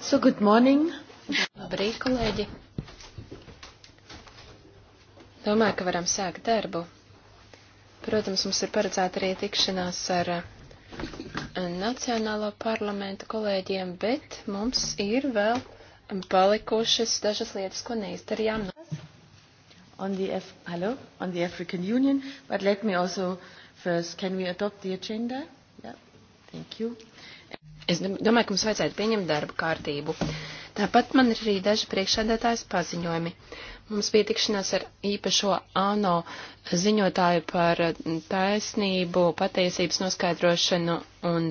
So, good morning. Labrīt, kolēģi. Domāju, ka varam sākt darbu. Protams, mums ir paredzēta arī tikšanās ar eh, Nacionālo parlamentu kolēģiem, bet mums ir vēl palikušas dažas lietas, ko neizdarījām. On the, F Hello, on the African Union, but let me also first, can we adopt the agenda? Yeah, thank you. Es domāju, ka mums vajadzētu pieņemt darba kārtību. Tāpat man ir arī daži priekšsēdētājs paziņojumi. Mums bija tikšanās ar īpašo ANO ziņotāju par taisnību, patiesības noskaidrošanu un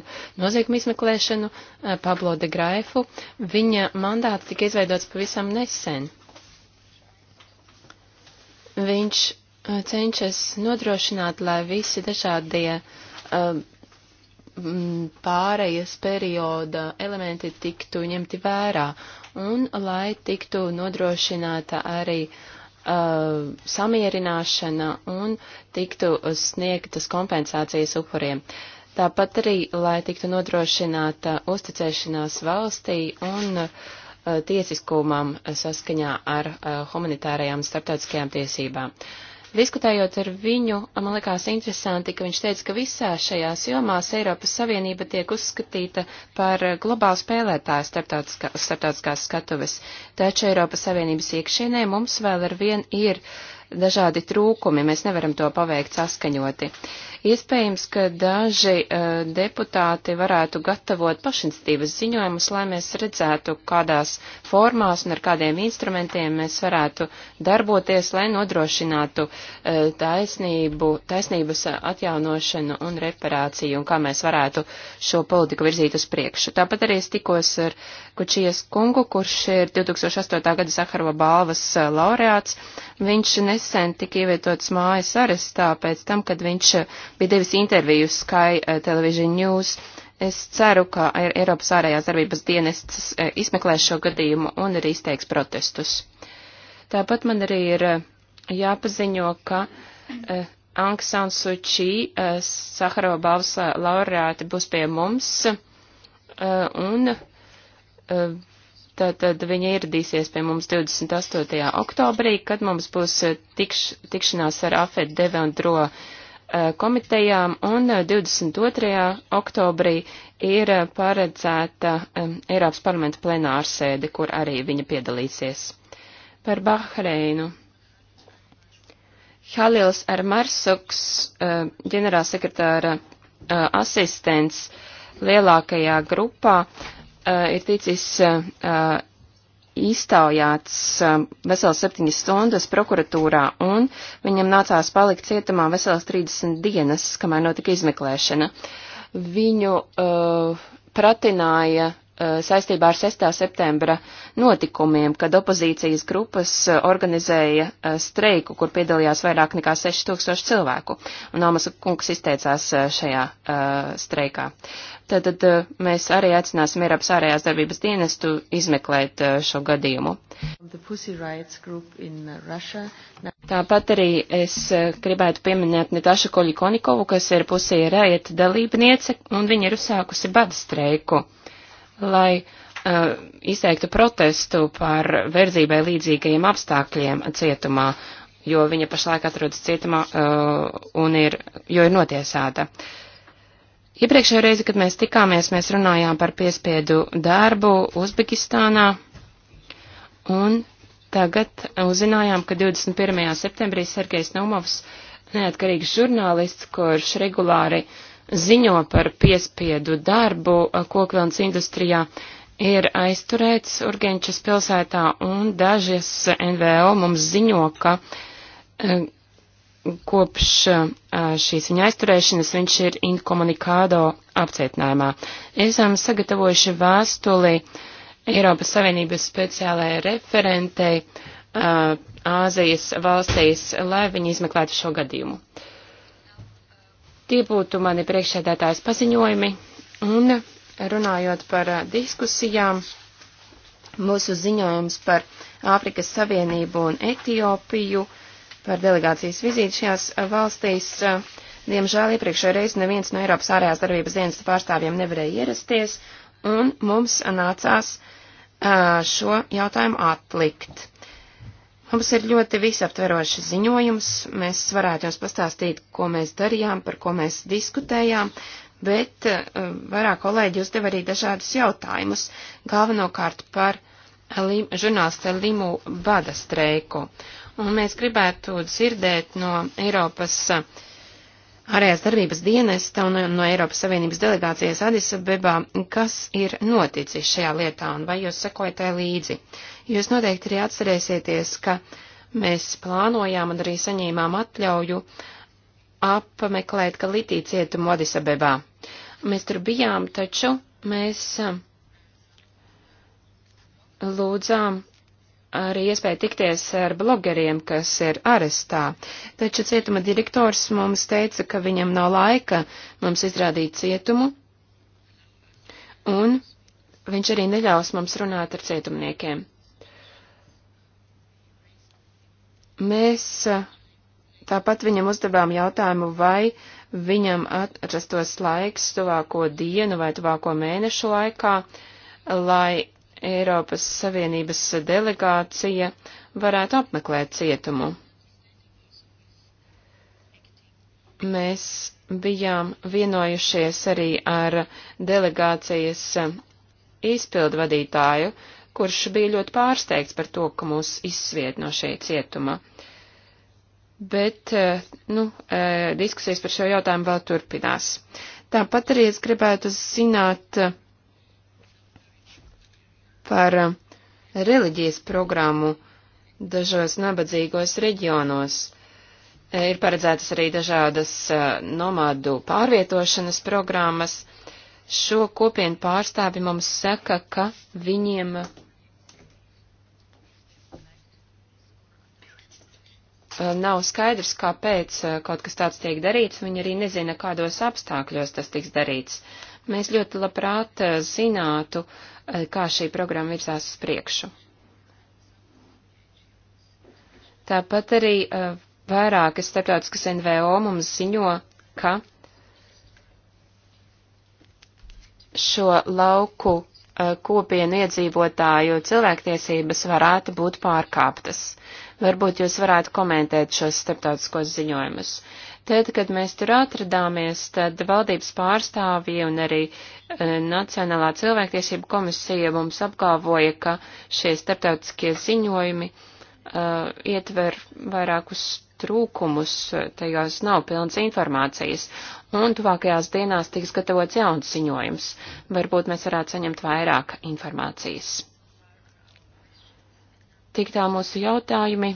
noziegumu izmeklēšanu eh, Pablo de Graifu. Viņa mandāts tika izveidots pavisam nesen. Viņš eh, cenšas nodrošināt, lai visi dažādie uh, pārējas perioda elementi tiktu ņemti vērā un lai tiktu nodrošināta arī uh, samierināšana un tiktu sniegtas kompensācijas upuriem. Tāpat arī, lai tiktu nodrošināta uzticēšanās valstī un uh, tiesiskumam saskaņā ar uh, humanitārajām starptautiskajām tiesībām. Uh, Diskutējot ar viņu, man likās interesanti, ka viņš teica, ka visās šajās jomās Eiropas Savienība tiek uzskatīta par globālu spēlētāju starptautiskā, starptautiskās skatuves, taču Eiropas Savienības iekšienē mums vēl ar vien ir uh, dažādi trūkumi, mēs nevaram to paveikt saskaņoti. Iespējams, ka daži uh, deputāti varētu gatavot pašinstīvas ziņojumus, lai mēs redzētu, kādās formās un ar kādiem instrumentiem mēs varētu darboties, lai nodrošinātu uh, taisnību, taisnības atjaunošanu un reparāciju un kā mēs varētu šo politiku virzīt uz priekšu. Tāpat arī es tikos ar Kučijas kungu, kurš ir 2008. gada Saharova balvas eh, laureāts. Viņš nesen tika ievietots mājas arestā pēc tam, kad viņš eh, bija devis interviju Sky eh, Television News. Es ceru, ka Eiropas ārējās darbības dienests eh, izmeklēs šo gadījumu un arī izteiks protestus. Tāpat man arī ir jāpaziņo, ka Aung San Suu Kyi, Saharova balvas laureāte, būs pie mums. Un Tātad viņa ieradīsies pie mums 28. oktobrī, kad mums būs eh, tikš, tikšanās ar AFED deve un dro uh, komitejām, un 22. Eh, oktobrī ir paredzēta um, Eiropas parlamenta plenārsēde, kur arī viņa piedalīsies. Par Bahreinu. Halils Armarsuks, uh, ģenerālsekretāra uh, asistents lielākajā grupā, Eh, ir ticis eh, iztaujāts eh, veselas septiņas stundas prokuratūrā, un viņam nācās palikt cietumā veselas 30 dienas, kamēr notika izmeklēšana. Viņu uh, pratināja Eh, saistībā ar 6. septembra notikumiem, kad opozīcijas grupas eh, organizēja eh, streiku, kur piedalījās vairāk nekā 6000 cilvēku, un Almas kungs izteicās šajā uh, streikā. Tad, tad mēs arī aicināsim Eiropas ārējās darbības dienestu izmeklēt uh, šo gadījumu. Uh, Tāpat arī es gribētu pieminēt Netašu Koļikonikovu, kas ir pusī Riot dalībniece, un viņa ir uzsākusi bada streiku lai uh, izteiktu protestu par verdzībai līdzīgajiem apstākļiem cietumā, jo viņa pašlaik atrodas cietumā uh, un ir, jo ir notiesāta. Iepriekšējā reize, kad mēs tikāmies, mēs runājām par piespiedu darbu Uzbekistānā, un tagad uzzinājām, ka 21. septembrī Sergejs Naumovs, neatkarīgs žurnālists, kurš regulāri uh, ziņo par piespiedu darbu kokvilnas industrijā, ir aizturēts Urgenčas pilsētā, un dažas NVO mums ziņo, ka kopš šīs viņa aizturēšanas viņš ir inkomunikādo apcietinājumā. Esam sagatavojuši vēstuli Eiropas Savienības speciālajai referentei Āzijas valstīs, lai viņi izmeklētu šo gadījumu. Uh, Tie būtu mani priekšsēdētājs paziņojumi. Un runājot par diskusijām, mūsu ziņojums par Āfrikas Savienību un Etiopiju, par delegācijas vizīti šajās valstīs. Diemžēl iepriekšējā reizē neviens no Eiropas ārējās darbības dienas pārstāvjiem nevarēja ierasties, un mums nācās šo jautājumu atlikt. Mums ir ļoti visaptverošs ziņojums, mēs varētu jums pastāstīt, ko mēs darījām, par ko mēs diskutējām, bet eh, vairāk kolēģi uzdev arī dažādus jautājumus, galvenokārt par lim, žurnālista Limu Bada streiku. Un mēs gribētu dzirdēt no Eiropas uh, ārējās darbības dienesta un no Eiropas Savienības delegācijas Adisabebā, kas ir noticis šajā lietā un vai jūs sekojat līdzi. Jūs noteikti arī atcerēsieties, ka mēs plānojām un arī saņēmām atļauju apmeklēt Kalitī cietumu Adisabebā. Mēs tur bijām, taču mēs um, lūdzām arī iespēja tikties ar blogeriem, kas ir arestā. Taču cietuma direktors mums teica, ka viņam nav laika mums izrādīt cietumu, un viņš arī neļaus mums runāt ar cietumniekiem. Mēs eh, tāpat viņam uzdevām jautājumu, vai viņam atrastos laiks tuvāko dienu vai tuvāko mēnešu laikā, lai Eiropas Savienības delegācija varētu apmeklēt cietumu. Mēs bijām vienojušies arī ar delegācijas izpildu vadītāju, kurš bija ļoti pārsteigts par to, ka mūs izsvied no šī cietuma. Bet, nu, e, diskusijas par šo jautājumu vēl turpinās. Tāpat arī es gribētu zināt, par eh, reliģijas programmu dažos nabadzīgos reģionos. Eh, ir paredzētas arī dažādas eh, nomādu pārvietošanas programmas. Šo kopienu pārstāvi mums saka, ka viņiem nav skaidrs, kāpēc kaut kas tāds tiek darīts, viņi arī nezina, kādos apstākļos tas tiks darīts. Uh, Mēs ļoti labprāt eh, zinātu, eh, kā šī programma virzās uz priekšu. Tāpat arī eh, vairākas starptautiskas NVO mums ziņo, ka šo lauku kopienu iedzīvotāju cilvēktiesības varētu būt pārkāptas. Varbūt jūs varētu komentēt šos starptautiskos ziņojumus. Tad, kad mēs tur atradāmies, tad valdības pārstāvji un arī e, Nacionālā cilvēktiesība komisija mums apgalvoja, ka šie starptautiskie ziņojumi uh, ietver vairākus trūkumus, e, tajos nav pilns informācijas, un tuvākajās dienās tiks gatavots jauns ziņojums. Varbūt mēs varētu saņemt vairāk informācijas. Tik tā mūsu jautājumi.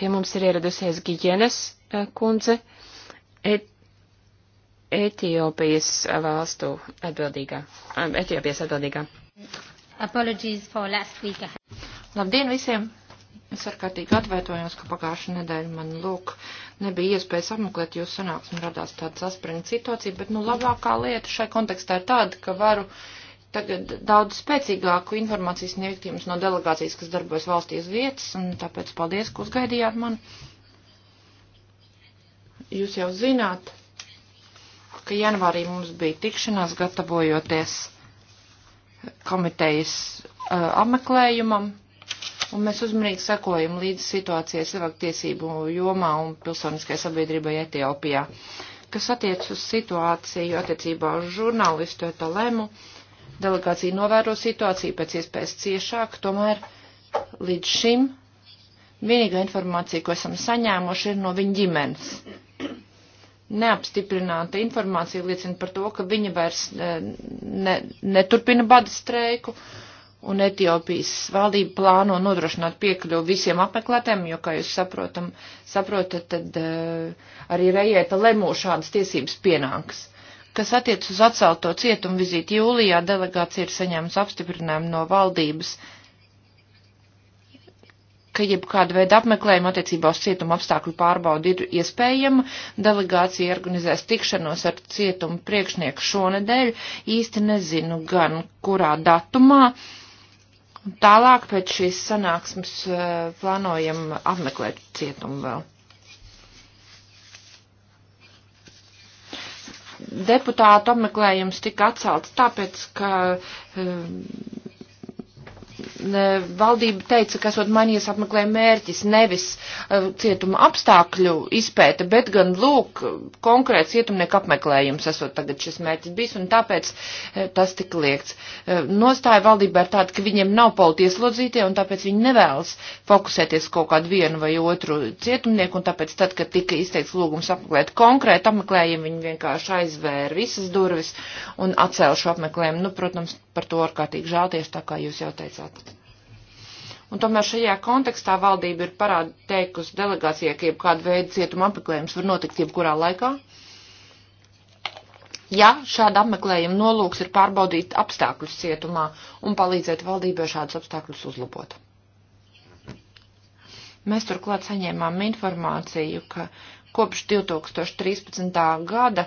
Pie mums ir ieradusies Gijenes e, kundze, et, Etiopijas valstu atbildīgā. Etiopijas atbildīgā. Apologies for last week. Labdien visiem! Es ar kārtīgi atvaitojos, ka pagājušā nedēļa man lūk nebija iespējas apmeklēt jūsu sanāksmi, radās tāda saspringta situācija, bet nu labākā lieta šai kontekstā ir tāda, ka varu uh, tagad daudz spēcīgāku informācijas sniegt jums no delegācijas, kas darbojas valstīs vietas, un tāpēc paldies, ka uzgaidījāt mani. Jūs jau zināt, ka janvārī mums bija tikšanās gatavojoties komitejas uh, apmeklējumam, un mēs uzmanīgi sekojam līdz situācijai cilvēktiesību jomā un pilsoniskai sabiedrībai Etiopijā. Kas attiec uz situāciju attiecībā uz žurnālistu Etalemu, uh, Delegācija novēro situāciju pēc iespējas ciešāk, tomēr līdz šim vienīgā informācija, ko esam saņēmuši, ir no viņa ģimenes. Neapstiprināta informācija liecina par to, ka viņa vairs e, ne, neturpina bada streiku un Etiopijas valdība plāno nodrošināt piekļuvu visiem apmeklētēm, jo, kā jūs saprotam, saprotat, tad uh, arī Rejēta Lemū šādas tiesības pienāks. Kas attiec uz atcelto cietumu vizīti jūlijā, delegācija ir saņēmusi apstiprinājumu no valdības, ka jebkāda veida apmeklējuma attiecībā uz cietuma apstākļu pārbaudu ir iespējama. Delegācija organizēs tikšanos ar cietuma priekšnieku šonedēļ. Īsti nezinu gan, kurā datumā. Tālāk pēc šīs sanāksmes eh, plānojam apmeklēt cietumu vēl. deputātu apmeklējums tika atcelts tāpēc, ka um, E, valdība teica, ka esot mainījies apmeklējuma mērķis nevis e, cietuma apstākļu izpēta, bet gan lūk konkrēts cietumnieku apmeklējums esot tagad šis mērķis bijis, un tāpēc e, tas tika liekts. Nostāja valdībā ir tāda, ka viņiem nav politieslodzītie, un tāpēc viņi nevēlas fokusēties kaut kādu vienu vai otru cietumnieku, un tāpēc tad, kad tika izteikts lūgums apmeklēt konkrētu apmeklējumu, viņi vienkārši aizvēra visas durvis un atcēla šo apmeklējumu. Nu, protams, par to ārkārtīgi žēl tieši tā, kā jūs jau teicāt. Un tomēr šajā kontekstā valdība ir parādi teikusi delegācijai, ka jebkāda veida cietuma apmeklējums var notikt jebkurā laikā. Ja šāda apmeklējuma nolūks ir pārbaudīt apstākļus cietumā un palīdzēt valdībai šādus apstākļus uzlabot. Mēs turklāt saņēmām informāciju, ka kopš 2013. gada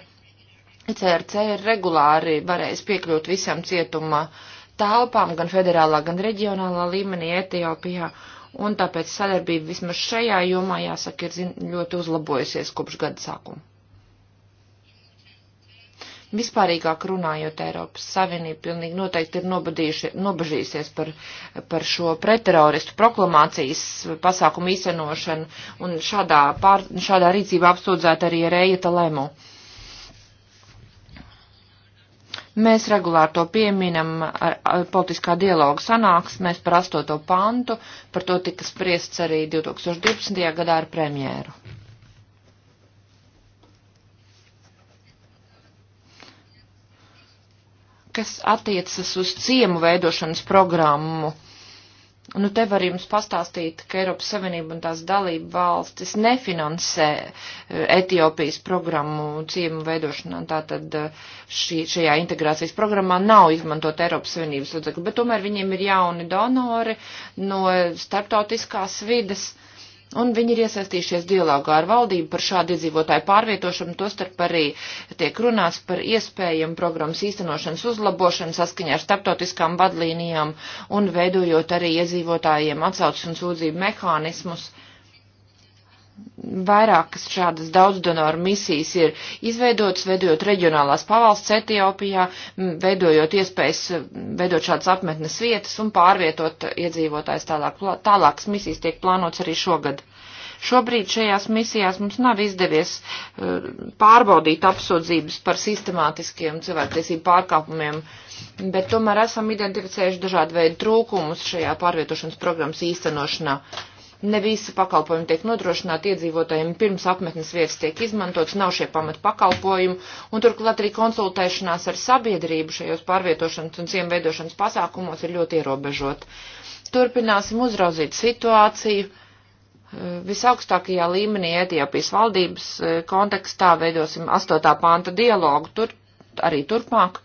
CRC ir regulāri varējis piekļūt visam cietuma telpām, gan federālā, gan reģionālā līmenī Etiopijā, un tāpēc sadarbība vismaz šajā jomā, jāsaka, ir zin, ļoti uzlabojusies kopš gada sākuma. Vispārīgāk runājot, Eiropas Savienība pilnīgi noteikti ir nobažījusies par, par šo pretteroristu proklamācijas pasākumu īstenošanu, un šādā, pār, šādā rīcībā apsūdzēt arī Reija Talēmu. Ar Mēs regulāri to pieminam ar, ar politiskā dialoga sanāksmēs par astoto pantu, par to tika spriests arī 2012. gadā ar premjēru. Kas attiecas uz ciemu veidošanas programmu Nu, te var jums pastāstīt, ka Eiropas Savienība un tās dalība valstis nefinansē e, Etiopijas programmu ciemu veidošanā. Tātad e, šī, šajā integrācijas programmā nav izmantot Eiropas Savienības līdzekļu, bet tomēr viņiem ir jauni donori no starptautiskās vides. Un viņi ir iesaistījušies dialogā ar valdību par šādu iedzīvotāju pārvietošanu, tostarp arī tiek runāts par iespējamu programmas īstenošanas uzlabošanu saskaņā ar starptautiskām vadlīnijām un veidojot arī iedzīvotājiem atsaucas un sūdzību mehānismus. Uh, vairākas šādas daudzdonoru misijas ir izveidotas, veidojot reģionālās pavalsts Etiopijā, veidojot iespējas, veidot šādas apmetnes vietas un pārvietot iedzīvotājs tālāk. Tālākas misijas tiek plānotas arī šogad. Šobrīd šajās misijās mums nav izdevies e, pārbaudīt apsūdzības par sistemātiskiem cilvēktiesību pārkāpumiem, bet tomēr esam identificējuši dažādu veidu trūkumus šajā pārvietošanas programmas īstenošanā. Uh, Ne visi pakalpojumi tiek nodrošināti iedzīvotājiem pirms apmetnes vietas tiek izmantots, nav šie pamat pakalpojumi, un turklāt arī konsultēšanās ar sabiedrību šajos pārvietošanas un ciem veidošanas pasākumos ir ļoti ierobežot. Turpināsim uzraudzīt situāciju eh, visaugstākajā līmenī Etiopijas valdības eh, kontekstā veidosim 8. panta dialogu tur, arī turpmāk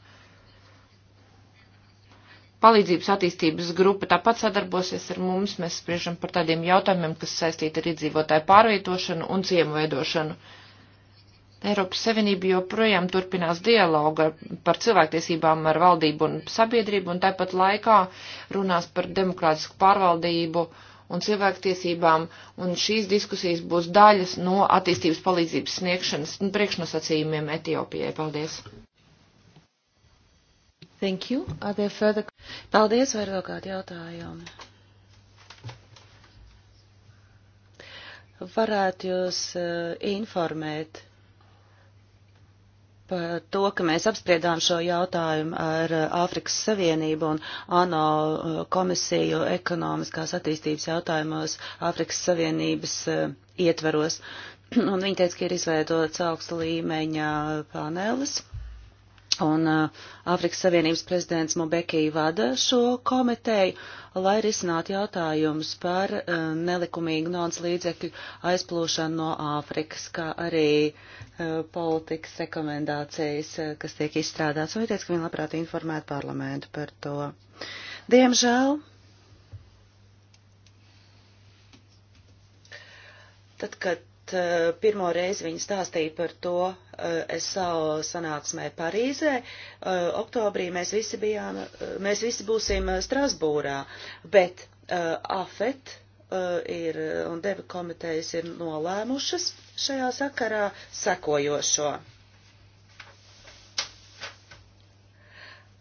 palīdzības attīstības grupa tāpat sadarbosies ar mums. Mēs spriežam par tādiem jautājumiem, kas saistīti ar iedzīvotāju pārvietošanu un ciemu veidošanu. Eiropas Savienība joprojām turpinās dialogu par cilvēktiesībām ar valdību un sabiedrību un tāpat laikā runās par demokrātisku pārvaldību un cilvēktiesībām, un šīs diskusijas būs daļas no attīstības palīdzības sniegšanas un priekšnosacījumiem Etiopijai. Paldies! Thank you. Are there further... Paldies, vai ir vēl kādi jautājumi? Varētu jūs eh, informēt par to, ka mēs apspriedām šo jautājumu ar eh, Āfrikas Savienību un ANO eh, komisiju ekonomiskās attīstības jautājumos Āfrikas Savienības ietvaros. Un viņi teica, ka ir izveidots augsta līmeņa panelis, Un Āfrikas uh, Savienības prezidents Mobekī vada šo komiteju, lai risinātu jautājumus par uh, nelikumīgu naudas līdzekļu aizplūšanu no Āfrikas, kā arī uh, politikas rekomendācijas, kas tiek izstrādāts. Un ir teicis, ka viņi labprāt informētu parlamentu par to. Diemžēl. Tad, kad Kad uh, eh, pirmo reizi viņi stāstīja par to uh, eh, SAO sanāksmē Parīzē, uh, oktobrī mēs visi, bijām, uh, mēs visi būsim uh, Strasbūrā, bet uh, AFET uh, ir, un deva komitejas ir nolēmušas šajā sakarā sekojošo.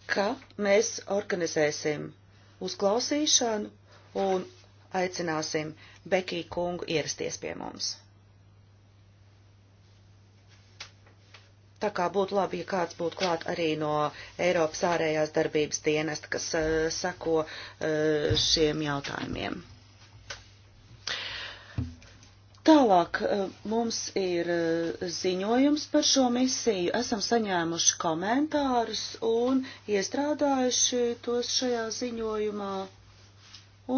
ka mēs organizēsim uzklausīšanu un aicināsim Bekiju kungu ierasties pie mums. Tā kā būtu labi, ja kāds būtu klāt arī no Eiropas ārējās darbības dienesta, kas uh, eh, sako uh, eh, šiem jautājumiem. Tālāk uh, mums ir uh, ziņojums par šo misiju. Esam saņēmuši komentārus un iestrādājuši tos šajā ziņojumā.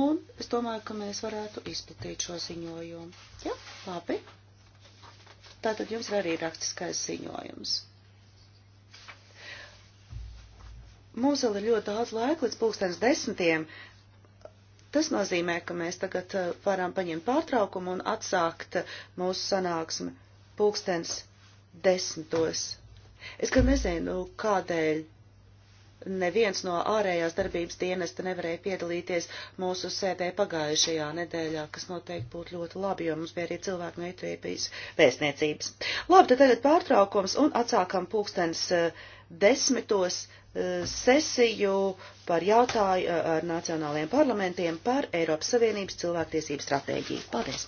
Un es domāju, ka mēs varētu izplatīt šo ziņojumu. Ja? Labi. Tātad jums ir arī rakstiskais ziņojums. Mums vēl ir ļoti daudz laika līdz pulkstens desmitiem. Tas nozīmē, ka mēs tagad eh, varam paņemt pārtraukumu un atsākt eh, mūsu sanāksmi pulkstens desmitos. Es gan nezinu, kādēļ neviens no ārējās darbības dienesta nevarēja piedalīties mūsu sēdē pagājušajā nedēļā, kas noteikti būtu ļoti labi, jo mums bija arī cilvēki no Etiopijas vēstniecības. Labi, tad tagad pārtraukums un atsākam pulkstens eh, desmitos eh, sesiju par jautāju eh, ar nacionālajiem parlamentiem par Eiropas Savienības cilvēktiesību stratēģiju. Paldies!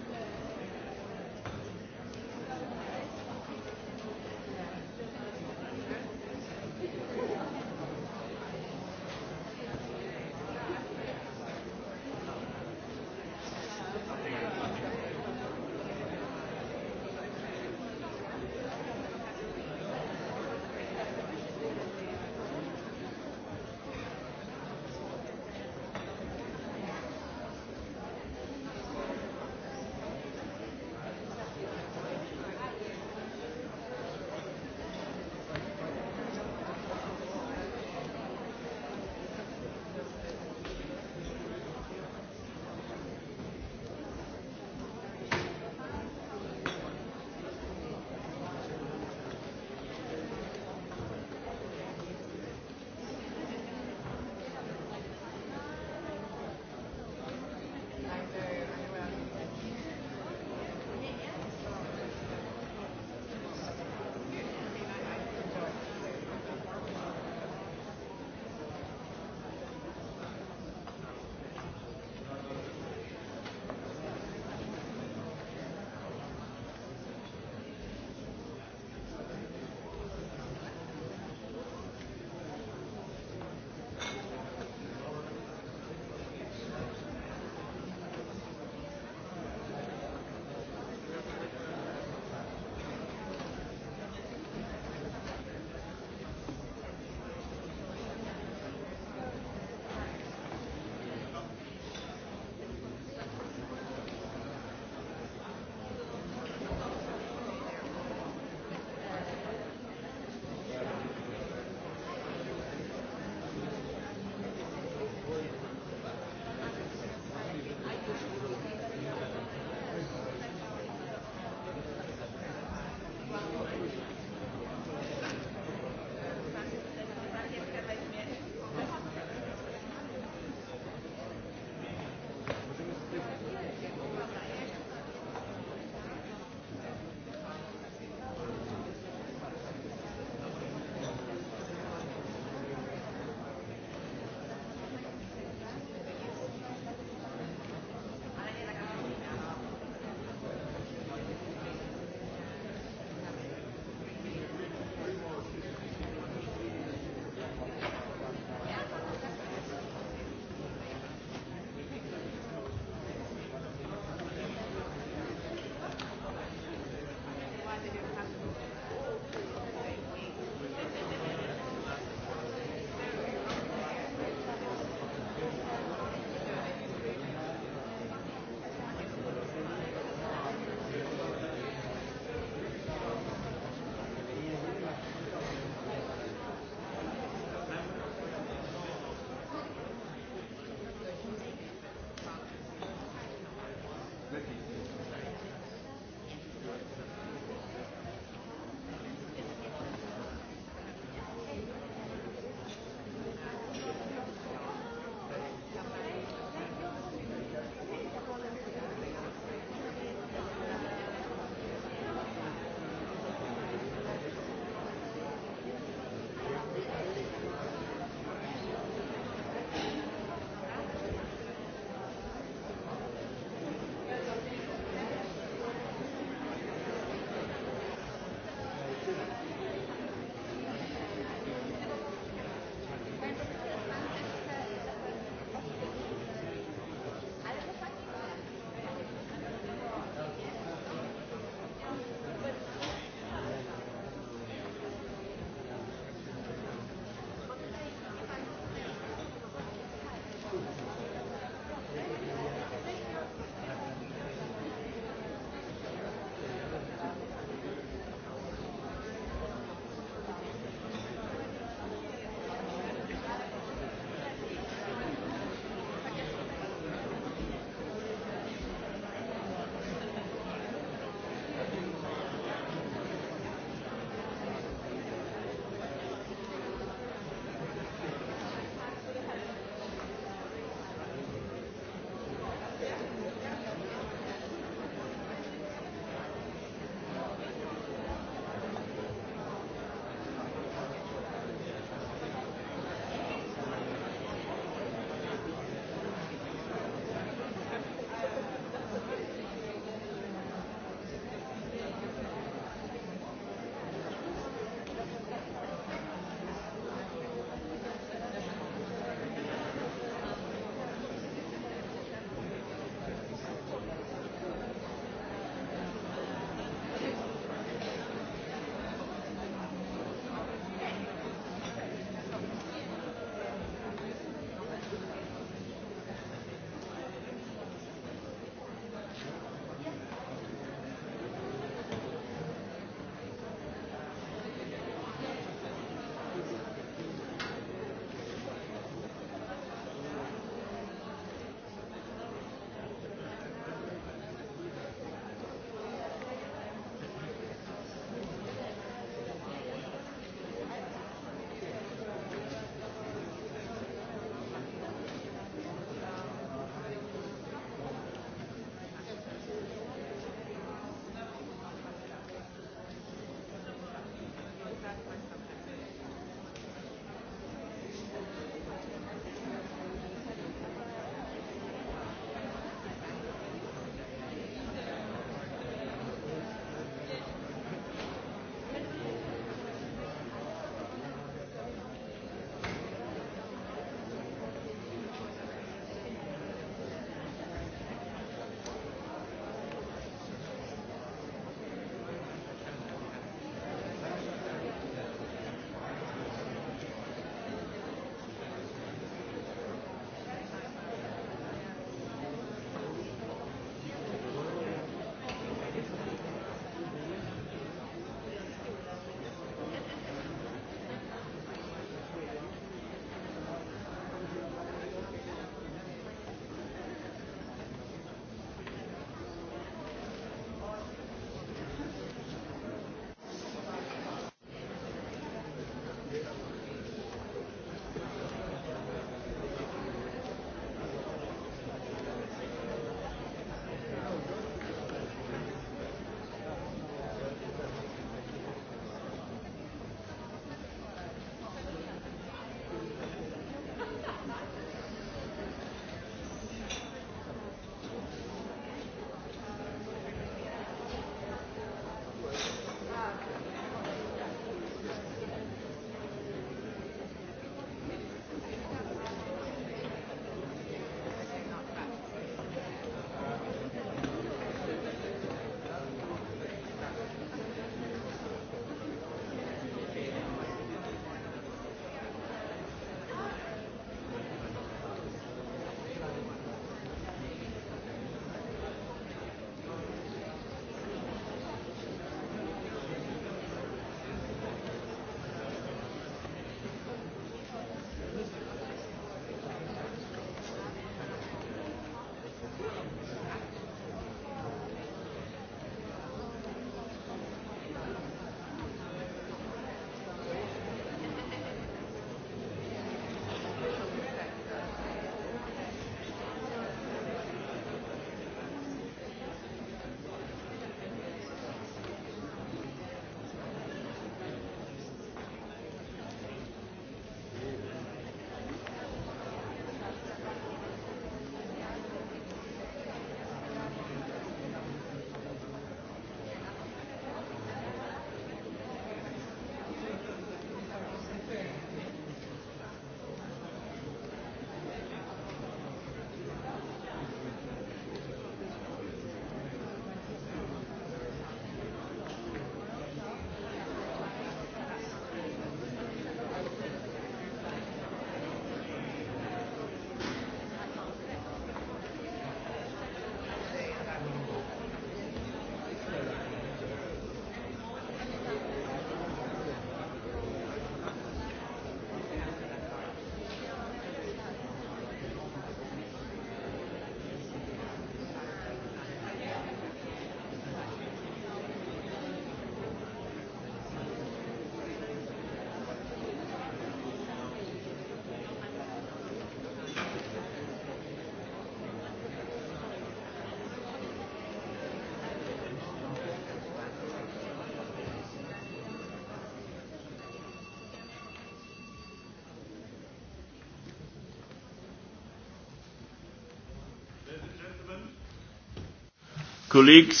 Kolīgs.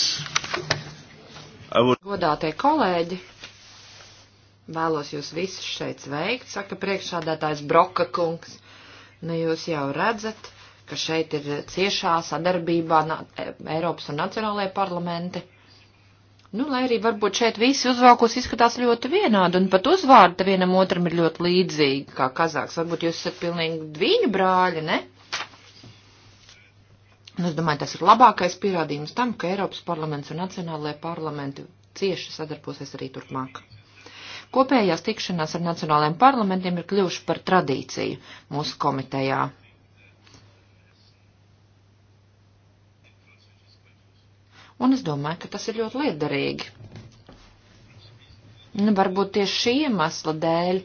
Would... Godātie kolēģi, vēlos jūs visus šeit sveikt, saka priekšādātājs Broka kungs. Nu, jūs jau redzat, ka šeit ir ciešā sadarbībā e, Eiropas un Nacionālajie parlamenti. Nu, lai arī varbūt šeit visi uzvalkos izskatās ļoti vienādi, un pat uzvārdi vienam otram ir ļoti līdzīgi, kā kazāks. Varbūt jūs esat pilnīgi dviņu brāļi, ne? Un es domāju, tas ir labākais pierādījums tam, ka Eiropas parlaments un nacionālajie parlamenti cieši sadarbosies arī turpmāk. Kopējās tikšanās ar nacionālajiem parlamentiem ir kļuvuši par tradīciju mūsu komitejā. Un es domāju, ka tas ir ļoti liederīgi. Nu, varbūt tieši šī iemesla dēļ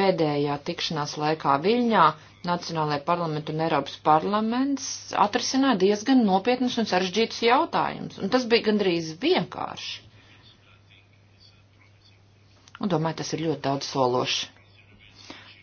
pēdējā tikšanās laikā Viļņā Nacionālajai parlamentu un Eiropas parlaments atrisinā diezgan nopietnus un sarežģītus jautājumus, un tas bija gandrīz vienkārši. Un domāju, tas ir ļoti daudz sološi.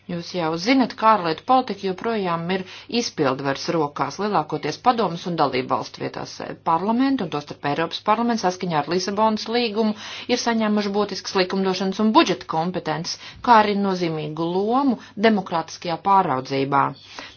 Jūs jau zinat, kā ārlietu politika joprojām ir izpildvars rokās, lielākoties padomas un dalību valstu vietās. Parlamentu un tostarp Eiropas parlaments saskaņā ar Lisabonas līgumu ir saņēmuši būtiskas likumdošanas un budžeta kompetences, kā arī nozīmīgu lomu demokrātiskajā pāraudzībā.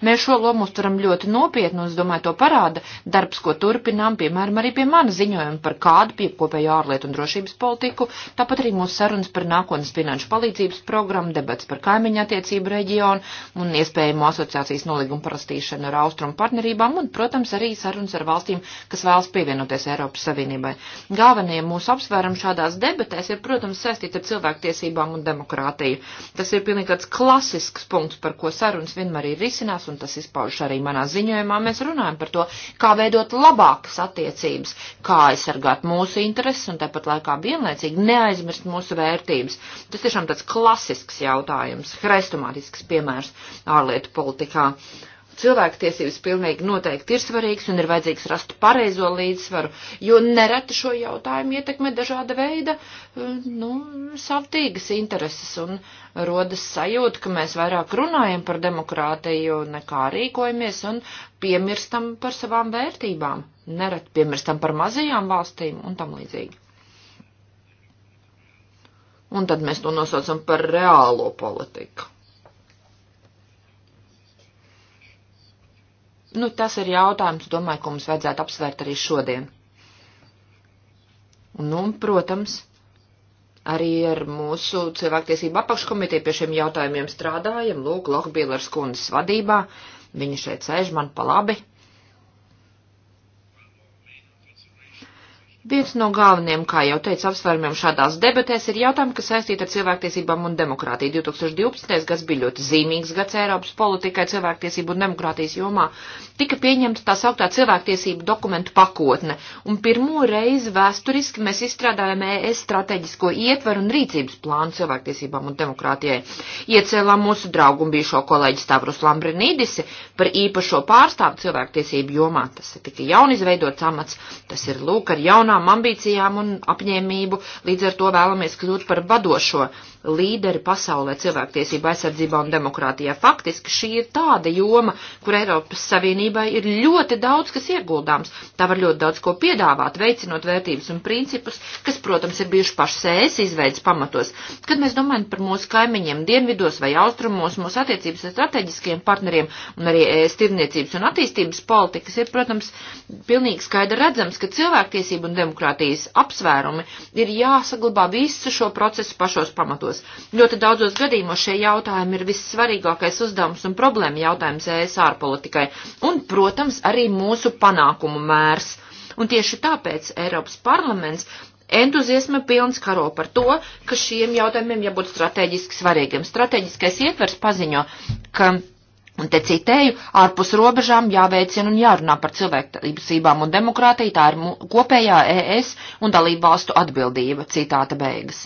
Mēs šo lomu uztveram ļoti nopietni, un es domāju, to parāda darbs, ko turpinām, piemēram, arī pie mana ziņojuma par kādu piekopēju ārlietu un drošības politiku, tāpat arī mūsu sarunas par nākotnes finanšu palīdzības programmu, debats par kaimiņu attiecību attīstību reģionu un iespējamo asociācijas nolīgumu parastīšanu ar austrumu partnerībām un, protams, arī sarunas ar valstīm, kas vēlas pievienoties Eiropas Savienībai. Galvenie mūsu apsvērumi šādās debatēs ir, protams, saistīti ar cilvēktiesībām un demokrātiju. Tas ir pilnīgi tāds klasisks punkts, par ko sarunas vienmēr ir risinās, un tas izpaužas arī manā ziņojumā. Mēs runājam par to, kā veidot labākas attiecības, kā aizsargāt mūsu intereses un tāpat laikā vienlaicīgi neaizmirst mūsu vērtības. Tas tiešām tāds klasisks jautājums, hrestumā exemplārisks piemērs ārlietu politikā. Cilvēktiesības pilnīgi noteikti ir svarīgs un ir vajadzīgs rast pareizo līdzsvaru, jo nereti šo jautājumu ietekmē dažāda veida, eh, nu, savtīgas intereses un rodas sajūta, ka mēs vairāk runājam par demokrātiju nekā rīkojamies un piemirstam par savām vērtībām, nereti piemirstam par mazajām valstīm un tam līdzīgi un tad mēs to nosaucam par reālo politiku. nu, tas ir jautājums, domāju, ko mums vajadzētu apsvērt arī šodien. Un, nu, protams, arī ar mūsu cilvēktiesību apakškomiteju pie šiem jautājumiem strādājam, lūk, Lohbīlers kundzes vadībā, viņa šeit sēž man pa labi. Viens no galvenajiem, kā jau teicu, apsvērumiem šādās debatēs ir jautājumi, kas saistīti ar cilvēktiesībām un demokrātiju. 2012. gads bija ļoti zīmīgs gads Eiropas politikai cilvēktiesību un demokrātijas jomā. Tika pieņemta tā sauktā cilvēktiesību dokumentu pakotne, un pirmo reizi vēsturiski mēs izstrādājam ES strateģisko ietveru un rīcības plānu cilvēktiesībām un demokrātijai. Iecēlām mūsu draugu un bijušo kolēģi Stavrus Lambrinīdisi par īpašo pārstāvu cilvēktiesību jomā. Tas ir tikai jaunizveidots amats, tas ir lūk ar jaunu jaunām ambīcijām un apņēmību, līdz ar to vēlamies kļūt par vadošo līderi pasaulē cilvēktiesība aizsardzībā un demokrātijā. Faktiski šī ir tāda joma, kur Eiropas Savienībai ir ļoti daudz, kas ieguldāms. Tā var ļoti daudz ko piedāvāt, veicinot vērtības un principus, kas, protams, ir bijuši pašas ēs izveids pamatos. Kad mēs domājam par mūsu kaimiņiem dienvidos vai austrumos, mūsu attiecības ar strateģiskiem partneriem un arī ēs tirniecības un attīstības politikas ir, protams, pilnīgi skaidri redzams, ka cilvēktiesība un demokrātijas apsvērumi ir jāsaglabā visu šo procesu pašos pamatos gados. Ļoti daudzos gadījumos šie jautājumi ir vissvarīgākais uzdevums un problēma jautājums ES ārpolitikai un, protams, arī mūsu panākumu mērs. Un tieši tāpēc Eiropas parlaments entuziasma pilns karo par to, ka šiem jautājumiem jābūt strateģiski svarīgiem. Strateģiskais ietvers paziņo, ka. Un te citēju, ārpus robežām jāveicina un jārunā par cilvēktiesībām un demokrātiju, tā ir kopējā ES un dalību valstu atbildība, citāta beigas.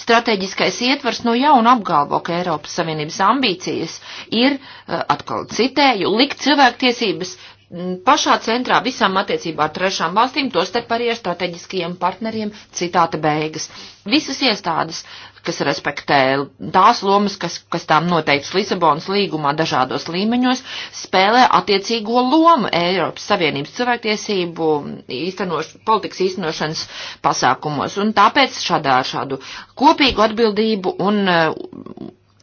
Stratēģiskais ietvars no jauna apgalvo, ka Eiropas Savienības ambīcijas ir, eh, atkal citēju, likt cilvēktiesības Mm, pašā centrā visām attiecībā ar trešām valstīm, tostarp arī ar strateģiskajiem partneriem, citāta beigas. Visas iestādes, kas respektē tās lomas, kas, kas tām noteikts Lisabonas līgumā dažādos līmeņos, spēlē attiecīgo lomu Eiropas Savienības cilvēktiesību īstenoš, politikas īstenošanas pasākumos. Un tāpēc šādā ar šādu kopīgu atbildību un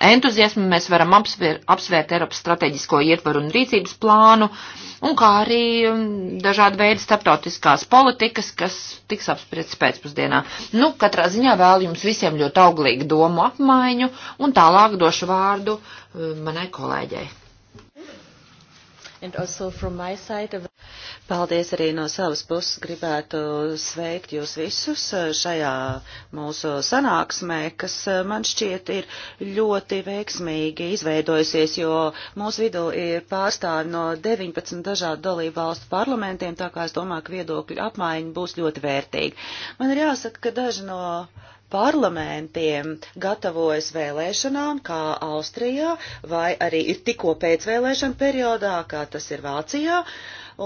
entuziasmu mēs varam apsver, apsvērt Eiropas strateģisko ietvaru un rīcības plānu, un kā arī um, dažādi veidi starptautiskās politikas, kas tiks apspriests pēcpusdienā. Nu, katrā ziņā vēl jums visiem ļoti auglīgu domu apmaiņu, un tālāk došu vārdu um, manai kolēģei. Paldies arī no savas puses gribētu sveikt jūs visus uh, šajā mūsu sanāksmē, kas uh, man šķiet ir ļoti veiksmīgi izveidojusies, jo mūsu vidū ir pārstāvi no 19 dažādu dalību valstu parlamentiem, tā kā es domāju, ka viedokļu apmaiņa būs ļoti vērtīga. Man ir jāsaka, ka daži no parlamentiem gatavojas vēlēšanām, kā Austrijā, vai arī ir tikko pēc vēlēšana periodā, kā tas ir Vācijā,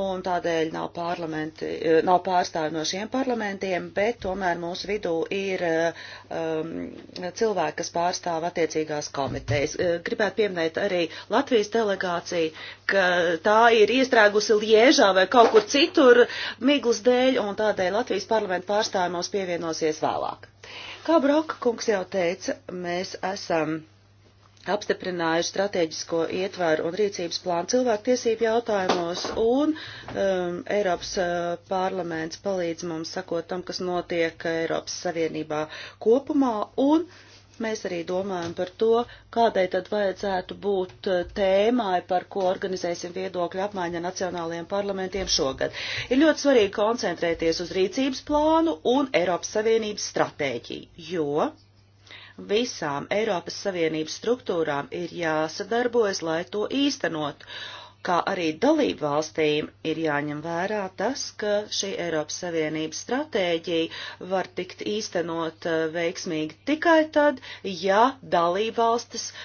un tādēļ nav, eh, nav pārstāvi no šiem parlamentiem, bet tomēr mūsu vidū ir um, cilvēki, kas pārstāv attiecīgās komitejas. Eh, gribētu pieminēt arī Latvijas delegāciju, ka tā ir iestrēgusi Liežā vai kaut kur citur miglas dēļ, un tādēļ Latvijas parlamenta pārstāvi mums pievienosies vēlāk. Kā Broka kungs jau teica, mēs esam apstiprinājuši strateģisko ietvaru un rīcības plānu cilvēktiesību jautājumos, un um, Eiropas uh, parlaments palīdz mums sakot tam, kas notiek Eiropas Savienībā kopumā, un uh, Mēs arī domājam par to, kādai tad vajadzētu būt eh, tēmai, par ko organizēsim viedokļu apmaiņa nacionālajiem parlamentiem šogad. Ir ļoti svarīgi koncentrēties uz rīcības plānu un Eiropas Savienības stratēģiju, jo visām Eiropas Savienības struktūrām ir jāsadarbojas, lai to īstenot kā arī dalību valstīm ir jāņem vērā tas, ka šī Eiropas Savienības stratēģija var tikt īstenot eh, veiksmīgi tikai tad, ja dalību valstis uh,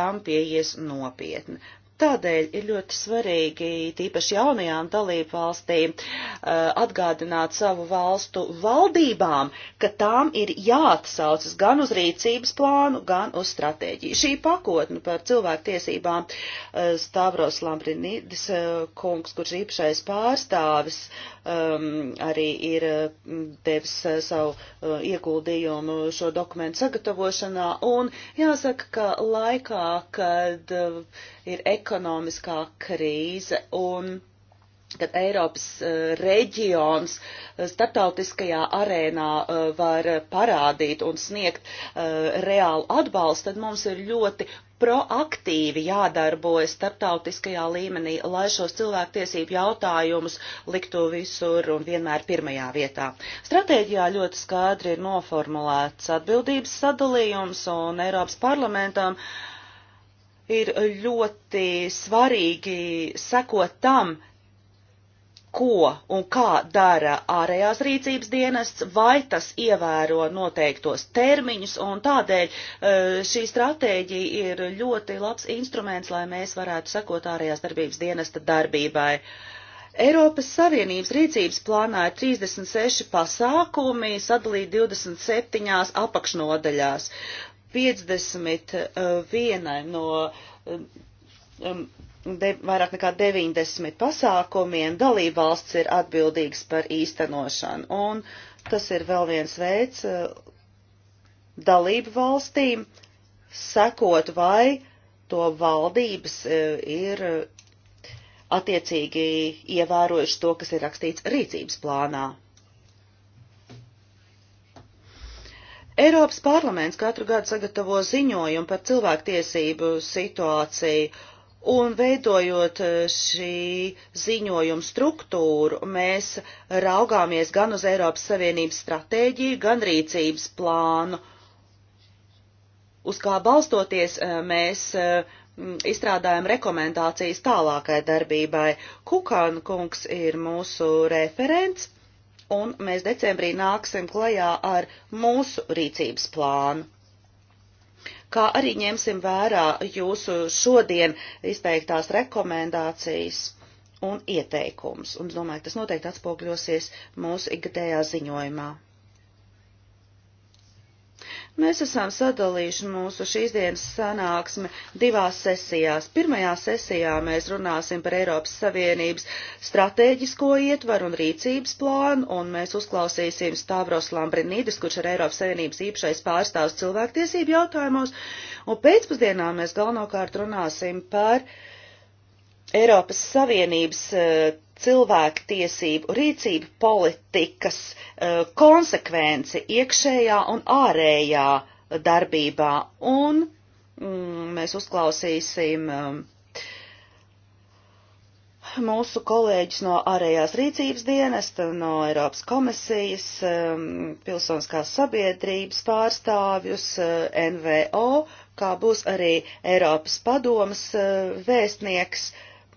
tam pieies nopietni. Tādēļ ir ļoti svarīgi, tīpaši jaunajām dalību valstīm, eh, atgādināt savu valstu valdībām, ka tām ir jāatsaucas gan uz rīcības plānu, gan uz stratēģiju. Šī pakotne par cilvēktiesībām eh, Stavros Lambrinidis eh, kungs, kurš īpašais pārstāvis, um, arī ir uh, devis uh, savu uh, ieguldījumu šo dokumentu sagatavošanā. Un jāsaka, ka laikā, kad uh, ir ekonomiskā krīze un kad Eiropas uh, reģions uh, starptautiskajā arēnā uh, var parādīt un sniegt uh, reālu atbalstu, tad mums ir ļoti proaktīvi jādarbojas starptautiskajā līmenī, lai šos cilvēktiesību jautājumus liktu visur un vienmēr pirmajā vietā. Stratēģijā ļoti skaidri ir noformulēts atbildības sadalījums un Eiropas parlamentam ir ļoti svarīgi sekot tam, ko un kā dara ārējās rīcības dienests, vai tas ievēro noteiktos termiņus, un tādēļ eh, šī stratēģija ir ļoti labs instruments, lai mēs varētu sekot ārējās darbības dienesta darbībai. Eiropas Savienības rīcības plānā ir 36 pasākumi, sadalīti 27 apakšnodaļās. 51 eh, no um, de, vairāk nekā 90 pasākumiem dalībvalsts ir atbildīgs par īstenošanu. Un tas ir vēl viens veids eh, dalību valstīm sekot, vai to valdības eh, ir eh, attiecīgi ievērojuši to, kas ir rakstīts rīcības plānā. Eiropas parlaments katru gadu sagatavo ziņojumu par cilvēktiesību situāciju Un veidojot e, šī ziņojuma struktūru, mēs raugāmies gan uz Eiropas Savienības stratēģiju, gan rīcības plānu, uz kā balstoties e, mēs e, izstrādājam rekomendācijas tālākai darbībai. Kukan kungs ir mūsu referents, un mēs decembrī nāksim klajā ar mūsu rīcības plānu kā arī ņemsim vērā jūsu šodien izteiktās rekomendācijas un ieteikums. Un es domāju, tas noteikti atspogļosies mūsu ikgadējā ziņojumā. Mēs esam sadalījuši mūsu šīs dienas sanāksmi divās sesijās. Pirmajā sesijā mēs runāsim par Eiropas Savienības stratēģisko ietvaru un rīcības plānu, un mēs uzklausīsim Stavros Lambrinīdis, kurš ir Eiropas Savienības īpašais pārstāvs cilvēktiesību jautājumos, un pēcpusdienā mēs galvenokārt runāsim par Eiropas Savienības uh, cilvēktiesību rīcību politikas uh, konsekvenci iekšējā un ārējā darbībā. Un mm, mēs uzklausīsim um, mūsu kolēģis no ārējās rīcības dienesta, no Eiropas komisijas, um, pilsoniskās sabiedrības pārstāvjus, uh, NVO, kā būs arī Eiropas padomas uh, vēstnieks.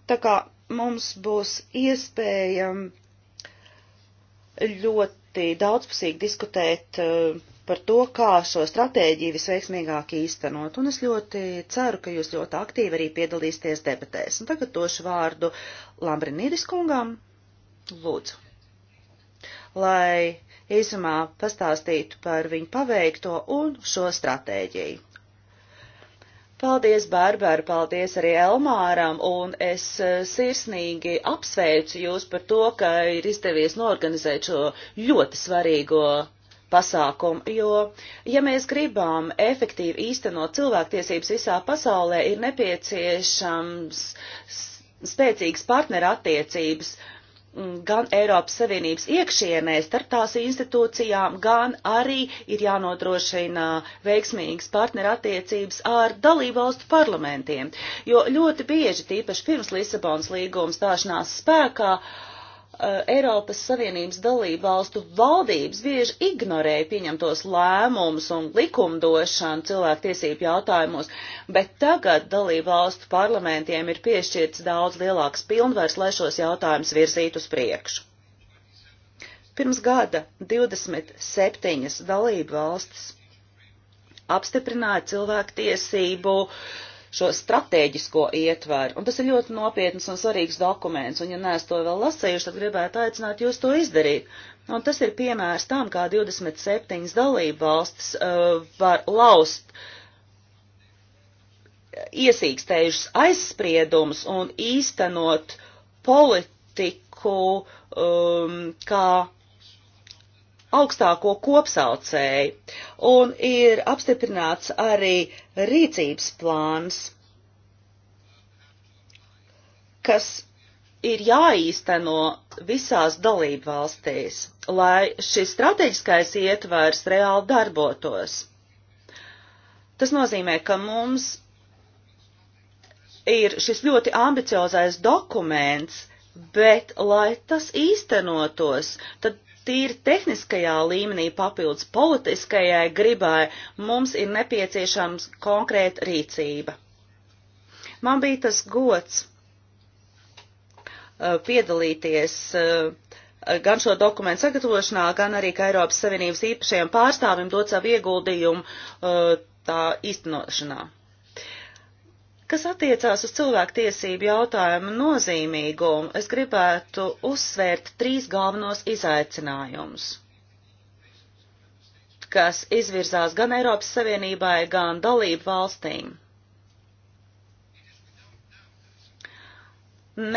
Tā kā mums būs iespējama ļoti daudzpusīgi diskutēt eh, par to, kā šo stratēģiju visveiksmīgāk īstenot, un es ļoti ceru, ka jūs ļoti aktīvi arī piedalīsieties debatēs. Un tagad došu vārdu Lambrinīris kungam. Lūdzu. Lai īsumā pastāstītu par viņu paveikto un šo stratēģiju. Paldies, Bārbara, paldies arī Elmāram, un es eh, sirsnīgi apsveicu jūs par to, ka ir izdevies norganizēt šo ļoti svarīgo pasākumu, jo, ja mēs gribam efektīvi īstenot cilvēktiesības visā pasaulē, ir nepieciešams spēcīgas partnerattiecības, uh, gan Eiropas Savienības iekšienē starp tās institūcijām, gan arī ir jānodrošina veiksmīgas partnerattiecības ar dalībvalstu parlamentiem, jo ļoti bieži, tīpaši pirms Lisabonas līguma stāšanās spēkā, uh, Eh, Eiropas Savienības dalību valstu valdības bieži ignorēja pieņemtos lēmumus un likumdošanu cilvēktiesību jautājumos, bet tagad dalību valstu parlamentiem ir piešķirts daudz lielāks pilnvars, lai šos jautājumus virzītu uz priekšu. Pirms gada 27 dalību valstis apstiprināja cilvēktiesību uh, šo strateģisko ietvaru. Un tas ir ļoti nopietns un svarīgs dokuments, un ja neesat to vēl lasējuši, tad gribētu aicināt jūs to izdarīt. Un tas ir piemērs tam, kā 27 dalība valstis uh, var laust iesīkstējušas aizspriedumus un īstenot politiku, um, kā augstāko kopsaucēju, un ir apstiprināts arī rīcības plāns, kas ir jāīsteno visās dalību valstīs, lai šis strateģiskais ietvars reāli darbotos. Tas nozīmē, ka mums ir šis ļoti ambiciozais dokuments, bet, lai tas īstenotos, tad tīri tehniskajā līmenī papildus politiskajai gribai mums ir nepieciešams konkrēta rīcība. Man bija tas gods uh, piedalīties uh, gan šo dokumentu sagatavošanā, gan arī, ka Eiropas Savienības īpašajiem pārstāvim dot savu ieguldījumu uh, tā īstenošanā. Kas attiecās uz cilvēktiesību jautājumu nozīmīgumu, es gribētu uzsvērt trīs galvenos izaicinājumus, kas izvirzās gan Eiropas Savienībai, gan dalību valstīm.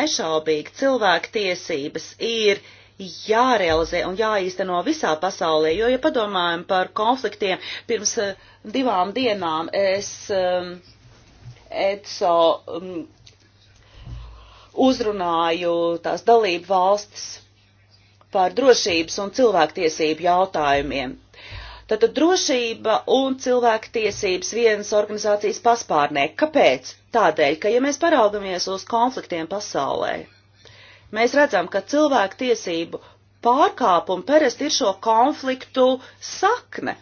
Nešaubīgi cilvēktiesības ir jārealizē un jāīsteno visā pasaulē, jo, ja padomājam par konfliktiem, pirms eh, divām dienām es um, ECO um, uzrunāju tās dalību valstis par drošības un cilvēktiesību jautājumiem. Tātad drošība un cilvēktiesības vienas organizācijas paspārnē. Kāpēc? Tādēļ, ka ja mēs paraugamies uz konfliktiem pasaulē, mēs redzam, ka cilvēktiesību pārkāpumi parasti ir šo konfliktu sakne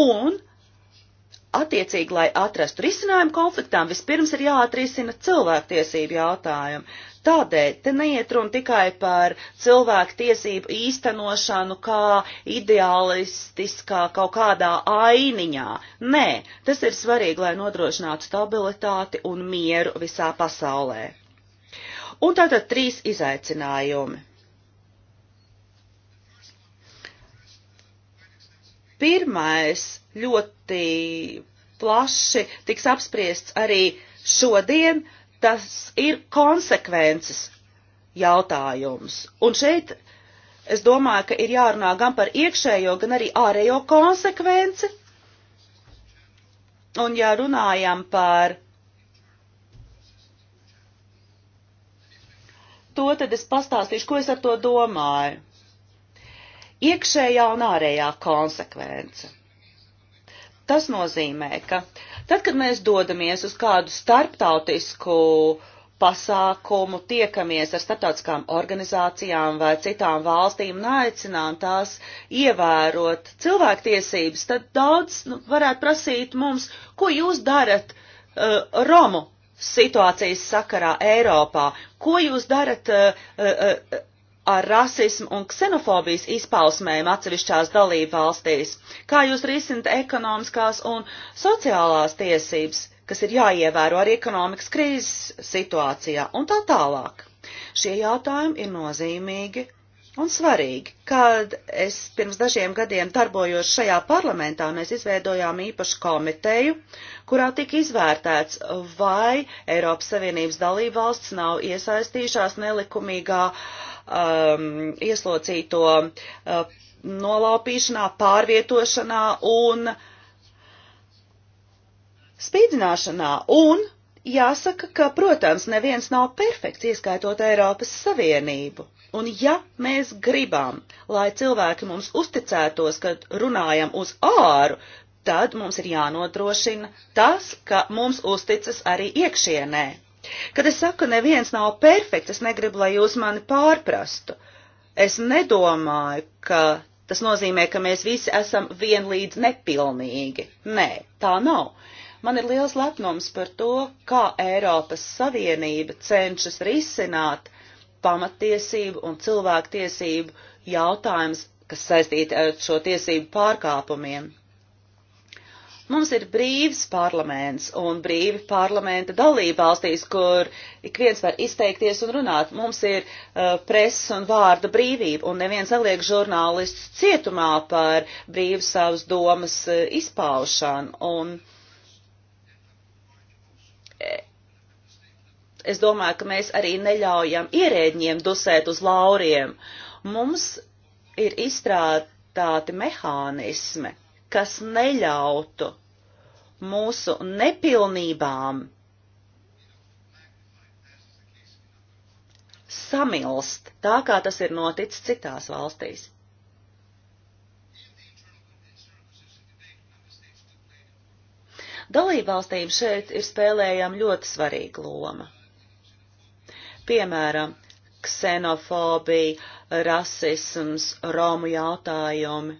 un Attiecīgi, lai atrastu risinājumu konfliktām, vispirms ir jāatrisina cilvēktiesību jautājumu. Tādēļ te neiet runa tikai par cilvēku tiesību īstenošanu kā ideālistiskā kaut kādā ainiņā. Nē, tas ir svarīgi, lai nodrošinātu stabilitāti un mieru visā pasaulē. Un tātad trīs izaicinājumi. Pirmais ļoti plaši tiks apspriests arī šodien, tas ir konsekvences jautājums. Un šeit es domāju, ka ir jārunā gan par iekšējo, gan arī ārējo konsekvenci. Un ja runājam par to, tad es pastāstīšu, ko es ar to domāju iekšējā un ārējā konsekvence. Tas nozīmē, ka tad, kad mēs dodamies uz kādu starptautisku pasākumu, tiekamies ar starptautiskām organizācijām vai citām valstīm un aicinām tās ievērot cilvēktiesības, tad daudz nu, varētu prasīt mums, ko jūs darat uh, Romu situācijas sakarā Eiropā, ko jūs darat uh, uh, uh ar rasismu un ksenofobijas izpausmēm atsevišķās dalību valstīs? Kā jūs risinat ekonomiskās un sociālās tiesības, kas ir jāievēro arī ekonomikas krīzes situācijā un tā tālāk? Šie jautājumi ir nozīmīgi Un svarīgi, kad es pirms dažiem gadiem darbojos šajā parlamentā, mēs izveidojām īpašu komiteju, kurā tika izvērtēts, vai Eiropas Savienības dalība valsts nav iesaistījušās nelikumīgā um, ieslocīto uh, nolaupīšanā, pārvietošanā un spīdzināšanā. Un jāsaka, ka, protams, neviens nav perfekts, ieskaitot Eiropas Savienību. Un ja mēs gribam, lai cilvēki mums uzticētos, kad runājam uz āru, tad mums ir jānodrošina tas, ka mums uzticas arī iekšienē. Kad es saku, neviens nav perfekts, es negribu, lai jūs mani pārprastu. Es nedomāju, ka tas nozīmē, ka mēs visi esam vienlīdz nepilnīgi. Nē, tā nav. Man ir liels lepnums par to, kā Eiropas Savienība cenšas risināt pamatiesību un cilvēktiesību jautājums, kas saistīti ar šo tiesību pārkāpumiem. Mums ir brīvs parlaments un brīvi parlamenta dalība valstīs, kur ik viens var izteikties un runāt. Mums ir uh, presas un vārda brīvība, un neviens neliek žurnālistus cietumā par brīvu savas domas uh, izpaušanu. Un e, es domāju, ka mēs arī neļaujam ierēģiem dusēt uz lauriem. Mums ir izstrādāti mehānismi, kas neļautu mūsu nepilnībām samilst, tā kā tas ir noticis citās valstīs. Dalībvalstīm šeit ir spēlējama ļoti svarīga loma piemēram, ksenofobija, rasisms, romu jautājumi.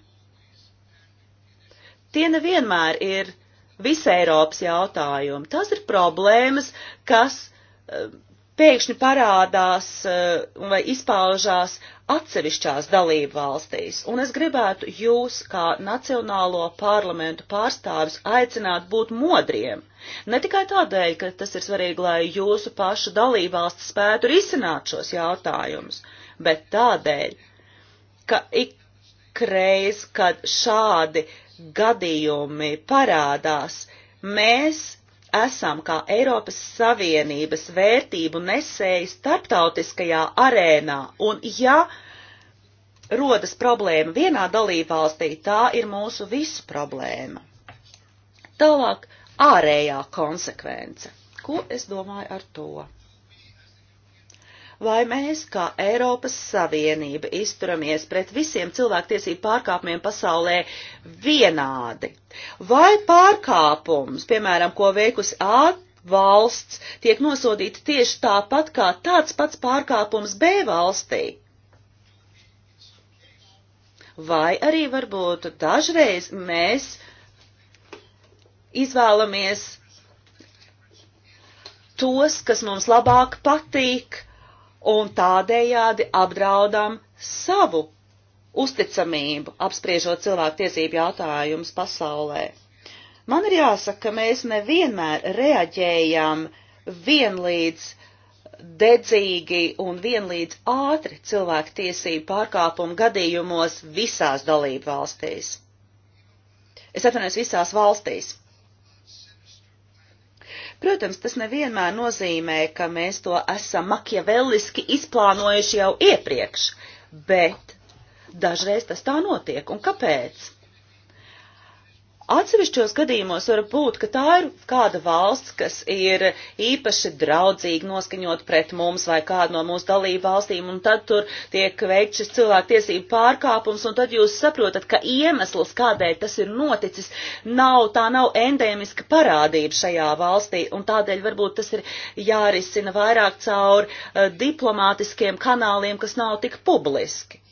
Tie nevienmēr ir visa Eiropas jautājumi. Tas ir problēmas, kas eh, pēkšņi parādās eh, vai izpaužās atsevišķās dalību valstīs. Un es gribētu jūs, kā Nacionālo parlamentu pārstāvis, aicināt būt modriem. Ne tikai tādēļ, ka tas ir svarīgi, lai jūsu pašu dalību valsts spētu risināt šos jautājumus, bet tādēļ, ka ikreiz, kad šādi gadījumi parādās, mēs esam kā Eiropas Savienības vērtību nesēji starptautiskajā arēnā, un ja rodas problēma vienā dalībvalstī, tā ir mūsu visu problēma. Tālāk ārējā konsekvence. Ko es domāju ar to? vai mēs, kā Eiropas Savienība, izturamies pret visiem cilvēktiesību pārkāpumiem pasaulē vienādi? Vai pārkāpums, piemēram, ko veikusi A valsts, tiek nosodīta tieši tāpat kā tāds pats pārkāpums B valstī? Vai arī varbūt dažreiz mēs izvēlamies tos, kas mums labāk patīk, un tādējādi apdraudam savu uzticamību, apspriežot cilvēku tiesību jautājumus pasaulē. Man ir jāsaka, ka mēs nevienmēr reaģējam vienlīdz dedzīgi un vienlīdz ātri cilvēku tiesību pārkāpumu gadījumos visās dalību valstīs. Es atvainojos visās valstīs. Protams, tas nevienmēr nozīmē, ka mēs to esam makjavelliski izplānojuši jau iepriekš, bet dažreiz tas tā notiek. Un kāpēc? Atsevišķos gadījumos var būt, ka tā ir kāda valsts, kas ir īpaši draudzīgi noskaņot pret mums vai kādu no mūsu dalību valstīm, un tad tur tiek veikts šis cilvēku tiesību pārkāpums, un tad jūs saprotat, ka iemesls, kādēļ tas ir noticis, nav, tā nav endēmiska parādība šajā valstī, un tādēļ varbūt tas ir jārisina vairāk caur uh, diplomātiskiem kanāliem, kas nav tik publiski.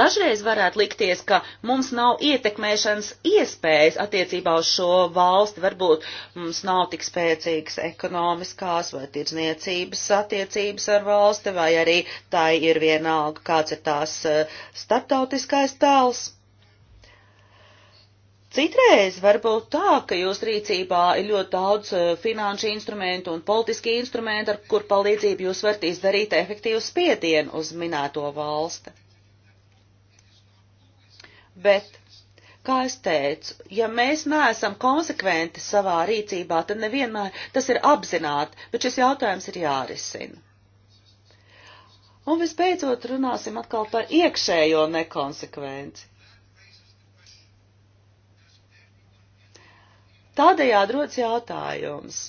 Dažreiz varētu likties, ka mums nav ietekmēšanas iespējas attiecībā uz šo valsti, varbūt mums nav tik spēcīgas ekonomiskās vai tirdzniecības attiecības ar valsti, vai arī tā ir vienalga, kāds ir tās eh, starptautiskais tēls. Citreiz var būt tā, ka jūsu rīcībā ir ļoti daudz eh, finanšu instrumentu un politiski instrumenti, ar kur palīdzību jūs varat izdarīt efektīvu spiedienu uz minēto valsti bet, kā es teicu, ja mēs neesam konsekventi savā rīcībā, tad nevienmēr tas ir apzināti, bet šis jautājums ir jārisina. Un visbeidzot runāsim atkal par iekšējo nekonsekvenci. Tādējādi rodas jautājums,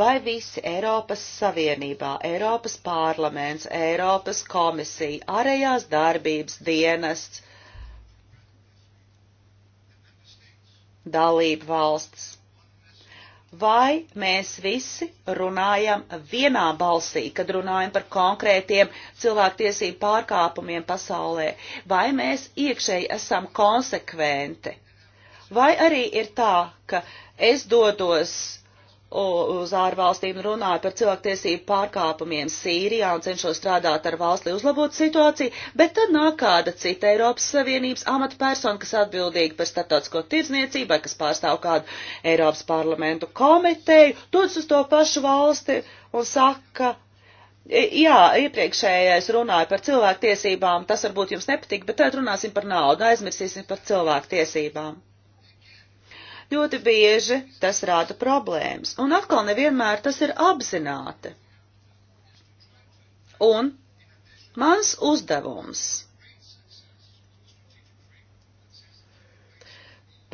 vai visi Eiropas Savienībā, Eiropas parlaments, Eiropas komisija, ārējās darbības dienests dalību valsts. Vai mēs visi runājam vienā balsī, kad runājam par konkrētiem cilvēktiesību pārkāpumiem pasaulē? Vai mēs iekšēji esam konsekventi? Vai arī ir tā, ka es dodos uz ārvalstīm runāju par cilvēktiesību pārkāpumiem Sīrijā un cenšos strādāt ar valsts, lai uzlabotu situāciju, bet tad nāk kāda cita Eiropas Savienības amatpersona, kas atbildīga par starptautisko tirdzniecību vai kas pārstāv kādu Eiropas parlamentu komiteju, dodas uz to pašu valsti un saka, e, jā, iepriekšējais runāja par cilvēktiesībām, tas varbūt jums nepatīk, bet tad runāsim par naudu, aizmirsīsim par cilvēktiesībām. Ļoti bieži tas rāda problēmas, un atkal nevienmēr tas ir apzināti. Un mans uzdevums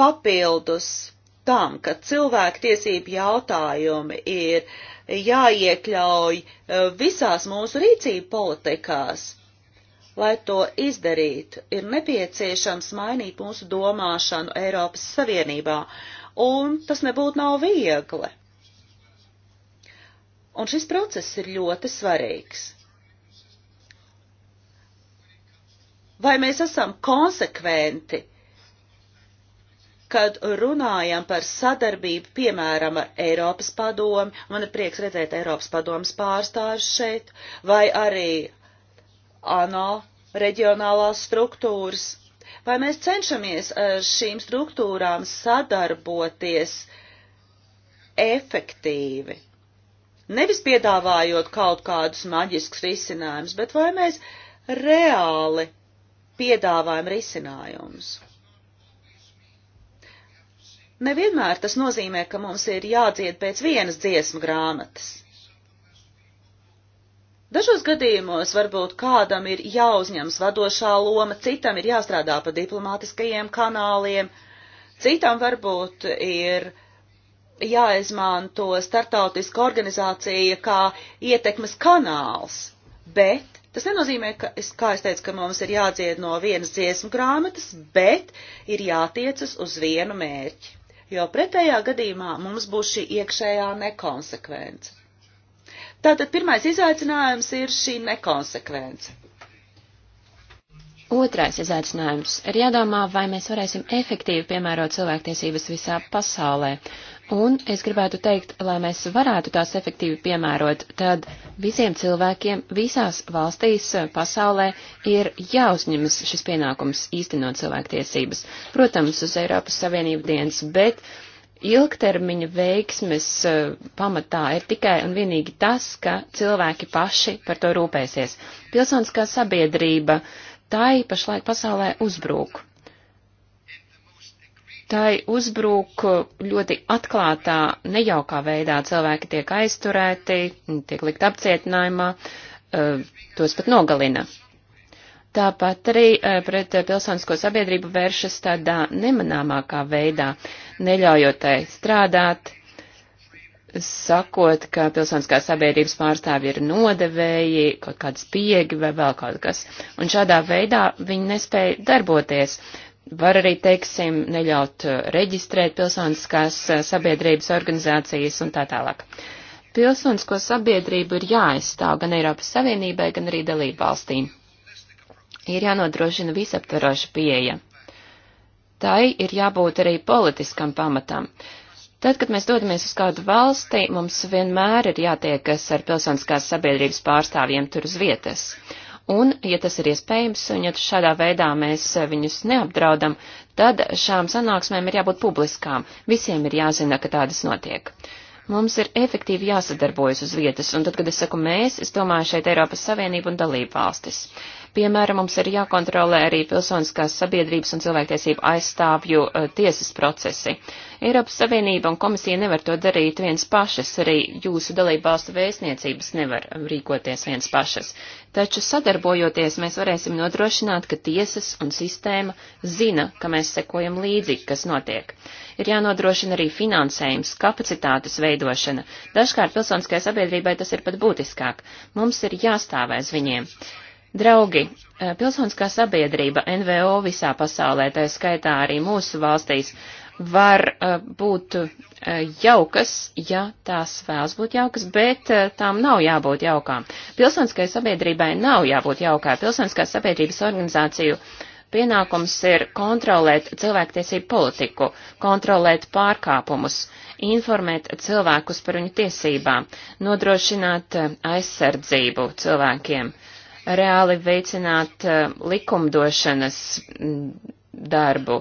papildus tam, ka cilvēktiesību jautājumi ir jāiekļauj eh, visās mūsu rīcību politikās, Lai to izdarītu, ir nepieciešams mainīt mūsu domāšanu Eiropas Savienībā, un tas nebūtu nav viegli. Un šis process ir ļoti svarīgs. Vai mēs esam konsekventi, kad runājam par sadarbību, piemēram, ar Eiropas padomi, man ir prieks redzēt Eiropas padomas pārstāžu šeit, vai arī ANO reģionālās struktūras. Vai mēs cenšamies ar eh, šīm struktūrām sadarboties efektīvi? Nevis piedāvājot kaut kādus maģiskus risinājumus, bet vai mēs reāli piedāvājam risinājumus? Nevienmēr tas nozīmē, ka mums ir jādzied pēc vienas dziesmu grāmatas. Dažos gadījumos varbūt kādam ir jāuzņems vadošā loma, citam ir jāstrādā pa diplomātiskajiem kanāliem, citam varbūt ir jāizmanto startautiska organizācija kā ietekmes kanāls, bet tas nenozīmē, ka, es, kā es teicu, ka mums ir jādzied no vienas dziesmu grāmatas, bet ir jātiecas uz vienu mērķi, jo pretējā gadījumā mums būs šī iekšējā nekonsekvence. Tātad pirmais izaicinājums ir šī nekonsekvence. Otrais izaicinājums ir jādomā, vai mēs varēsim efektīvi piemērot cilvēktiesības visā pasaulē. Un es gribētu teikt, lai mēs varētu tās efektīvi piemērot, tad visiem cilvēkiem visās valstīs eh, pasaulē ir jāuzņemas šis pienākums īstenot cilvēktiesības. Protams, uz Eiropas Savienību dienas, bet ilgtermiņa veiksmes eh, pamatā ir tikai un vienīgi tas, ka cilvēki paši par to rūpēsies. Pilsoniskā sabiedrība tai pašlaik pasaulē uzbrūk. Tai uzbrūk ļoti atklātā, nejaukā veidā cilvēki tiek aizturēti, tiek likt apcietinājumā, eh, tos pat nogalina. Tāpat arī eh, pret eh, pilsonisko sabiedrību vēršas tādā nemanāmākā veidā, neļaujot tai strādāt, sakot, ka pilsoniskā sabiedrības pārstāvji ir nodevēji, kaut kādas piegi vai vēl kaut kas. Un šādā veidā viņi nespēja darboties. Var arī, teiksim, neļaut eh, reģistrēt pilsoniskās sabiedrības organizācijas un tā tālāk. Pilsonisko sabiedrību ir jāaizstāv gan Eiropas Savienībai, gan arī dalībvalstīm ir jānodrošina visaptveroša pieeja. Tai ir jābūt arī politiskam pamatam. Tad, kad mēs dodamies uz kādu valsti, mums vienmēr ir jātiekas ar pilsoniskās sabiedrības pārstāvjiem tur uz vietas. Un, ja tas ir iespējams, un ja šādā veidā mēs viņus neapdraudam, tad šām sanāksmēm ir jābūt publiskām. Visiem ir jāzina, ka tādas notiek. Mums ir efektīvi jāsadarbojas uz vietas, un tad, kad es saku mēs, es domāju šeit Eiropas Savienību un dalību valstis. Piemēram, mums ir jākontrolē arī pilsoniskās sabiedrības un cilvēktiesību aizstāvju uh, tiesas procesi. Eiropas Savienība un komisija nevar to darīt viens pašas, arī jūsu dalībvalstu vēstniecības nevar um, rīkoties viens pašas. Taču sadarbojoties mēs varēsim nodrošināt, ka tiesas un sistēma zina, ka mēs sekojam līdzi, kas notiek ir jānodrošina arī finansējums, kapacitātes veidošana. Dažkārt pilsoniskajai sabiedrībai tas ir pat būtiskāk. Mums ir jāstāv aiz viņiem. Draugi, eh, pilsoniskā sabiedrība NVO visā pasaulē, tā skaitā arī mūsu valstīs, var eh, būt eh, jaukas, ja tās vēlas būt jaukas, bet tām nav jābūt jaukām. Pilsoniskai sabiedrībai nav jābūt jaukā. Pilsoniskās sabiedrības organizāciju pienākums ir kontrolēt cilvēktiesību politiku, kontrolēt pārkāpumus, informēt cilvēkus par viņu tiesībām, nodrošināt aizsardzību cilvēkiem reāli veicināt uh, likumdošanas mm, darbu,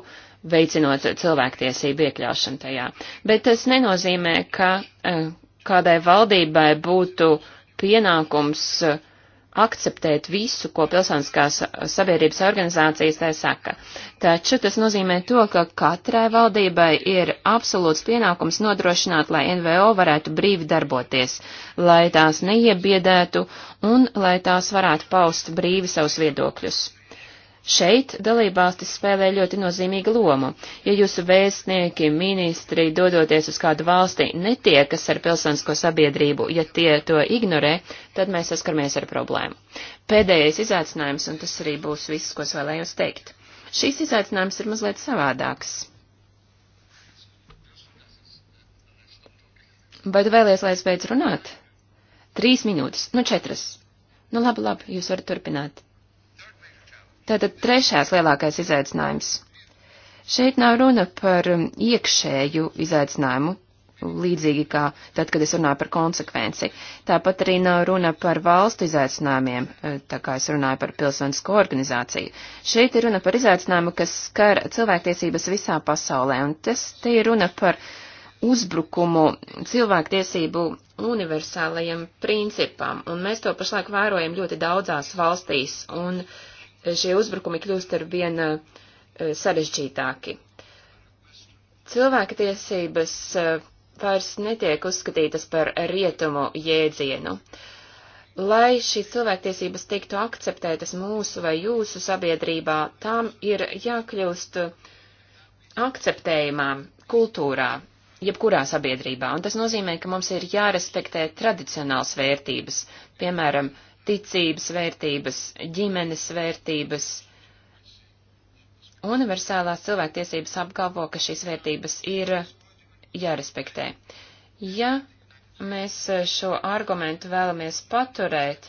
veicinot cilvēktiesību iekļaušanu tajā. Bet tas nenozīmē, ka uh, kādai valdībai būtu pienākums uh, akceptēt visu, ko pilsoniskās sabiedrības organizācijas tā saka. Taču tas nozīmē to, ka katrai valdībai ir absolūts pienākums nodrošināt, lai NVO varētu brīvi darboties, lai tās neiebiedētu un lai tās varētu paust brīvi savus viedokļus. Šeit dalībvalstis spēlē ļoti nozīmīgu lomu. Ja jūsu vēstnieki, ministri, dodoties uz kādu valsti, netiekas ar pilsonisko sabiedrību, ja tie to ignorē, tad mēs saskaramies ar problēmu. Pēdējais izaicinājums, un tas arī būs viss, ko es vēlējos teikt. Šīs izaicinājums ir mazliet savādāks. Vai tu vēlies, lai es beidz runāt? Trīs minūtes, nu četras. Nu labi, labi, jūs varat turpināt. Tātad trešais lielākais izaicinājums. Šeit nav runa par um, iekšēju izaicinājumu, līdzīgi kā tad, kad es runāju par konsekvenci. Tāpat arī nav runa par valstu izaicinājumiem, eh, tā kā es runāju par pilsonisko organizāciju. Šeit ir runa par izaicinājumu, kas skar cilvēktiesības visā pasaulē, un tas te ir runa par uzbrukumu cilvēktiesību universālajiem principam, un mēs to pašlaik vērojam ļoti daudzās valstīs, un uh, šie uzbrukumi kļūst ar vien e, sarežģītāki. Cilvēka tiesības e, vairs netiek uzskatītas par rietumu jēdzienu. Lai šīs cilvēktiesības tiktu akceptētas mūsu vai jūsu sabiedrībā, tām ir jākļūst akceptējumām kultūrā, jebkurā sabiedrībā, un tas nozīmē, ka mums ir jārespektē tradicionāls vērtības, piemēram, uh, ticības vērtības, ģimenes vērtības. Universālās cilvēktiesības apgalvo, ka šīs vērtības ir jārespektē. Ja mēs šo argumentu vēlamies paturēt,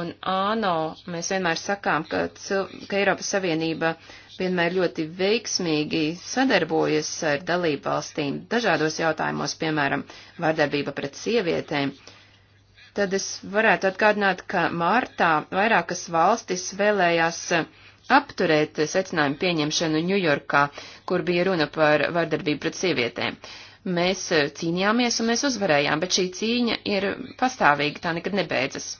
un ANO mēs vienmēr sakām, ka, cil, ka Eiropas Savienība vienmēr ļoti veiksmīgi sadarbojas ar dalību valstīm dažādos jautājumos, piemēram, vardarbība pret sievietēm. Uh, tad es varētu atgādināt, ka martā vairākas valstis vēlējās eh, apturēt secinājumu pieņemšanu Ņujorkā, kur bija runa par vardarbību pret sievietēm. Mēs eh, cīnījāmies un mēs uzvarējām, bet šī cīņa ir pastāvīga, tā nekad nebeidzas.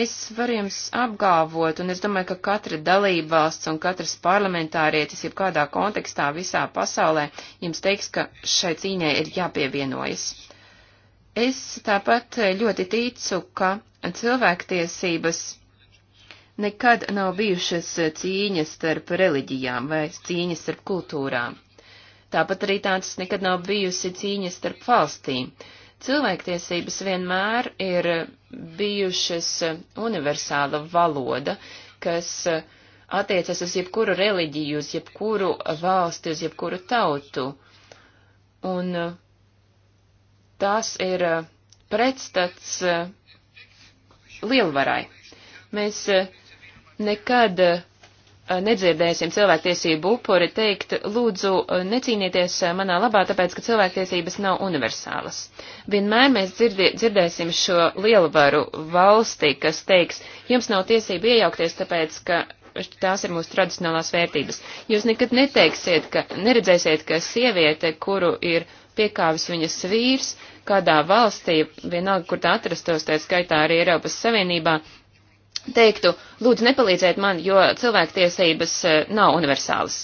Es varu jums apgalvot, un es domāju, ka katra dalībvalsts un katrs parlamentārietis, jeb kādā kontekstā visā pasaulē, jums teiks, ka šai cīņai ir jāpievienojas. Es tāpat ļoti ticu, ka cilvēktiesības nekad nav bijušas cīņas starp reliģijām vai cīņas starp kultūrām. Tāpat arī tāds nekad nav bijusi cīņas starp valstīm. Cilvēktiesības vienmēr ir bijušas universāla valoda, kas attiecas uz jebkuru reliģiju, uz jebkuru valsti, uz jebkuru tautu. Un uh, tās ir eh, pretstats eh, lielvarai. Mēs eh, nekad nedzirdēsim cilvēktiesību upuri teikt, lūdzu, necīnieties manā labā, tāpēc, ka cilvēktiesības nav universālas. Vienmēr mēs dzirdē, dzirdēsim šo lielvaru valsti, kas teiks, jums nav tiesība iejaukties, tāpēc, ka tās ir mūsu tradicionālās vērtības. Jūs nekad neteiksiet, ka neredzēsiet, ka sieviete, kuru ir piekāvis viņas vīrs, kādā valstī, vienalga, kur tā atrastos, tā skaitā arī Eiropas Savienībā, teiktu, lūdzu, nepalīdziet man, jo cilvēktiesības eh, nav universālas.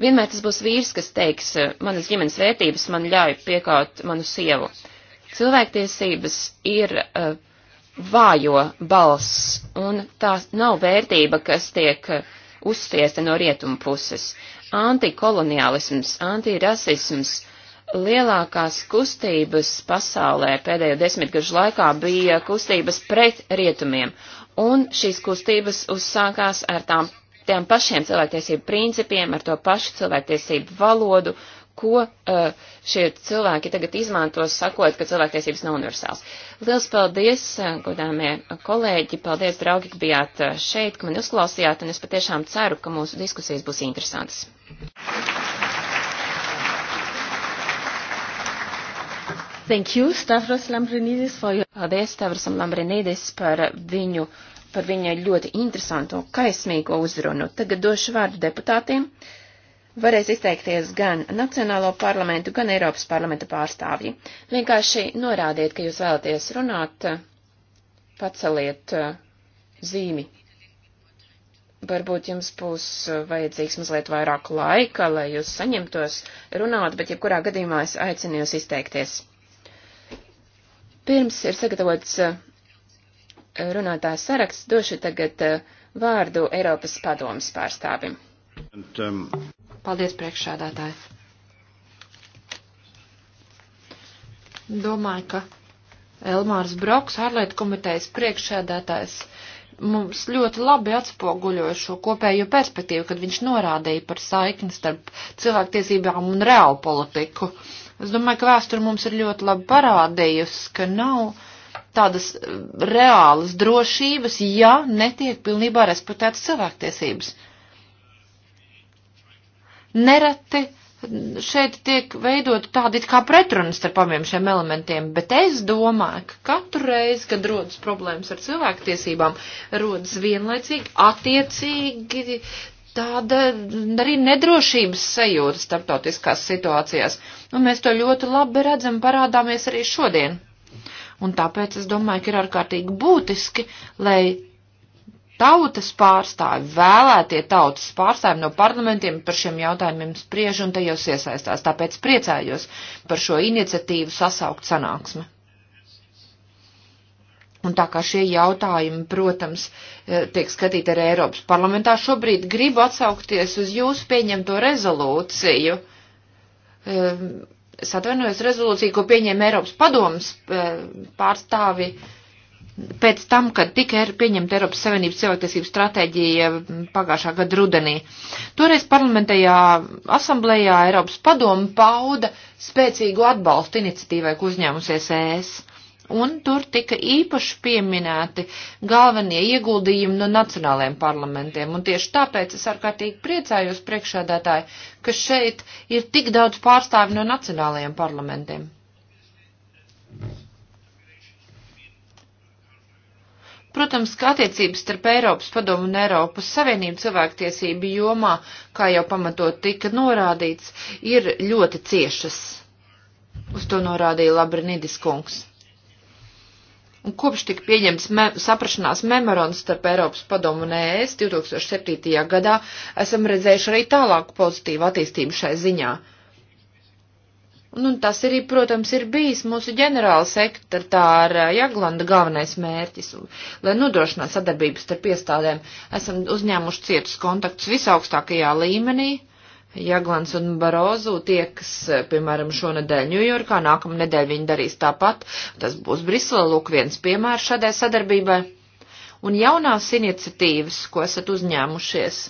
Vienmēr tas būs vīrs, kas teiks, eh, manas ģimenes vērtības man ļauj piekaut manu sievu. Cilvēktiesības ir uh, vājo balss, un tā nav vērtība, kas tiek uzspiesta no rietumu puses. Antikoloniālisms, antirasisms, lielākās kustības pasaulē pēdējo desmitgažu laikā bija kustības pret rietumiem, un šīs kustības uzsākās ar tām, tiem pašiem cilvēktiesību principiem, ar to pašu cilvēktiesību valodu, ko uh, šie cilvēki tagad izmanto, sakot, ka cilvēktiesības nav universāls. Liels paldies, eh, godāmie kolēģi, paldies, draugi, ka bijāt eh, šeit, ka mani uzklausījāt, un es patiešām ceru, ka mūsu diskusijas būs interesantas. Thank you, Stavros Lambrinidis, for your... Paldies, Stavrosam Lambrinidis, par viņu, par viņa ļoti interesantu un kaismīgo uzrunu. Tagad došu vārdu deputātiem. Varēs izteikties gan Nacionālo parlamentu, gan Eiropas parlamenta pārstāvji. Vienkārši norādiet, ka jūs vēlaties runāt, paceliet eh, zīmi. Varbūt jums būs eh, vajadzīgs mazliet vairāk laika, lai jūs saņemtos runāt, bet jebkurā gadījumā es aicinu jūs izteikties. Pirms ir sagatavots eh, runātājs saraksts, došu tagad eh, vārdu Eiropas padomas pārstāvim. And, um... Paldies, priekšsādātāji. Domāju, ka Elmārs Broks, ārlietu komitejas priekšsēdētājs, mums ļoti labi atspoguļoja šo kopējo perspektīvu, kad viņš norādīja par saikni starp cilvēktiesībām un reālu politiku. Uh, Es domāju, ka vēsture mums ir ļoti labi parādījusi, ka nav tādas eh, reālas drošības, ja netiek pilnībā respektētas cilvēktiesības. Nereti šeit tiek veidot tādi kā pretruna starp abiem šiem elementiem, bet es domāju, ka katru reizi, kad rodas problēmas ar cilvēktiesībām, rodas vienlaicīgi attiecīgi tāda arī nedrošības sajūta starptautiskās situācijās, un mēs to ļoti labi redzam, parādāmies arī šodien. Un tāpēc es domāju, ka ir ārkārtīgi būtiski, lai tautas pārstāvi, vēlētie tautas pārstāvi no parlamentiem par šiem jautājumiem spriež un tajos iesaistās. Tāpēc priecājos par šo iniciatīvu sasaukt sanāksmi. Un tā kā šie jautājumi, protams, eh, tiek skatīti arī Eiropas parlamentā, šobrīd gribu atsaukties uz jūsu pieņemto rezolūciju. Ehm, es atvainojos rezolūciju, ko pieņēma Eiropas padomas eh, pārstāvi pēc tam, kad tika pieņemta Eiropas Savienības cilvēktiesību stratēģija pagājušā gada rudenī. Toreiz parlamentējā asamblējā Eiropas padoma pauda spēcīgu atbalstu iniciatīvai, ko uzņēmusies ES un tur tika īpaši pieminēti galvenie ieguldījumi no nacionālajiem parlamentiem. Un tieši tāpēc es ārkārtīgi priecājos priekšādātāji, ka šeit ir tik daudz pārstāvi no nacionālajiem parlamentiem. Protams, ka attiecības starp Eiropas padomu un Eiropas Savienību cilvēktiesību jomā, kā jau pamatot tika norādīts, ir ļoti ciešas. Uz to norādīja Labrinidis kungs. Un kopš tika pieņemts me saprašanās memorants starp Eiropas padomu un ES 2007. gadā, esam redzējuši arī tālāku pozitīvu attīstību šai ziņā. Un, un tas arī, protams, ir bijis mūsu ģenerāla sekretāra Jaglanda galvenais mērķis. Un, lai nodrošinātu sadarbības starp iestādēm, esam uzņēmuši cietus kontaktus visaugstākajā līmenī. Uh, Jaglans un Barozu tiekas, eh, piemēram, šonadēļ Ņujorkā, nākamā nedēļa viņi darīs tāpat. Tas būs Brisele, lūk, viens piemērs šādai sadarbībai. Un jaunās iniciatīvas, ko esat uzņēmušies,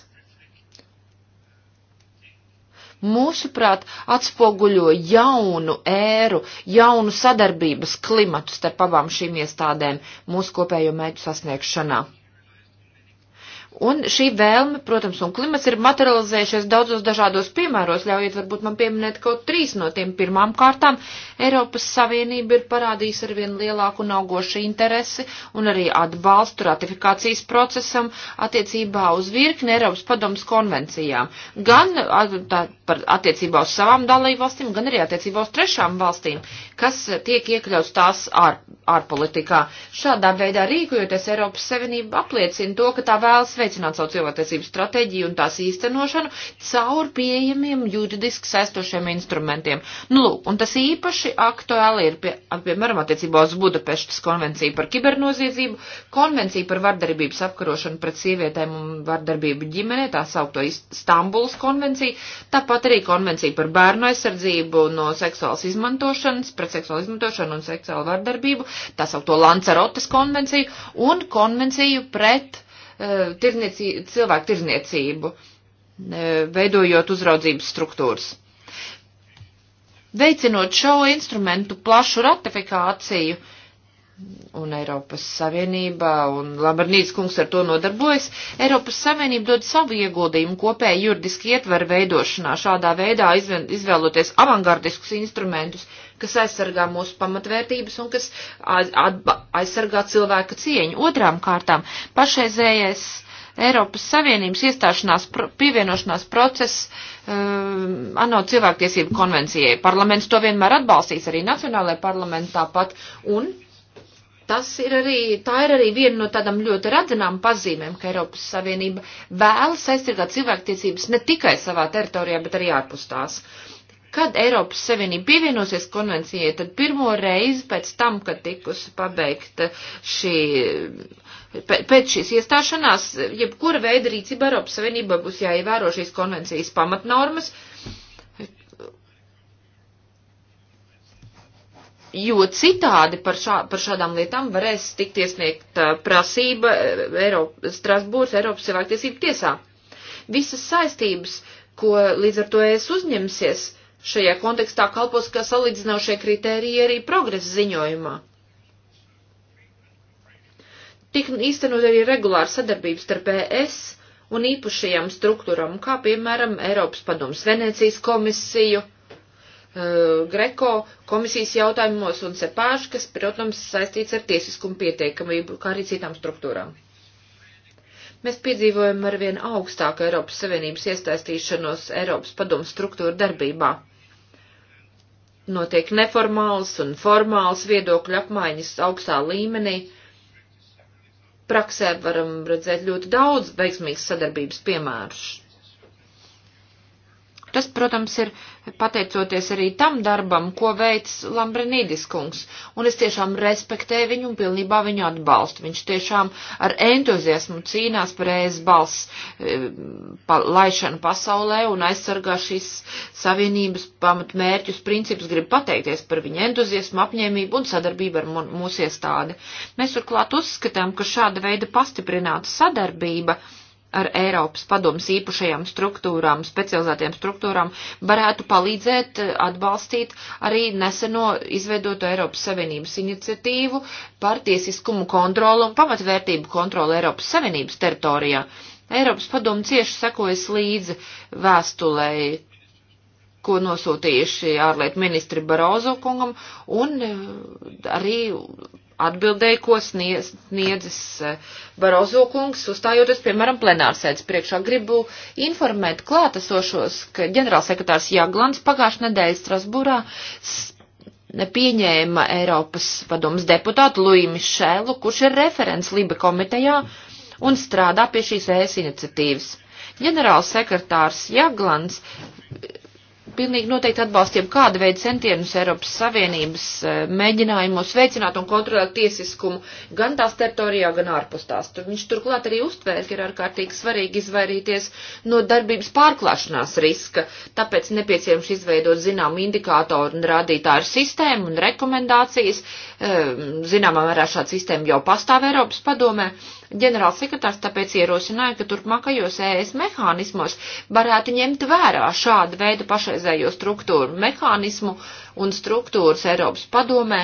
mūsuprāt, atspoguļo jaunu ēru, jaunu sadarbības klimatu starp abām šīm iestādēm mūsu kopējo mērķu sasniegšanā. Un šī vēlme, protams, un klimats ir materializējušies daudzos dažādos piemēros. Ļaujiet varbūt man pieminēt kaut trīs no tiem. Pirmām kārtām Eiropas Savienība ir parādījusi ar vien lielāku un augošu interesi un arī atbalstu ratifikācijas procesam attiecībā uz virkni Eiropas padomas konvencijām. Gan tā, par attiecībā uz savām dalību valstīm, gan arī attiecībā uz trešām valstīm, kas tiek iekļauts tās ār, ārpolitikā. Šādā veidā rīkojoties Eiropas Savienība apliecina to, ka tā vēlas veikt veicināt savu cilvēktiesību stratēģiju un tās īstenošanu caur pieejamiem juridiski saistošiem instrumentiem. Nu, lūk, un tas īpaši aktuāli ir, pie, piemēram, attiecībā uz Budapeštas konvenciju par kibernoziedzību, konvenciju par vardarbības apkarošanu pret sievietēm un vardarbību ģimenē, tā saukto Stambuls konvenciju, tāpat arī konvenciju par bērnu aizsardzību no seksuālas izmantošanas, pret seksuālu izmantošanu un seksuālu vardarbību, tā saukto Lancerotas konvenciju un konvenciju pret Eh, tirniecību, cilvēku tirniecību, eh, veidojot uzraudzības struktūras. Veicinot šo instrumentu plašu ratifikāciju, uh, un Eiropas Savienība, un Lambarnīts kungs ar to nodarbojas, Eiropas Savienība dod savu ieguldījumu kopēju juridiski ietveru veidošanā, šādā veidā izvēloties avangardiskus instrumentus, kas aizsargā mūsu pamatvērtības un kas aizsargā cilvēka cieņu. Otrām kārtām, pašreizējais Eiropas Savienības iestāšanās, pievienošanās process um, ANO cilvēktiesību konvencijai. Parlaments to vienmēr atbalstīs, arī Nacionālajā parlamentā pat, un Tas ir arī, tā ir arī viena no tādām ļoti redzenām pazīmēm, ka Eiropas Savienība vēlas aizsargāt cilvēktiesības ne tikai savā teritorijā, bet arī ārpus tās. Kad Eiropas Savienība pievienosies konvencijai, tad pirmo reizi pēc tam, kad tikusi pabeigta šī, pēc šīs iestāšanās, jebkura veida rīcība Eiropas Savienībā būs jāievēro šīs konvencijas pamatnormas, jo citādi par, šā, par šādām lietām varēs tikt iesniegt uh, prasība uh, Eiropa, Strasbūras Eiropas cilvēktiesību tiesā. Visas saistības, ko līdz ar to es uzņemsies, šajā kontekstā kalpos kā salīdzinošie kritēriji arī progresa ziņojumā. Tik īstenot arī regulāra sadarbība starp ES un īpašajām struktūram, kā piemēram Eiropas padomus Venecijas komisiju, Eh, Greko komisijas jautājumos un sepāšu, kas, protams, saistīts ar tiesiskumu pietiekamību, kā arī citām struktūrām. Mēs piedzīvojam arvien augstāku Eiropas Savienības iesaistīšanos Eiropas padomu struktūru darbībā. Notiek neformāls un formāls viedokļu apmaiņas augstā līmenī. Praksē varam redzēt ļoti daudz veiksmīgas sadarbības piemērus Tas, protams, ir pateicoties arī tam darbam, ko veids Lambrinīdis kungs, un es tiešām respektēju viņu un pilnībā viņu atbalstu. Viņš tiešām ar entuziasmu cīnās par ēs balss e, pa, laišanu pasaulē un aizsargā šīs savienības pamatmērķus principus. Gribu pateikties par viņa entuziasmu, apņēmību un sadarbību ar mūsu iestādi. Mēs turklāt uzskatām, ka šāda veida pastiprināta sadarbība ar Eiropas padomus īpašajām struktūrām, specializētiem struktūrām, varētu palīdzēt eh, atbalstīt arī neseno izveidoto Eiropas Savienības iniciatīvu par tiesiskumu kontrolu un pamatvērtību kontroli Eiropas Savienības teritorijā. Eiropas padomu cieši sekojas līdzi vēstulei ko nosūtījuši ārlietu ministri Barozo kungam, un eh, arī atbildēju, ko sniedz, sniedzis eh, Barozo kungs, uzstājoties, piemēram, plenārsēdes priekšā. Gribu informēt klātesošos, ka ģenerālsekretārs Jāglans pagājušajā nedēļā Strasbūrā pieņēma Eiropas padomas deputātu Luiju Mišēlu, kurš ir referents Liba komitejā un strādā pie šīs ēs iniciatīvas. Ģenerālsekretārs Jaglans pilnīgi noteikti atbalstiem kādu veidu centienus Eiropas Savienības eh, mēģinājumos veicināt un kontrolēt tiesiskumu gan tās teritorijā, gan ārpus tās. Tur viņš turklāt arī uztvēra, ka ir ārkārtīgi svarīgi izvairīties no darbības pārklāšanās riska, tāpēc nepieciešams izveidot zinām indikātoru un rādītāju sistēmu un rekomendācijas. Eh, Zināmā mērā šāda sistēma jau pastāv Eiropas padomē, ģenerālsekretārs tāpēc ierosināja, ka turpmākajos ES mehānismos varētu ņemt vērā šādu veidu pašreizējo struktūru mehānismu un struktūras Eiropas padomē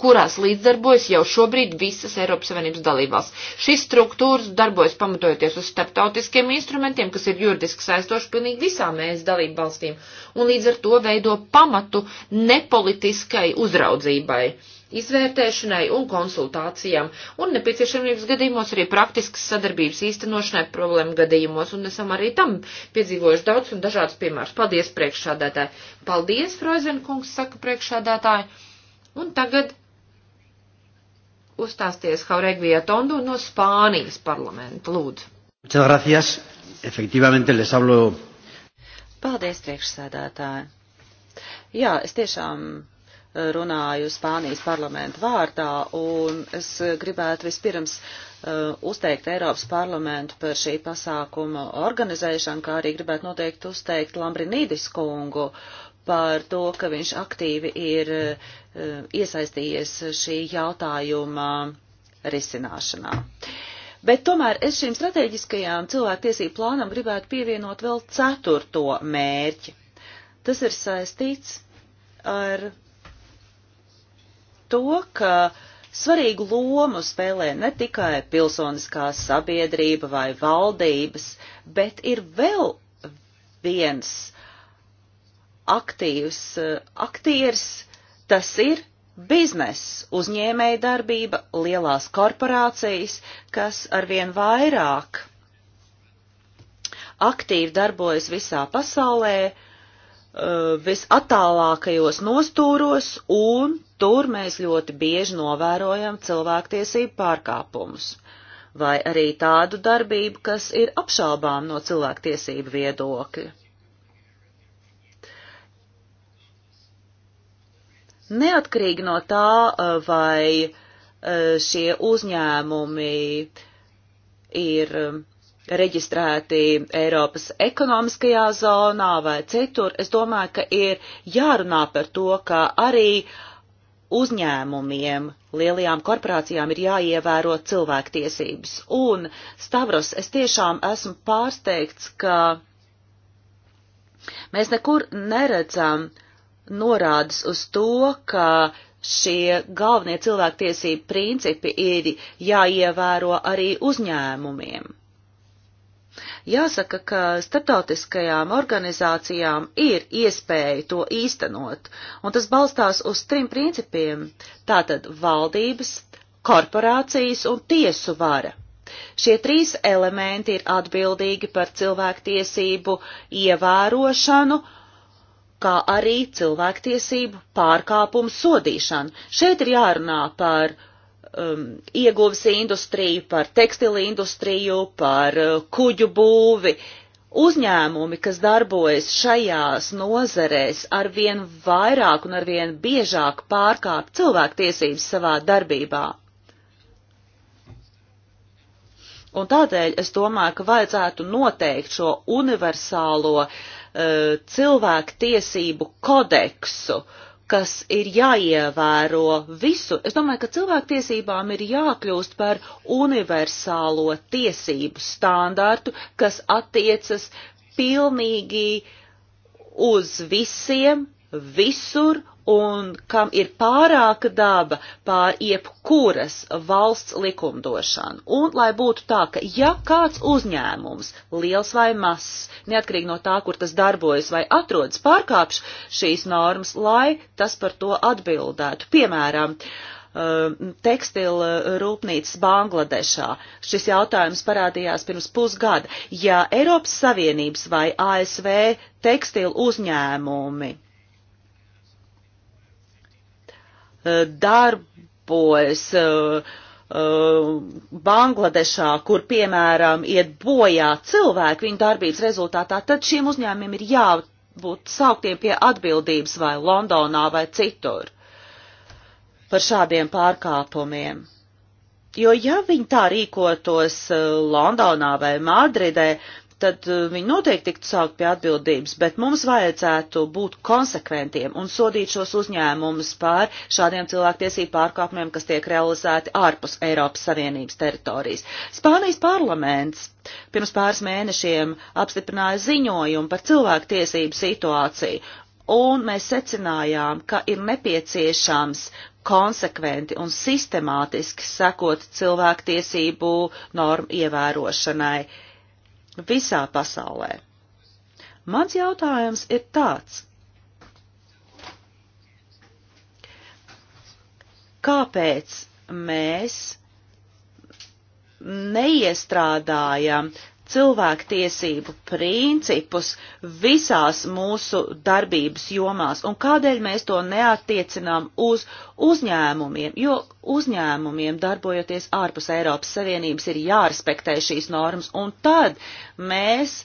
kurās līdzdarbojas jau šobrīd visas Eiropas Savienības dalībās. Šīs struktūras darbojas pamatojoties uz starptautiskiem instrumentiem, kas ir juridiski saistoši pilnīgi visām ES dalību valstīm, un līdz ar to veido pamatu nepolitiskai uzraudzībai izvērtēšanai un konsultācijām, un nepieciešamības gadījumos arī praktiskas sadarbības īstenošanai problēmu gadījumos, un esam arī tam piedzīvojuši daudz un dažādas piemērs. Paldies, priekšādātāji! Paldies, Froizenkungs, saka priekšādātāji! Un tagad uzstāsties Hauregvija Tondo no Spānijas parlamenta. Lūdzu! Muchas gracias. Efectivamente, les hablo. Paldies, priekšsēdētāji. Jā, es tiešām runāju Spānijas parlamenta vārdā, un es gribētu vispirms uh, uzteikt Eiropas parlamentu par šī pasākuma organizēšanu, kā arī gribētu noteikti uzteikt Lambrinīdis kungu par to, ka viņš aktīvi ir uh, iesaistījies šī jautājuma risināšanā. Bet tomēr es šīm strateģiskajām cilvēktiesību plānam gribētu pievienot vēl ceturto mērķi. Tas ir saistīts ar to, ka svarīgu lomu spēlē ne tikai pilsoniskā sabiedrība vai valdības, bet ir vēl viens aktīvs eh, aktieris, tas ir bizness, uzņēmēja darbība, lielās korporācijas, kas arvien vairāk aktīvi darbojas visā pasaulē, uh, Uh, visatālākajos nostūros, un tur mēs ļoti bieži novērojam cilvēktiesību pārkāpumus, vai arī tādu darbību, kas ir apšaubām no cilvēktiesību viedokļa. Neatkarīgi no tā, uh, vai uh, šie uzņēmumi ir um, reģistrēti Eiropas ekonomiskajā zonā vai citur, es domāju, ka ir jārunā par to, ka arī uzņēmumiem, lielajām korporācijām ir jāievēro cilvēktiesības. Un, Stavros, es tiešām esmu pārsteigts, ka mēs nekur neredzam norādes uz to, ka šie galvenie cilvēktiesību principi ir jāievēro arī uzņēmumiem. Jāsaka, ka starptautiskajām organizācijām ir iespēja to īstenot, un tas balstās uz trim principiem - tātad valdības, korporācijas un tiesu vara. Šie trīs elementi ir atbildīgi par cilvēktiesību ievērošanu, kā arī cilvēktiesību pārkāpumu sodīšanu. Šeit ir jārunā par um, ieguves industriju, par tekstilu industriju, par uh, kuģu būvi. Uzņēmumi, kas darbojas šajās nozarēs, arvien vairāk un arvien biežāk pārkāp cilvēktiesības savā darbībā. Un tādēļ es domāju, ka vajadzētu noteikt šo universālo uh, cilvēku tiesību kodeksu, uh, kas ir jāievēro visu. Es domāju, ka cilvēktiesībām ir jākļūst par universālo tiesību standārtu, kas attiecas pilnīgi uz visiem, visur un kam ir pārāka daba pār jebkuras valsts likumdošanu. Un lai būtu tā, ka ja kāds uzņēmums, liels vai mazs, neatkarīgi no tā, kur tas darbojas vai atrodas, pārkāpš šīs normas, lai tas par to atbildētu. Piemēram, uh, tekstila rūpnīcas Bangladešā. Šis jautājums parādījās pirms pusgada. Ja Eiropas Savienības vai ASV tekstila uzņēmumi darbojas uh, uh, Bangladešā, kur, piemēram, iet bojā cilvēki viņu darbības rezultātā, tad šiem uzņēmumiem ir jābūt sauktiem pie atbildības vai Londonā vai citur par šādiem pārkāpumiem. Jo ja viņi tā rīkotos uh, Londonā vai Madridē, uh, tad eh, viņi noteikti tiktu saukt pie atbildības, bet mums vajadzētu būt konsekventiem un sodīt šos uzņēmumus par šādiem cilvēktiesību pārkāpumiem, kas tiek realizēti ārpus Eiropas Savienības teritorijas. Spānijas parlaments pirms pāris mēnešiem apstiprināja ziņojumu par cilvēktiesību situāciju, un mēs secinājām, ka ir nepieciešams konsekventi un sistemātiski sekot cilvēktiesību normu ievērošanai visā pasaulē. Mans jautājums ir tāds. Kāpēc mēs neiestrādājam uh, cilvēktiesību principus visās mūsu darbības jomās un kādēļ mēs to neattiecinām uz uzņēmumiem, jo uzņēmumiem darbojoties ārpus Eiropas Savienības ir jārespektē šīs normas un tad mēs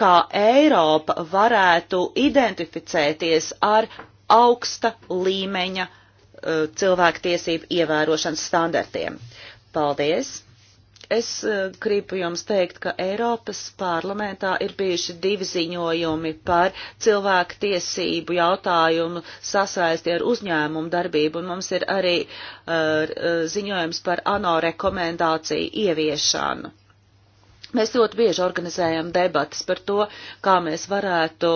kā Eiropa varētu identificēties ar augsta līmeņa eh, cilvēktiesību ievērošanas standartiem. Paldies! Es eh, gribu jums teikt, ka Eiropas parlamentā ir bijuši divi ziņojumi par cilvēku tiesību jautājumu sasaisti ar uzņēmumu darbību, un mums ir arī uh, ziņojums par ANO rekomendāciju ieviešanu. Mēs ļoti bieži organizējam debatas par to, kā mēs varētu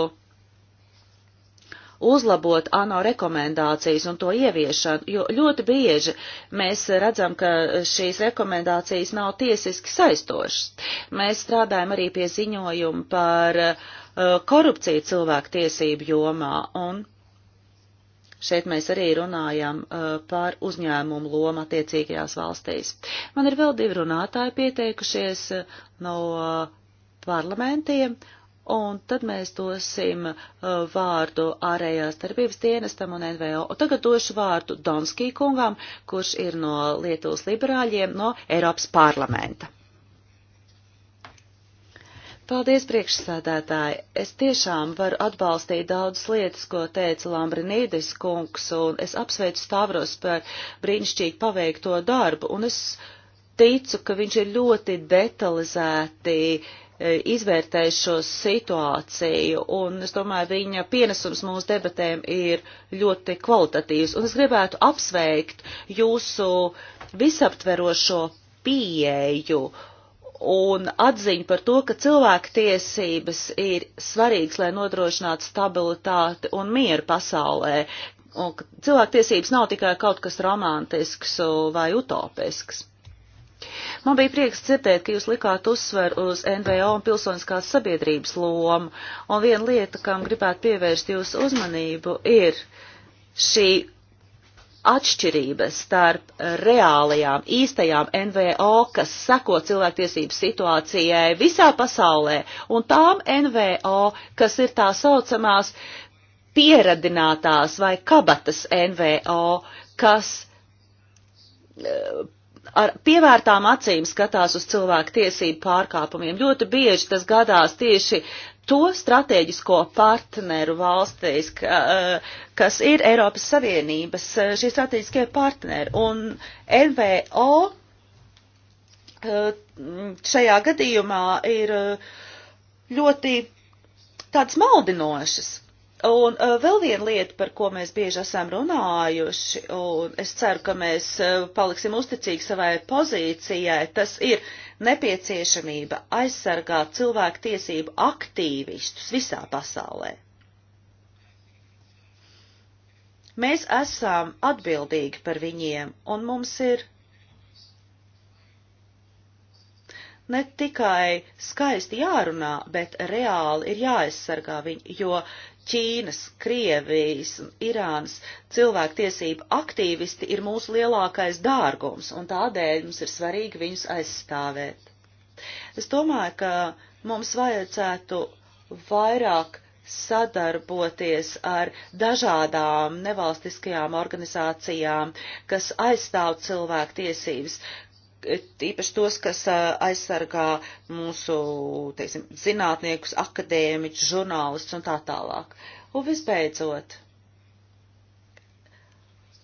uzlabot ANO rekomendācijas un to ieviešanu, jo ļoti bieži mēs redzam, ka šīs rekomendācijas nav tiesiski saistošas. Mēs strādājam arī pie ziņojuma par uh, korupciju cilvēku tiesību jomā un Šeit mēs arī runājam uh, par uzņēmumu lomu attiecīgajās valstīs. Man ir vēl divi runātāji pieteikušies uh, no uh, parlamentiem. Uh, un tad mēs dosim uh, vārdu ārējās darbības dienestam un NVO. Un tagad došu vārdu Donskī kungam, kurš ir no Lietuvas liberāļiem no Eiropas parlamenta. Paldies, priekšsādātāji! Es tiešām varu atbalstīt daudzas lietas, ko teica Lambrinīdis kungs, un es apsveicu Stavros par brīnišķīgi paveikto darbu, un es ticu, ka viņš ir ļoti detalizēti uh, E, izvērtējis šo situāciju, un es domāju, viņa pienesums mūsu debatēm ir ļoti kvalitatīvs. Un es gribētu apsveikt jūsu visaptverošo pieeju un atziņu par to, ka cilvēktiesības ir svarīgas, lai nodrošinātu stabilitāti un mieru pasaulē. Un cilvēktiesības nav tikai kaut kas romantisks vai utopisks. Man bija prieks dzirdēt, ka jūs likāt uzsver uz NVO un pilsoniskās sabiedrības lomu, un viena lieta, kam gribētu pievērst jūsu uzmanību, ir šī atšķirība starp reālajām, īstajām NVO, kas seko cilvēktiesību situācijai visā pasaulē, un tām NVO, kas ir tā saucamās pieradinātās vai kabatas NVO, kas eh, ar pievērtām acīm skatās uz cilvēku tiesību pārkāpumiem. Ļoti bieži tas gadās tieši to strateģisko partneru valstīs, ka, eh, kas ir Eiropas Savienības eh, šie strateģiskie partneri. Un NVO eh, šajā gadījumā ir ļoti tādas maldinošas. Un uh, vēl viena lieta, par ko mēs bieži esam runājuši, un es ceru, ka mēs uh, paliksim uzticīgi savai pozīcijai, tas ir nepieciešamība aizsargāt cilvēku tiesību aktīvistus visā pasaulē. Mēs esam atbildīgi par viņiem, un mums ir ne tikai skaisti jārunā, bet reāli ir jāaizsargā viņi, jo Ķīnas, Krievijas un Irānas cilvēktiesību aktīvisti ir mūsu lielākais dārgums, un tādēļ mums ir svarīgi viņus aizstāvēt. Es domāju, ka mums vajadzētu vairāk sadarboties ar dažādām nevalstiskajām organizācijām, kas aizstāv cilvēktiesības, tīpaši tos, kas aizsargā mūsu, teiksim, zinātniekus, akadēmiķus, žurnālistus un tā tālāk. Un visbeidzot,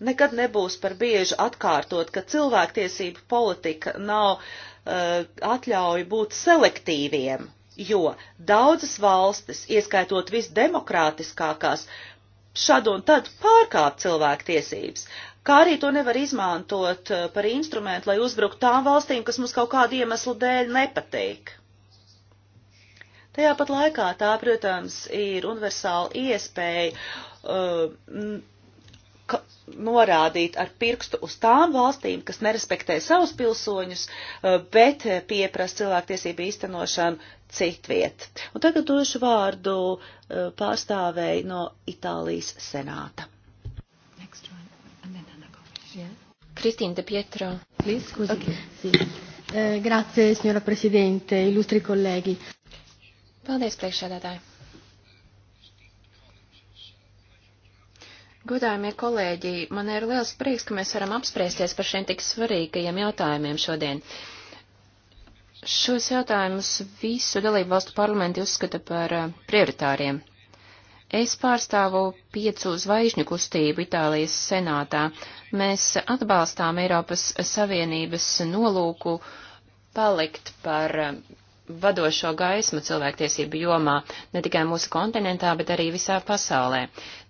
nekad nebūs par bieži atkārtot, ka cilvēktiesību politika nav uh, atļauja būt selektīviem, jo daudzas valstis, ieskaitot visdemokrātiskākās, šad un tad pārkāp cilvēktiesības kā arī to nevar izmantot eh, par instrumentu, lai uzbruktu tām valstīm, kas mums kaut kādu iemeslu dēļ nepatīk. Tajā pat laikā tā, protams, ir universāla iespēja uh, norādīt ar pirkstu uz tām valstīm, kas nerespektē savus pilsoņus, uh, bet pieprasa cilvēktiesību īstenošanu citviet. Un tagad došu vārdu uh, pārstāvēji no Itālijas senāta. Kristīna De Pietro. Please, okay. sì. eh, grazie, signora Presidente, illustri kolēģi. Paldies, priekšsēdētāji. Godājumie kolēģi, man ir liels prieks, ka mēs varam apspriesties par šiem tik svarīgajiem jautājumiem šodien. Šos jautājumus visu dalību valstu parlamenti uzskata par eh, prioritāriem. Es pārstāvu piecu zvaigžņu kustību Itālijas senātā. Mēs atbalstām Eiropas Savienības nolūku palikt par vadošo gaismu cilvēktiesību jomā, ne tikai mūsu kontinentā, bet arī visā pasaulē.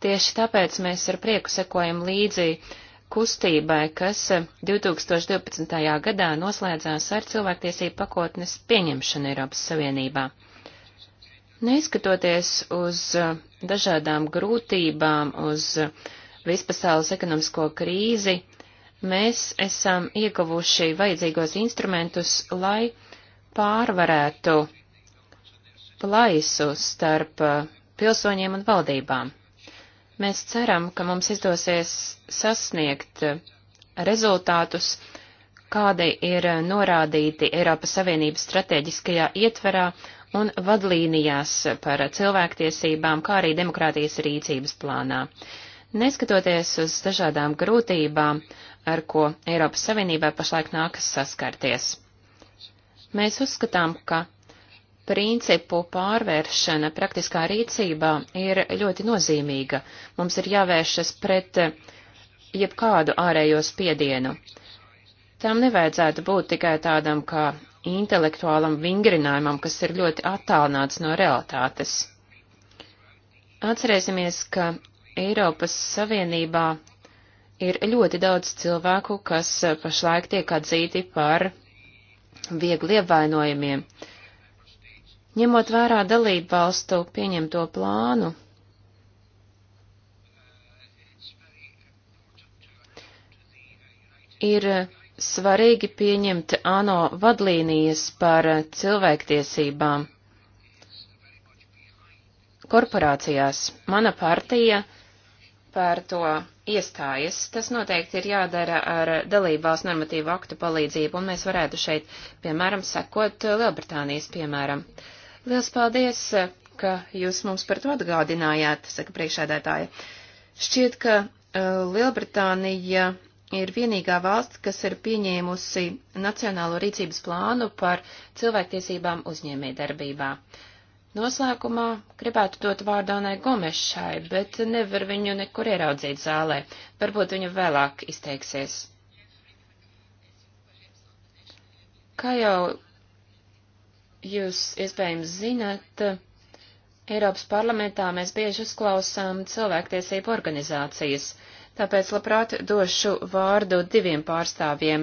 Tieši tāpēc mēs ar prieku sekojam līdzi kustībai, kas 2012. gadā noslēdzās ar cilvēktiesību pakotnes pieņemšanu Eiropas Savienībā. Neskatoties uz eh, dažādām grūtībām, uz eh, vispasaules ekonomisko krīzi, mēs esam ieguvuši vajadzīgos instrumentus, lai pārvarētu plaisu starp eh, pilsoņiem un valdībām. Mēs ceram, ka mums izdosies sasniegt rezultātus, kādi ir norādīti Eiropas Savienības strateģiskajā ietverā un vadlīnijās par cilvēktiesībām, kā arī demokrātijas rīcības plānā. Neskatoties uz dažādām grūtībām, ar ko Eiropas Savienībai pašlaik nākas saskarties. Mēs uzskatām, ka principu pārvēršana praktiskā rīcībā ir ļoti nozīmīga. Mums ir jāvēršas pret jebkādu ārējo spiedienu. Tam nevajadzētu būt tikai tādam kā intelektuālam vingrinājumam, kas ir ļoti attālināts no realitātes. Atcerēsimies, ka Eiropas Savienībā ir ļoti daudz cilvēku, kas pašlaik tiek atzīti par viegli ievainojumiem. Ņemot vērā dalību valstu pieņemto plānu, ir svarīgi pieņemt ANO vadlīnijas par cilvēktiesībām korporācijās. Mana partija par to iestājas. Tas noteikti ir jādara ar dalībās normatīvu aktu palīdzību, un mēs varētu šeit, piemēram, sekot Lielbritānijas piemēram. Liels paldies, ka jūs mums par to atgādinājāt, saka priekšēdētāja. Šķiet, ka eh, Lielbritānija ir vienīgā valsts, kas ir pieņēmusi Nacionālo rīcības plānu par cilvēktiesībām uzņēmējdarbībā. Noslēgumā gribētu dot vārdu Anai Gomešai, bet nevar viņu nekur ieraudzīt zālē. Varbūt viņa vēlāk izteiksies. Kā jau jūs iespējams zinat, Eiropas parlamentā mēs bieži uzklausām cilvēktiesību organizācijas. Uh, tāpēc labprāt došu vārdu diviem pārstāvjiem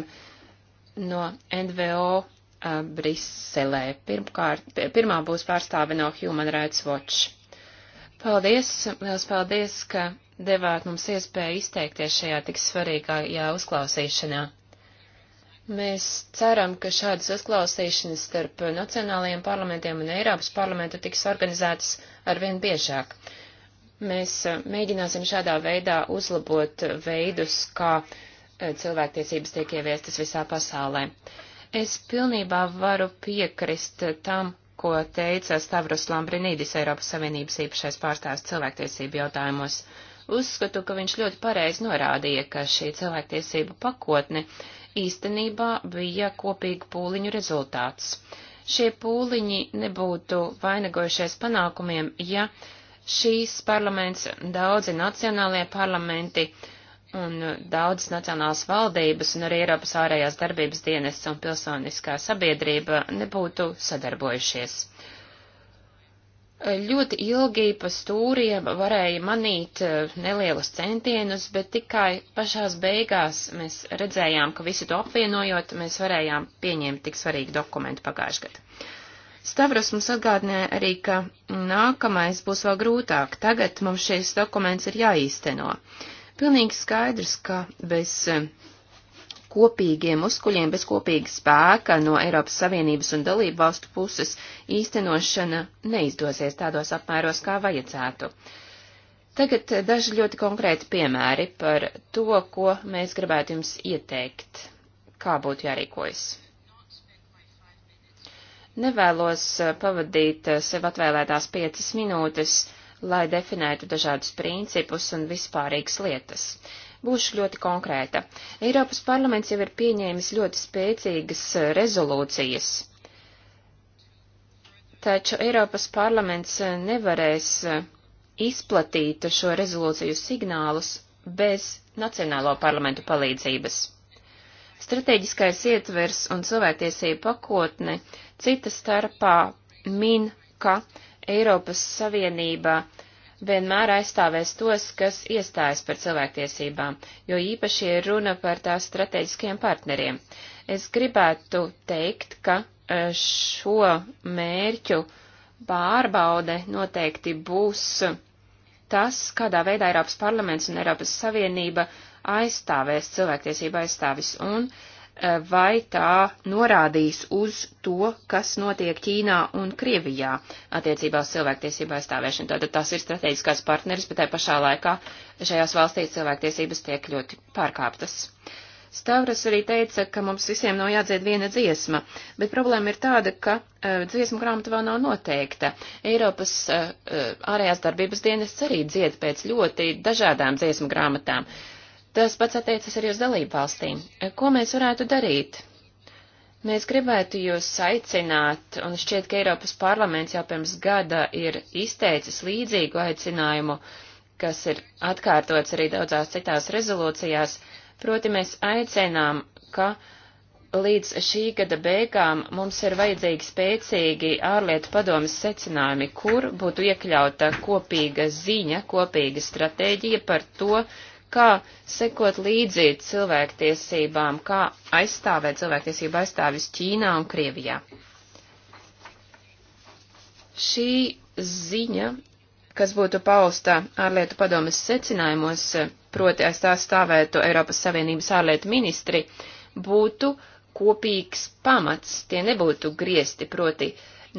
no NVO Briselē. Pirmkārt, pirmā būs pārstāve no Human Rights Watch. Paldies, liels paldies, ka devāt mums iespēju izteikties šajā tik svarīgajā uzklausīšanā. Mēs ceram, ka šādas uzklausīšanas starp nacionālajiem parlamentiem un Eiropas parlamentu tiks organizētas arvien biežāk. Mēs eh, mēģināsim šādā veidā uzlabot veidus, kā eh, cilvēktiesības tiek ieviestas visā pasaulē. Es pilnībā varu piekrist tam, ko teica Stavros Lambrinīdis, Eiropas Savienības īpašais pārstāvs cilvēktiesību jautājumos. Uzskatu, ka viņš ļoti pareizi norādīja, ka šī cilvēktiesību pakotne īstenībā bija kopīgu pūliņu rezultāts. Šie pūliņi nebūtu vainagojušies panākumiem, ja šīs parlaments, daudzi nacionālie parlamenti un daudzas nacionālas valdības un arī Eiropas ārējās darbības dienests un pilsoniskā sabiedrība nebūtu sadarbojušies. Ļoti ilgi pa stūriem varēja manīt eh, nelielus centienus, bet tikai pašās beigās mēs redzējām, ka visu to apvienojot, mēs varējām pieņemt tik svarīgu dokumentu pagājušajā gadā. Stavros mums atgādināja arī, ka nākamais būs vēl grūtāk. Tagad mums šis dokuments ir jāīsteno. Pilnīgi skaidrs, ka bez eh, kopīgiem muskuļiem, bez kopīga spēka no Eiropas Savienības un dalību valstu puses īstenošana neizdosies tādos apmēros, kā vajadzētu. Tagad eh, daži ļoti konkrēti piemēri par to, ko mēs gribētu jums ieteikt, kā būtu jārīkojas. Nevēlos eh, pavadīt eh, sev atvēlētās piecas minūtes, lai definētu dažādus principus un vispārīgas lietas. Būšu ļoti konkrēta. Eiropas parlaments jau ir pieņēmis ļoti spēcīgas eh, rezolūcijas taču Eiropas parlaments nevarēs izplatīt šo rezolūciju signālus bez Nacionālo parlamentu palīdzības. Stratēģiskais ietvers un cilvēktiesība pakotne cita starpā min, ka Eiropas Savienība vienmēr aizstāvēs tos, kas iestājas par cilvēktiesībām, jo īpaši ir runa par tās strateģiskiem partneriem. Es gribētu teikt, ka e, šo mērķu pārbaude noteikti būs tas, kādā veidā Eiropas parlaments un Eiropas Savienība aizstāvēs cilvēktiesība aizstāvis un e, vai tā norādīs uz to, kas notiek Ķīnā un Krievijā attiecībā uz cilvēktiesību aizstāvēšanu. Tātad tās ir strateģiskās partneris, bet tai pašā laikā šajās valstīs cilvēktiesības tiek ļoti pārkāptas. Stavras arī teica, ka mums visiem nav jādzied viena dziesma, bet problēma ir tāda, ka uh, dziesmu grāmata vēl nav noteikta. Eiropas uh, ārējās darbības dienas arī dzied pēc ļoti dažādām dziesmu grāmatām. Uh, Tas pats attiecas arī uz dalību valstīm. Ko mēs varētu darīt? Mēs gribētu jūs aicināt, un šķiet, ka Eiropas parlaments jau pirms gada ir izteicis līdzīgu aicinājumu, kas ir atkārtots arī daudzās citās rezolūcijās, proti mēs aicinām, ka līdz šī gada beigām mums ir vajadzīgi spēcīgi ārlietu padomas secinājumi, kur būtu iekļauta kopīga ziņa, kopīga stratēģija par to, kā sekot līdzi cilvēktiesībām, kā aizstāvēt cilvēktiesību aizstāvis Ķīnā un Krievijā. Šī ziņa, kas būtu pausta ārlietu padomas secinājumos, proti aiz tā stāvētu Eiropas Savienības ārlietu ministri, būtu kopīgs pamats, tie nebūtu griesti, proti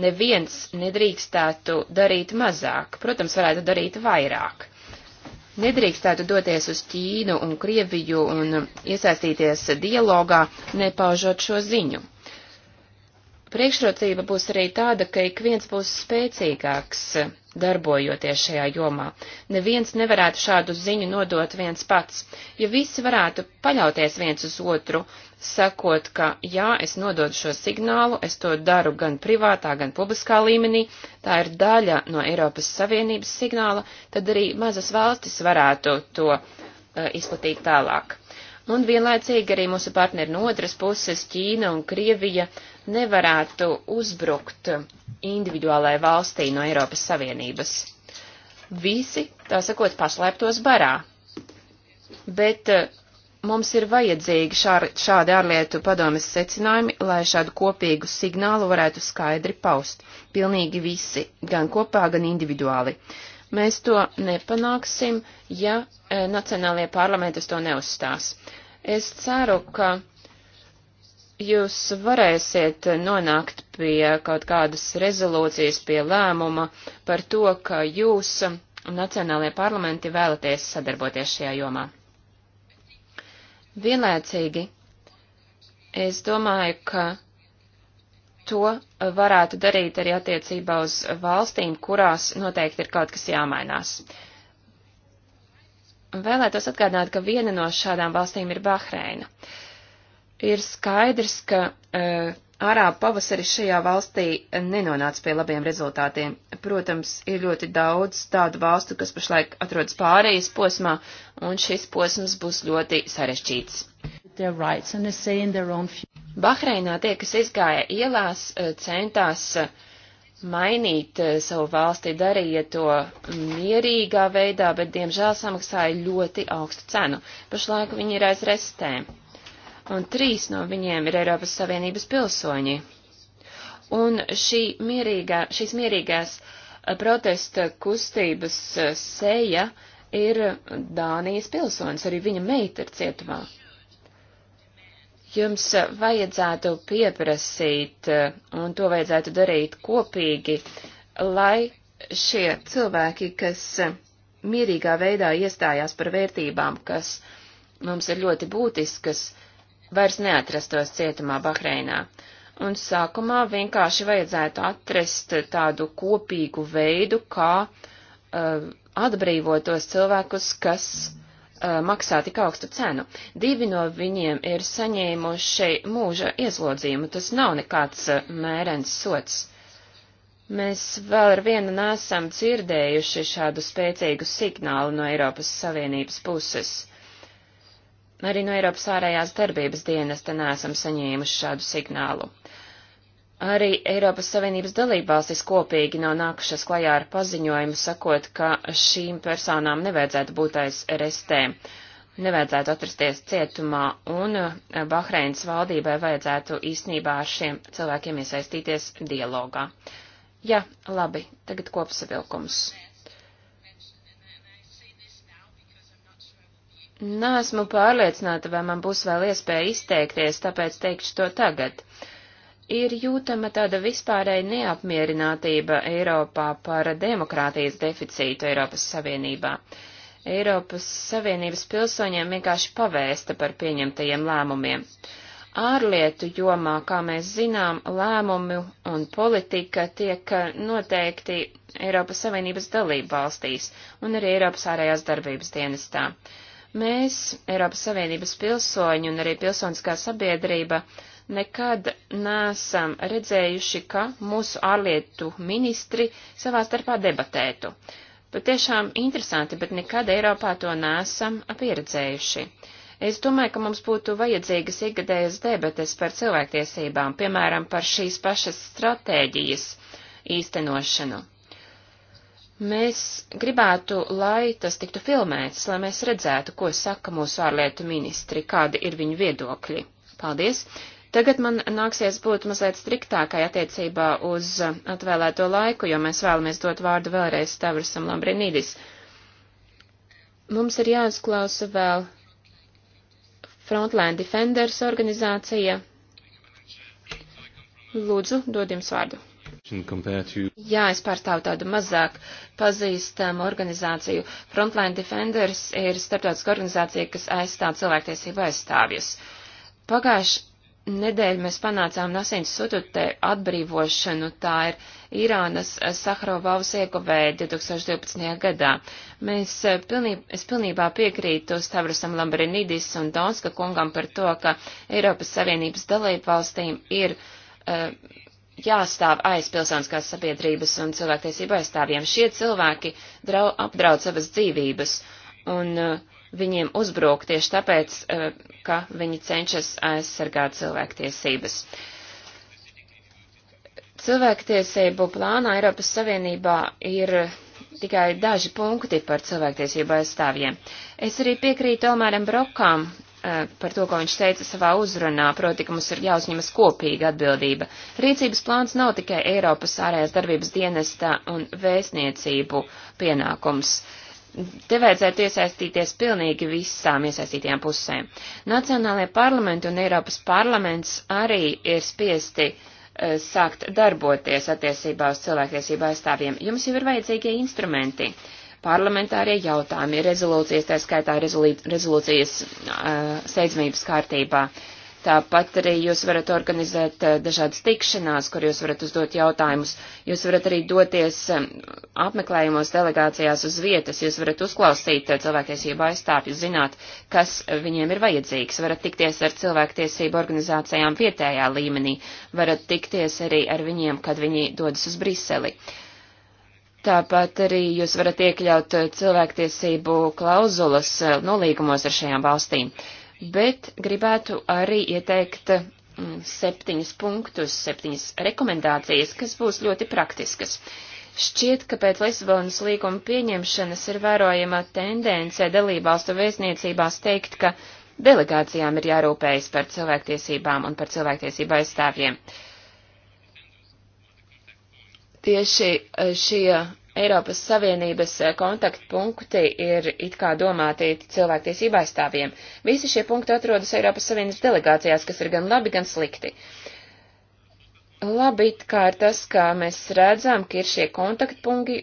neviens nedrīkstētu darīt mazāk, protams, varētu darīt vairāk Nedrīkstētu doties uz Ķīnu un Krieviju un iesaistīties dialogā, nepaužot šo ziņu. Priekšrocība būs arī tāda, ka ik viens būs spēcīgāks darbojoties šajā jomā. Neviens nevarētu šādu ziņu nodot viens pats. Ja visi varētu paļauties viens uz otru, sakot, ka jā, es nododu šo signālu, es to daru gan privātā, gan publiskā līmenī, tā ir daļa no Eiropas Savienības signāla, tad arī mazas valstis varētu to uh, izplatīt tālāk un vienlaicīgi arī mūsu partneri no otras puses, Ķīna un Krievija, nevarētu uzbrukt individuālai valstī no Eiropas Savienības. Visi, tā sakot, paslēptos barā. Bet eh, mums ir vajadzīgi šār, šādi ārlietu padomes secinājumi, lai šādu kopīgu signālu varētu skaidri paust. Pilnīgi visi, gan kopā, gan individuāli. Uh, Mēs to nepanāksim, ja e, nacionālajie parlamenti to neuzstās. Es ceru, ka jūs varēsiet nonākt pie kaut kādas rezolūcijas, pie lēmuma par to, ka jūs, nacionālajie parlamenti, vēlaties sadarboties šajā jomā. Vienlaicīgi, es domāju, ka to varētu darīt arī attiecībā uz valstīm, kurās noteikti ir kaut kas jāmainās. Vēlētos atgādināt, ka viena no šādām valstīm ir Bahreina. Ir skaidrs, ka uh, e, ārābu pavasaris šajā valstī nenonāca pie labiem rezultātiem. Protams, ir ļoti daudz tādu valstu, kas pašlaik atrodas pārējais posmā, un šis posms būs ļoti sarežģīts. Bahreinā tie, kas izgāja ielās, eh, centās eh, mainīt eh, savu valsti, darīja to mierīgā veidā, bet, diemžēl, samaksāja ļoti augstu cenu. Pašlaik viņi ir aiz restēm, un trīs no viņiem ir Eiropas Savienības pilsoņi. Un šī mierīgā, šīs mierīgās protesta kustības seja ir Dānijas pilsonis, arī viņa meita ir cietumā jums vajadzētu pieprasīt, eh, un to vajadzētu darīt kopīgi, lai šie cilvēki, kas mierīgā veidā iestājās par vērtībām, kas mums ir ļoti būtiskas, vairs neatrastos cietumā Bahreinā. Un sākumā vienkārši vajadzētu atrast tādu kopīgu veidu, kā uh, eh, atbrīvot tos cilvēkus, kas uh, Uh, maksā tik augstu cenu. Divi no viņiem ir saņēmuši mūža ieslodzījumu. Tas nav nekāds uh, mērens sots. Mēs vēl ar vienu nesam dzirdējuši šādu spēcīgu signālu no Eiropas Savienības puses. Arī no Eiropas ārējās darbības dienesta nesam saņēmuši šādu signālu. Arī Eiropas Savienības dalībvalstis kopīgi nav nākušas klajā ar paziņojumu, sakot, ka šīm personām nevajadzētu būt aiz RST, nevajadzētu atrasties cietumā, un eh, Bahreinas valdībai vajadzētu īsnībā ar šiem cilvēkiem iesaistīties dialogā. Jā, labi, tagad kopsavilkums. Nā, esmu pārliecināta, vai man būs vēl iespēja izteikties, tāpēc teikšu to tagad. Uh, ir jūtama tāda vispārēja neapmierinātība Eiropā par demokrātijas deficītu Eiropas Savienībā. Eiropas Savienības pilsoņiem vienkārši pavēsta par pieņemtajiem lēmumiem. Ārlietu jomā, kā mēs zinām, lēmumi un politika tiek noteikti Eiropas Savienības dalību valstīs un arī Eiropas ārējās darbības dienestā. Mēs, Eiropas Savienības pilsoņi un arī pilsoniskā sabiedrība, uh, nekad nesam redzējuši, ka mūsu ārlietu ministri savā starpā debatētu. Patiešām interesanti, bet nekad Eiropā to nesam pieredzējuši. Es domāju, ka mums būtu vajadzīgas ikgadējas debates par cilvēktiesībām, piemēram, par šīs pašas stratēģijas īstenošanu. Mēs gribētu, lai tas tiktu filmēts, lai mēs redzētu, ko saka mūsu ārlietu ministri, kādi ir viņu viedokļi. Paldies! Tagad man nāksies būt mazliet striktākai attiecībā uz atvēlēto laiku, jo mēs vēlamies dot vārdu vēlreiz Tavrasam Lambrinīdis. Mums ir jāuzklausa vēl Frontline Defenders organizācija. Lūdzu, dod jums vārdu. Jā, es pārstāvu tādu mazāk pazīstamu organizāciju. Frontline Defenders ir starptautiska organizācija, kas aizstāv cilvēktiesību aizstāvjus. Pagājuši nedēļu mēs panācām Nasins Sudutē atbrīvošanu, tā ir Irānas Sahrovavas ieguvēja 2012. gadā. Mēs eh, pilnībā, es pilnībā piekrītu Stavrasam Lambrinidis un Donska kungam par to, ka Eiropas Savienības dalību valstīm ir uh, jāstāv aiz pilsoniskās sabiedrības un cilvēktiesību aizstāvjiem. Šie cilvēki drau, apdraud savas dzīvības. Un, uh, viņiem uzbrūk tieši tāpēc, eh, ka viņi cenšas aizsargāt cilvēktiesības. Cilvēktiesību plānā Eiropas Savienībā ir tikai daži punkti par cilvēktiesību aizstāvjiem. Es arī piekrītu Elmēram Brokām eh, par to, ko viņš teica savā uzrunā, proti, ka mums ir jāuzņemas kopīga atbildība. Rīcības plāns nav tikai Eiropas ārējās darbības dienesta un vēstniecību pienākums. Uh, Te vajadzētu iesaistīties pilnīgi visām iesaistītajām pusēm. Nacionālajie parlamenti un Eiropas parlaments arī ir spiesti uh, sākt darboties attiecībā uz cilvēktiesību aizstāvjiem. Jums jau ir vajadzīgie instrumenti. Parlamentārie jautājumi, rezolūcijas, tā skaitā rezolūcijas uh, steidzamības kārtībā. Uh, Tāpat arī jūs varat organizēt eh, dažādas tikšanās, kur jūs varat uzdot jautājumus. Jūs varat arī doties apmeklējumos delegācijās uz vietas, jūs varat uzklausīt eh, cilvēktiesību aizstāpjus, zināt, kas viņiem ir vajadzīgs. Varat tikties ar cilvēktiesību organizācijām vietējā līmenī, varat tikties arī ar viņiem, kad viņi dodas uz Briseli. Tāpat arī jūs varat iekļaut eh, cilvēktiesību klauzulas nolīgumos ar šajām valstīm. Uh, bet gribētu arī ieteikt mm, septiņus punktus, septiņas rekomendācijas, kas būs ļoti praktiskas. Šķiet, ka pēc Lisabonas līguma pieņemšanas ir vērojama tendence dalībvalstu vēstniecībās teikt, ka delegācijām ir jārūpējas par cilvēktiesībām un par cilvēktiesību aizstāvjiem. Tieši eh, šie Eiropas Savienības eh, kontaktpunkti ir it kā domāti cilvēktiesību aizstāvjiem. Visi šie punkti atrodas Eiropas Savienības delegācijās, kas ir gan labi, gan slikti. Labi it kā ir tas, kā mēs redzam, ka ir šie kontaktpunkti,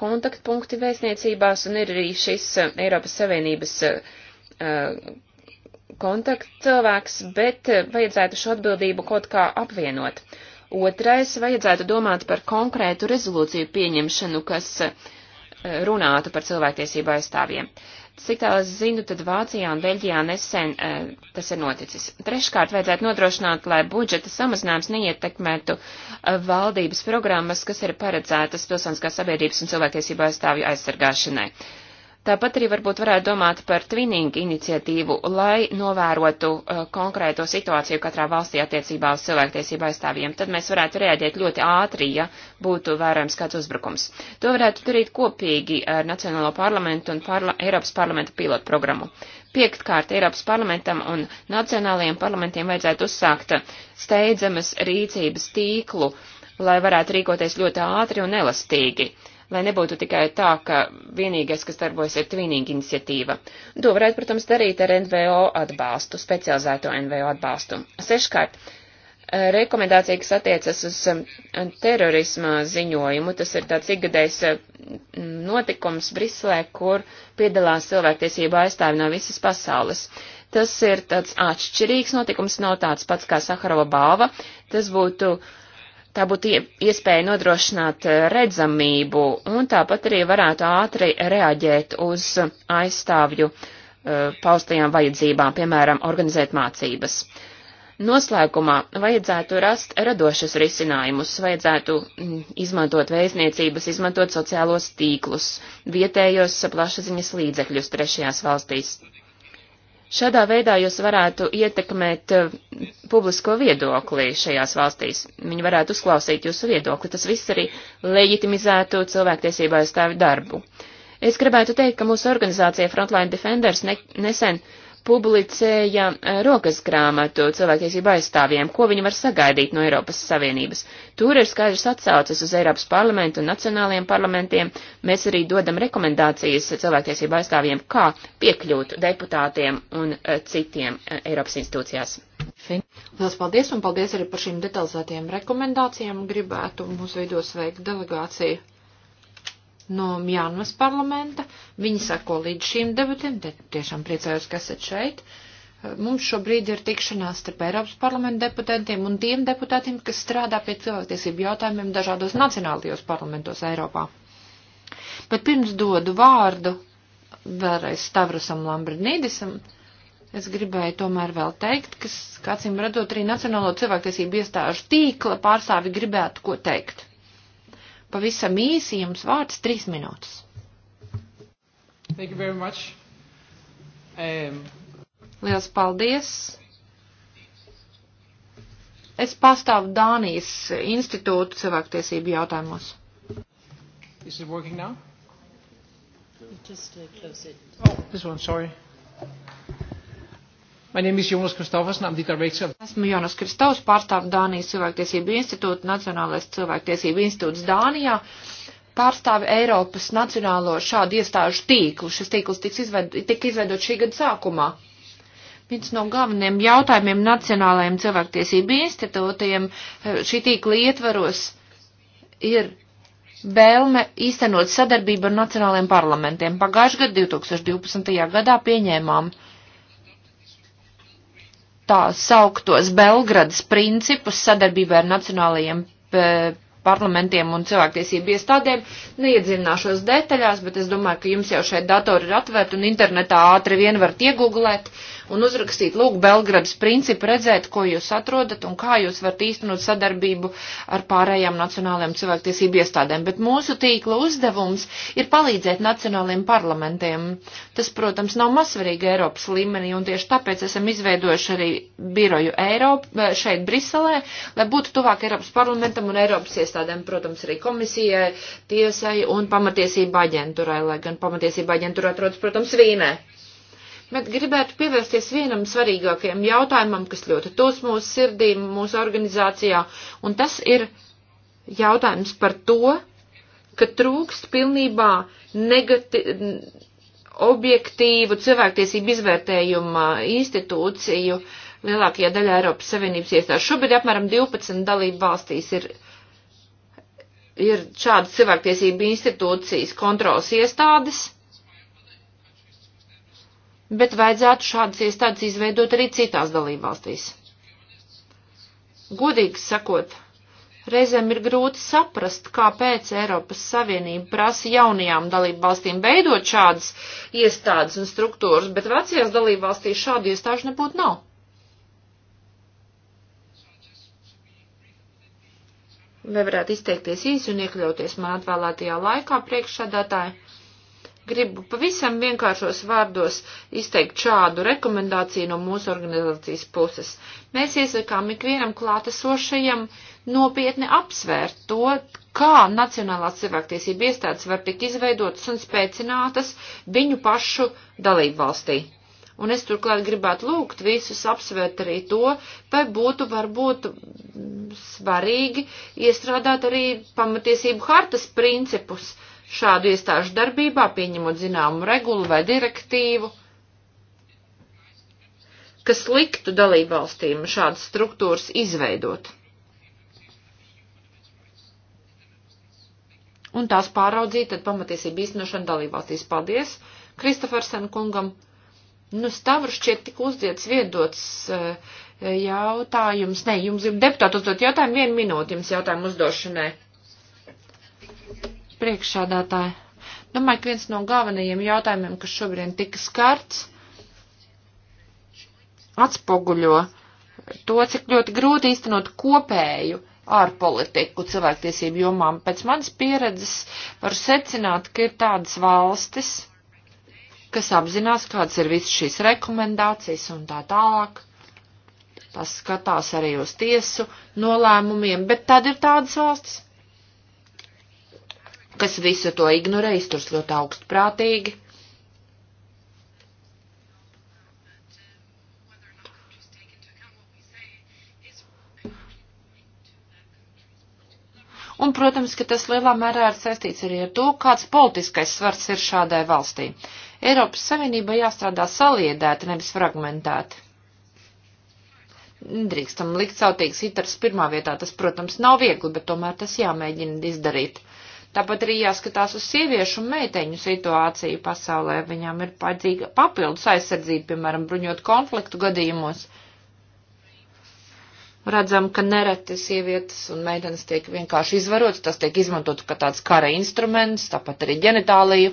kontaktpunkti vēstniecībās un ir arī šis eh, Eiropas Savienības uh, eh, kontaktcilvēks, bet vajadzētu šo atbildību kaut kā apvienot. Uh, Otrais, vajadzētu domāt par konkrētu rezolūciju pieņemšanu, kas eh, runātu par cilvēktiesību aizstāvjiem. Cik tālāk zinu, tad Vācijā un Beļģijā nesen e, tas ir noticis. Treškārt, vajadzētu nodrošināt, lai budžeta samazinājums neietekmētu eh, valdības programmas, kas ir paredzētas pilsoniskās sabiedrības un cilvēktiesību aizstāvju aizsargāšanai. E, Tāpat arī varbūt varētu domāt par twinning iniciatīvu, lai novērotu uh, konkrēto situāciju katrā valstī attiecībā uz cilvēktiesību aizstāvjiem. Tad mēs varētu reaģēt ļoti ātri, ja būtu vērojams kāds uzbrukums. To varētu darīt kopīgi ar Nacionālo parlamentu un parla Eiropas parlamenta pilotu programmu. Piektkārt, Eiropas parlamentam un nacionālajiem parlamentiem vajadzētu uzsākt steidzamas rīcības tīklu, lai varētu rīkoties ļoti ātri un elastīgi. Uh, lai nebūtu tikai tā, ka vienīgais, kas darbojas, ir Twinning iniciatīva. To varētu, protams, darīt ar NVO atbalstu, specializēto NVO atbalstu. Seškārt, rekomendācija, kas attiecas uz um, terorisma ziņojumu, tas ir tāds ikgadējs um, notikums Briselē, kur piedalās cilvēktiesība aizstāvi no visas pasaules. Tas ir tāds atšķirīgs notikums, nav tāds pats kā Saharova balva. Tas būtu uh, Tā būtu iespēja nodrošināt eh, redzamību un tāpat arī varētu ātri reaģēt uz aizstāvju uh, paustajām vajadzībām, piemēram, organizēt mācības. Noslēgumā vajadzētu rast radošas risinājumus, vajadzētu mm, izmantot vēstniecības, izmantot sociālos tīklus, vietējos plašsaziņas līdzekļus trešajās valstīs. Šādā veidā jūs varētu ietekmēt eh, publisko viedokli šajās valstīs. Viņi varētu uzklausīt jūsu viedokli. Tas viss arī leģitimizētu cilvēktiesībā aizstāvi darbu. Es gribētu teikt, ka mūsu organizācija Frontline Defenders ne, nesen uh, publicēja eh, rokas grāmatu cilvēktiesību aizstāvjiem, ko viņi var sagaidīt no Eiropas Savienības. Tur ir skaidrs atsaucas uz Eiropas parlamentu un nacionālajiem parlamentiem. Mēs arī dodam rekomendācijas cilvēktiesību aizstāvjiem, kā piekļūt deputātiem un eh, citiem eh, Eiropas institūcijās. Lielas paldies un paldies arī par šīm detalizētajām rekomendācijām. Gribētu mūsu vidos veikt delegāciju no Mjānmas parlamenta. Viņi sako līdz šīm debatēm, te tiešām priecājos, ka esat šeit. Mums šobrīd ir tikšanās starp Eiropas parlamenta deputātiem un tiem deputātiem, kas strādā pie cilvēktiesību jautājumiem dažādos nacionālajos parlamentos Eiropā. Bet pirms dodu vārdu vēlreiz Stavrusam Lambrinīdisam, es gribēju tomēr vēl teikt, ka, kācim redzot, arī Nacionālo cilvēktiesību iestāžu tīkla pārstāvi gribētu ko teikt. Pavisam īsi jums vārds trīs minūtes. Thank you very much. Um... Liels paldies! Es pārstāvu Dānijas institūtu cilvēktiesību jautājumos. Is it working now? Just uh, close it. Oh, this one, sorry. Esmu Jonas Kristovs, pārstāvu Dānijas cilvēktiesību institūtu, Nacionālais cilvēktiesību institūts Dānijā pārstāvi Eiropas nacionālo šādu iestāžu tīklu. Šis tīkls tika izveid, izveidot šī gada sākumā. Viens no galvenajiem jautājumiem Nacionālajiem cilvēktiesību institūtiem eh, šī tīkla ietvaros ir vēlme īstenot sadarbību ar nacionālajiem parlamentiem. Pagājušajā gadā, 2012. gadā, pieņēmām uh, tā sauktos Belgradas principus sadarbībā ar nacionālajiem eh, parlamentiem un cilvēktiesību iestādēm. Neiedzināšos detaļās, bet es domāju, ka jums jau šeit datori ir atvērti un internetā ātri vien varat iegooglēt un uzrakstīt, lūk, Belgradas principu, redzēt, ko jūs atrodat un kā jūs varat īstenot sadarbību ar pārējām nacionālajām cilvēktiesību iestādēm. Bet mūsu tīkla uzdevums ir palīdzēt nacionālajiem parlamentiem. Tas, protams, nav mazsvarīgi Eiropas līmenī un tieši tāpēc esam izveidojuši arī biroju Eiropu eh, šeit Briselē, lai būtu tuvāk Eiropas parlamentam un Eiropas iestādēm iestādēm, protams, arī komisijai, tiesai un pamatiesība aģentūrai, lai gan pamatiesība aģentūra atrodas, protams, Vīnē. Bet gribētu pievērsties vienam svarīgākajam jautājumam, kas ļoti tos mūsu sirdīm, mūsu organizācijā, un tas ir jautājums par to, ka trūkst pilnībā negati objektīvu cilvēktiesību izvērtējuma institūciju lielākajā daļā Eiropas Savienības iestāžu. Šobrīd apmēram 12 dalību valstīs ir ir šādas cilvēktiesība institūcijas kontrolas iestādes, bet vajadzētu šādas iestādes izveidot arī citās dalībvalstīs. Godīgi sakot, reizēm ir grūti saprast, kāpēc Eiropas Savienība prasa jaunajām dalībvalstīm veidot šādas iestādes un struktūras, bet vecajās dalībvalstīs šādu iestāžu nebūtu nav. vai varētu izteikties īsi un iekļauties man atvēlētajā laikā priekšsādātāji. Gribu pavisam vienkāršos vārdos izteikt šādu rekomendāciju no mūsu organizācijas puses. Mēs iesakām ikvienam klātesošajam nopietni apsvērt to, kā Nacionālās cilvēktiesība iestādes var tik izveidotas un spēcinātas viņu pašu dalību valstī. Un es turklāt gribētu lūgt visus apsvērt arī to, vai būtu varbūt svarīgi iestrādāt arī pamatiesību hartas principus šādu iestāžu darbībā, pieņemot zināmu regulu vai direktīvu, kas liktu dalībvalstīm šādas struktūras izveidot. Un tās pāraudzīt, tad pamatiesība īstenošana dalībvalstīs. Paldies Kristofersen kungam! Nu, Stavru šķiet tik uzdiets viedots eh, jautājums. Nē, jums ir deputāti uzdot jautājumu, vienu minūti jums jautājumu uzdošanai. Priekšādātāji. Domāju, nu, ka viens no galvenajiem jautājumiem, kas šobrīd tika skarts, atspoguļo to, cik ļoti grūti īstenot kopēju ārpolitiku cilvēktiesību jomām. Pēc manas pieredzes var secināt, ka ir tādas valstis, kas apzinās, kādas ir visas šīs rekomendācijas un tā tālāk. Tas skatās arī uz tiesu nolēmumiem, bet tad ir tādas valstis, kas visu to ignorē, izturs ļoti augstprātīgi. Un, protams, ka tas lielā mērā ir saistīts arī ar to, kāds politiskais svars ir šādai valstī. Eiropas Savienībai jāstrādā saliedēti, nevis fragmentēti. Drīkstam likt sautīgs hitars pirmā vietā, tas, protams, nav viegli, bet tomēr tas jāmēģina izdarīt. Tāpat arī jāskatās uz sieviešu un meiteņu situāciju pasaulē. Viņām ir paidzīga papildus aizsardzība, piemēram, bruņot konfliktu gadījumos. Uh, Redzam, ka nereti sievietes un meitenes tiek vienkārši izvarotas, tas tiek izmantot kā tāds kara instruments, tāpat arī ģenitāliju,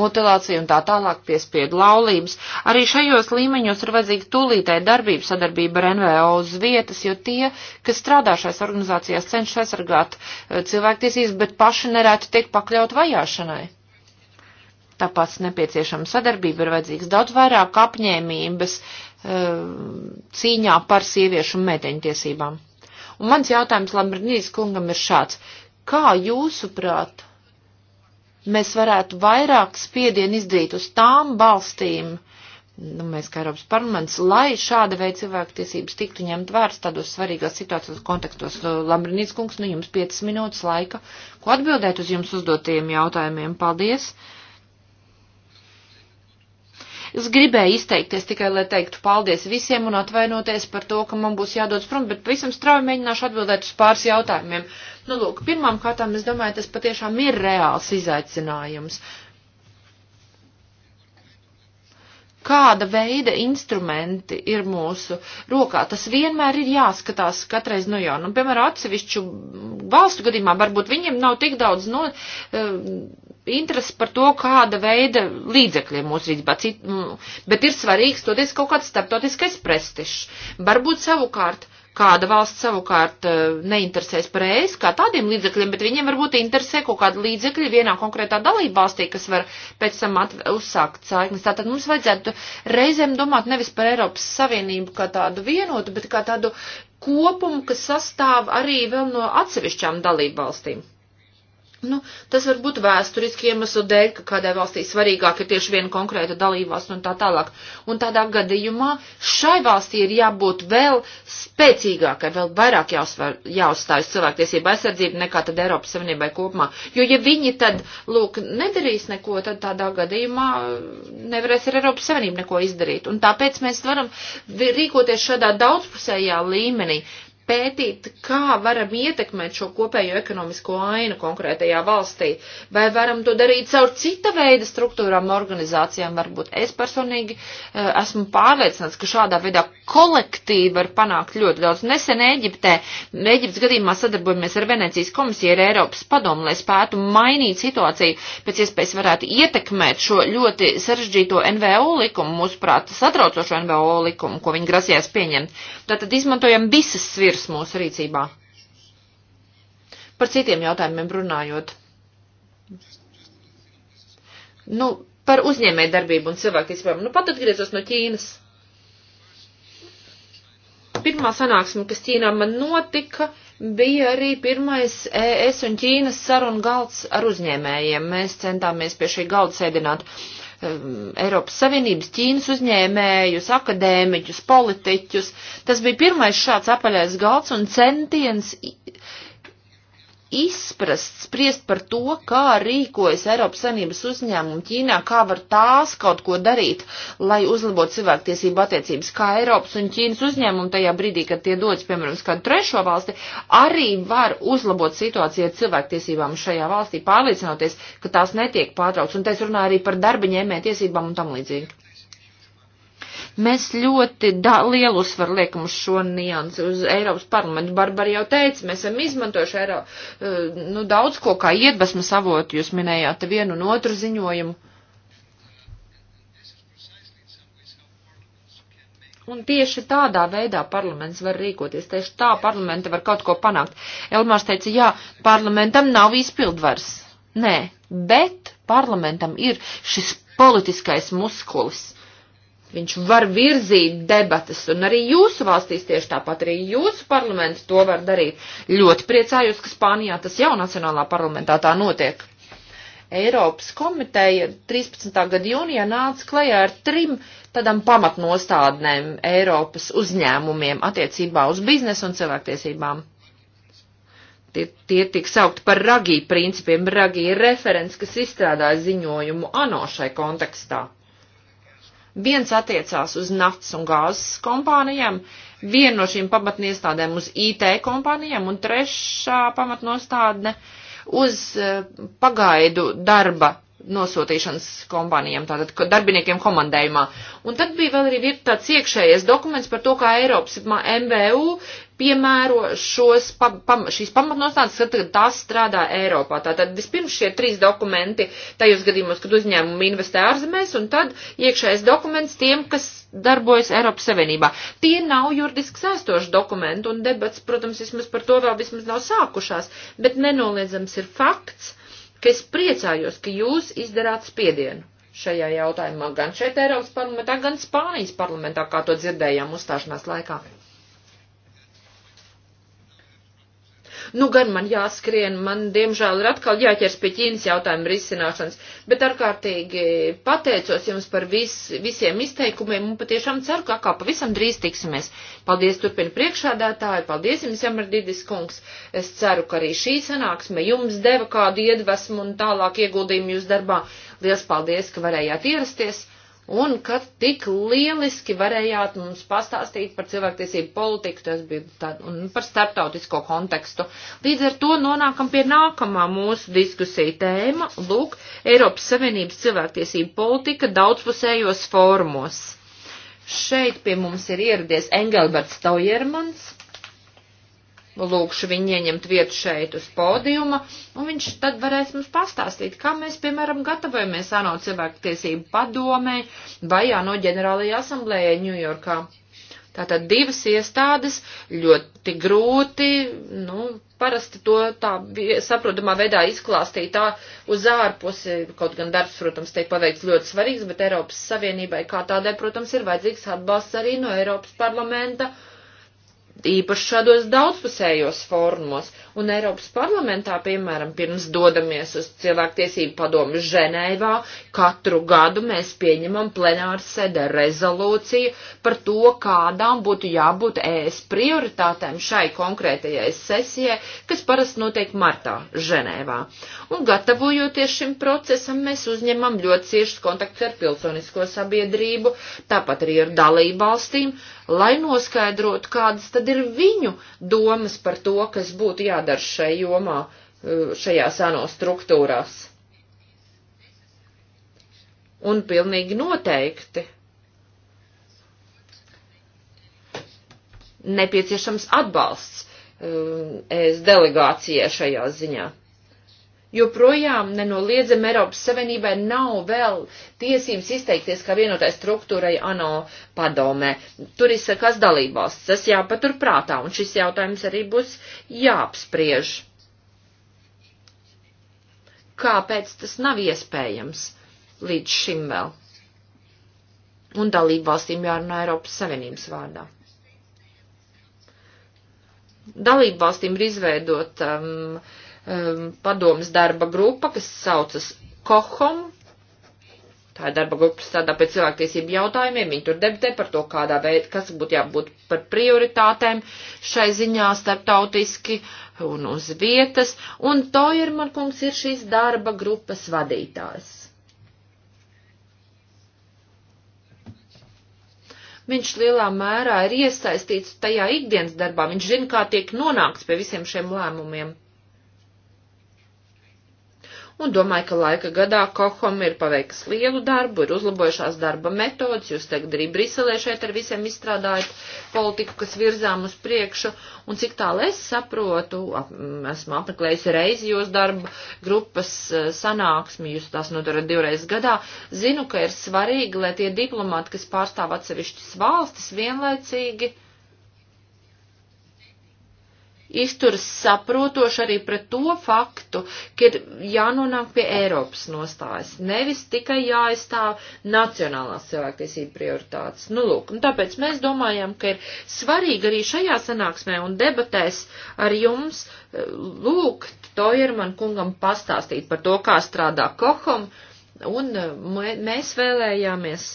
mutilācija un tā tālāk piespiedu laulības. Arī šajos līmeņos ir vajadzīga tūlītēja darbība sadarbība ar NVO uz vietas, jo tie, kas strādā šais organizācijās, cenšas aizsargāt eh, cilvēktiesības, bet paši nereti tiek pakļaut vajāšanai. Tāpēc nepieciešama sadarbība ir vajadzīgs daudz vairāk apņēmības. Uh, Eh, cīņā par sieviešu un meiteņu tiesībām. Un mans jautājums Lambrinīs kungam ir šāds. Kā jūsuprāt, mēs varētu vairāk spiedienu izdarīt uz tām valstīm, nu, mēs kā Eiropas parlaments, lai šāda veida cilvēktiesības tiktu ņemt vērts tādos svarīgās situācijos kontekstos. Lambrinīts kungs, nu jums 5 minūtes laika, ko atbildēt uz jums uzdotajiem jautājumiem. Paldies! Es gribēju izteikties tikai, lai teiktu paldies visiem un atvainoties par to, ka man būs jādodas prom, bet pavisam strauji mēģināšu atbildēt uz pāris jautājumiem. Nu, lūk, pirmām kārtām es domāju, tas patiešām ir reāls izaicinājums. kāda veida instrumenti ir mūsu rokā. Tas vienmēr ir jāskatās katreiz no nu jauna. Nu, piemēram, atsevišķu valstu gadījumā varbūt viņiem nav tik daudz no, nu, eh, interesi par to, kāda veida līdzekļi ir mūsu rīcībā, bet ir svarīgs toties kaut kāds starptautiskais prestižs. Varbūt savukārt kāda valsts savukārt e, neinteresēs par ES kā tādiem līdzekļiem, bet viņiem varbūt interesē kaut kāda līdzekļa vienā konkrētā dalībvalstī, kas var pēc tam uzsākt saiknes. Tātad mums vajadzētu reizēm domāt nevis par Eiropas Savienību kā tādu vienotu, bet kā tādu kopumu, kas sastāv arī vēl no atsevišķām dalībvalstīm. Nu, tas var būt vēsturiski iemeslu dēļ, ka kādai valstī svarīgāk ir tieši viena konkrēta dalībvalsts un tā tālāk. Un tādā gadījumā šai valstī ir jābūt vēl spēcīgākai, vēl vairāk jāuzvar, jāuzstājas cilvēktiesība aizsardzība nekā tad Eiropas Savienībai kopumā. Jo ja viņi tad, lūk, nedarīs neko, tad tādā gadījumā nevarēs ar Eiropas Savienību neko izdarīt. Un tāpēc mēs varam rīkoties šādā daudzpusējā līmenī pētīt, kā varam ietekmēt šo kopējo ekonomisko ainu konkrētajā valstī, vai varam to darīt caur cita veida struktūrām, organizācijām, varbūt es personīgi e, esmu pārliecināts, ka šādā veidā kolektīvi var panākt ļoti daudz. Nesen Eģiptē, Eģiptes gadījumā sadarbojamies ar Venecijas komisiju, ar Eiropas padomu, lai spētu mainīt situāciju, pēc iespējas varētu ietekmēt šo ļoti sarežģīto NVO likumu, mūsuprāt, satraucošo NVO likumu, ko viņi grasījās pieņemt. Tātad izmantojam visas svirs virs mūsu rīcībā. Par citiem jautājumiem runājot. Nu, par uzņēmē darbību un cilvēktiesībām. Nu, pat atgriezos no Ķīnas. Pirmā sanāksme, kas Ķīnā man notika, bija arī pirmais ES un Ķīnas sarunu galds ar uzņēmējiem. Mēs centāmies pie šī galda sēdināt uh, Um, Eiropas Savienības, Ķīnas uzņēmējus, akadēmiķus, politiķus. Tas bija pirmais šāds apaļais galds un centiens izprast, spriest par to, kā rīkojas Eiropas Savienības uzņēmumi Ķīnā, kā var tās kaut ko darīt, lai uzlabotu cilvēktiesību attiecības, kā Eiropas un Ķīnas uzņēmumi tajā brīdī, kad tie dodas, piemēram, uz kādu trešo valsti, arī var uzlabot situāciju ar cilvēktiesībām šajā valstī, pārliecinoties, ka tās netiek pārtraukts. Un te es runāju arī par darba ņēmē tiesībām un tam līdzīgi. Mēs ļoti da, lielu uzsvaru liekam uz šo niansi, uz Eiropas parlamentu. Barbara jau teica, mēs esam izmantojuši Eiro, eh, nu, daudz ko kā iedvesmu savotu, jūs minējāt vienu un otru ziņojumu. Un tieši tādā veidā parlaments var rīkoties, tieši tā parlamenta var kaut ko panākt. Elmārs teica, jā, parlamentam nav izpildvars. Nē, bet parlamentam ir šis politiskais muskulis. Viņš var virzīt debatas, un arī jūsu valstīs tieši tāpat, arī jūsu parlaments to var darīt. Ļoti priecājos, ka Spānijā tas jau nacionālā parlamentā tā notiek. Eiropas komiteja 13. gada jūnijā nāca klajā ar trim tādām pamatnostādnēm Eiropas uzņēmumiem attiecībā uz biznesu un cilvēktiesībām. Tie, tie tiek saukti par ragī principiem. Ragī ir referents, kas izstrādāja ziņojumu ANO šai kontekstā. Viens attiecās uz naftas un gāzes kompānijām, viena no šīm pamatniestādēm uz IT kompānijām un trešā pamatnostādne uz eh, pagaidu darba nosūtīšanas kompānijām, tātad darbiniekiem komandējumā. Un tad bija vēl arī ir tāds iekšējais dokuments par to, kā Eiropas MBU piemēro šos, pa, pa, šīs pamatnostādes, ka tās strādā Eiropā. Tātad vispirms šie trīs dokumenti tajos gadījumos, kad uzņēmumi investē ārzemēs, un tad iekšējais dokuments tiem, kas darbojas Eiropas Savienībā. Tie nav juridiski sēstoši dokumenti, un debats, protams, vismaz par to vēl vismaz nav sākušās, bet nenoliedzams ir fakts, ka es priecājos, ka jūs izdarāt spiedienu šajā jautājumā gan šeit Eiropas parlamentā, gan Spānijas parlamentā, kā to dzirdējām uzstāšanās laikā. Nu, gan man jāskrien, man diemžēl ir atkal jāķers pie Ķīnas jautājuma risināšanas, bet ārkārtīgi pateicos jums par vis, visiem izteikumiem un patiešām ceru, ka kā pavisam drīz tiksimies. Paldies turpina priekšādātāji, paldies jums, Jamardidis kungs. Es ceru, ka arī šī sanāksme jums deva kādu iedvesmu un tālāk ieguldījumu jūs darbā. Liels paldies, ka varējāt ierasties un ka tik lieliski varējāt mums pastāstīt par cilvēktiesību politiku, tas bija tad, un par starptautisko kontekstu. Līdz ar to nonākam pie nākamā mūsu diskusija tēma, lūk, Eiropas Savienības cilvēktiesību politika daudzpusējos formos. Šeit pie mums ir ieradies Engelberts Taujermans, Nu, lūkšu viņu ieņemt vietu šeit uz pódiuma, un viņš tad varēs mums pastāstīt, kā mēs, piemēram, gatavojamies ANO cilvēktiesību padomē vai ANO ģenerālajā asamblējā Ņujorkā. Tātad divas iestādes ļoti grūti, nu, parasti to tā saprotamā veidā izklāstīja tā uz ārpusi, kaut gan darbs, protams, tiek paveikts ļoti svarīgs, bet Eiropas Savienībai kā tādai, protams, ir vajadzīgs atbalsts arī no Eiropas parlamenta. Uh, īpaši šādos daudzpusējos formos. Un Eiropas parlamentā, piemēram, pirms dodamies uz cilvēktiesību padomu Ženēvā, katru gadu mēs pieņemam plenāru sēdē rezolūciju par to, kādām būtu jābūt ES prioritātēm šai konkrētajai sesijai, kas parasti notiek martā Ženēvā. Un gatavojoties šim procesam, mēs uzņemam ļoti ciešas kontaktus ar pilsonisko sabiedrību, tāpat arī ar dalību valstīm, lai noskaidrotu, kādas tad ir viņu domas par to, kas būtu jādara jādara šai jomā, e, šajās ANO struktūrās. Un pilnīgi noteikti nepieciešams atbalsts e, es delegācijai šajā ziņā joprojām nenoliedzam Eiropas Savienībai nav vēl tiesības izteikties kā vienotai struktūrai ANO padomē. Tur izsakās dalībvalsts, tas jāpatur prātā, un šis jautājums arī būs jāapspriež. Kāpēc tas nav iespējams līdz šim vēl? Un dalībvalstīm jārunā Eiropas Savienības vārdā dalību valstīm ir izveidot um, um, padomas darba grupa, kas saucas Kohom. Tā ir darba grupa, kas strādā pie cilvēktiesību jautājumiem. Viņi tur debatē par to, kādā veidā, kas būtu jābūt par prioritātēm šai ziņā starptautiski un uz vietas. Un Toirman kungs ir šīs darba grupas vadītājs. viņš lielā mērā ir iesaistīts tajā ikdienas darbā, viņš zina, kā tiek nonākts pie visiem šiem lēmumiem un domāju, ka laika gadā Kohom ir paveikts lielu darbu, ir uzlabojušās darba metodas, jūs tagad arī Briselē šeit ar visiem izstrādājat politiku, kas virzām uz priekšu, un cik tālu es saprotu, ap, esmu apmeklējusi reizi jūs darba grupas eh, sanāksmi, jūs tās nodarat divreiz gadā, zinu, ka ir svarīgi, lai tie diplomāti, kas pārstāv atsevišķas valstis, vienlaicīgi izturas saprotoši arī pret to faktu, ka ir jānonāk pie Eiropas nostājas, nevis tikai jāizstāv nacionālās cilvēktiesību prioritātes. Nu, lūk, un tāpēc mēs domājam, ka ir svarīgi arī šajā sanāksmē un debatēs ar jums lūgt Tojerman kungam pastāstīt par to, kā strādā Kohom, un eh, mēs vēlējāmies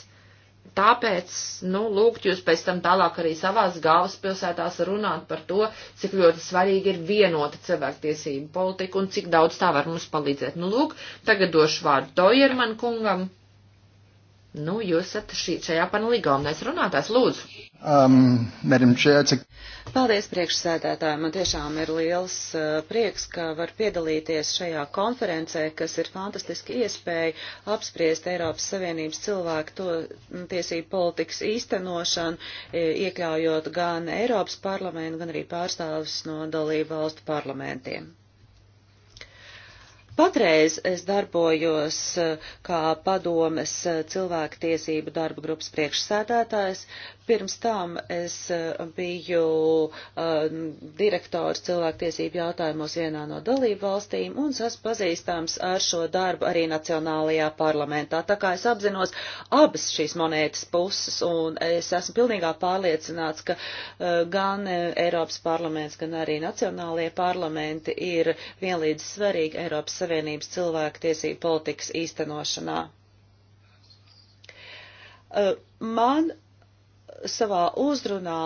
Tāpēc, nu, lūgt jūs pēc tam tālāk arī savās galvaspilsētās runāt par to, cik ļoti svarīgi ir vienota cilvēktiesība politika un cik daudz tā var mums palīdzēt. Nu, lūk, tagad došu vārdu Tojerman kungam. Nu, jūs esat šī, šajā panelī galvenais runātājs, lūdzu. Um, cik... Paldies, priekšsēdētāji. Man tiešām ir liels uh, prieks, ka var piedalīties šajā konferencē, kas ir fantastiski iespēja apspriest Eiropas Savienības cilvēku to tiesību politikas īstenošanu, iekļaujot gan Eiropas parlamentu, gan arī pārstāvis no dalību valstu parlamentiem. Patreiz es darbojos eh, kā padomes eh, cilvēktiesību darba grupas priekšsēdētājs. Pirms tam es eh, biju uh, direktors cilvēktiesību jautājumos vienā no dalību valstīm un esmu pazīstams ar šo darbu arī Nacionālajā parlamentā. Tā kā es apzinos abas šīs monētas puses un es esmu pilnīgā pārliecināts, ka uh, gan Eiropas parlaments, gan arī Nacionālajie parlamenti ir vienlīdz svarīgi Eiropas Savienības cilvēku tiesību politikas īstenošanā. Man savā uzrunā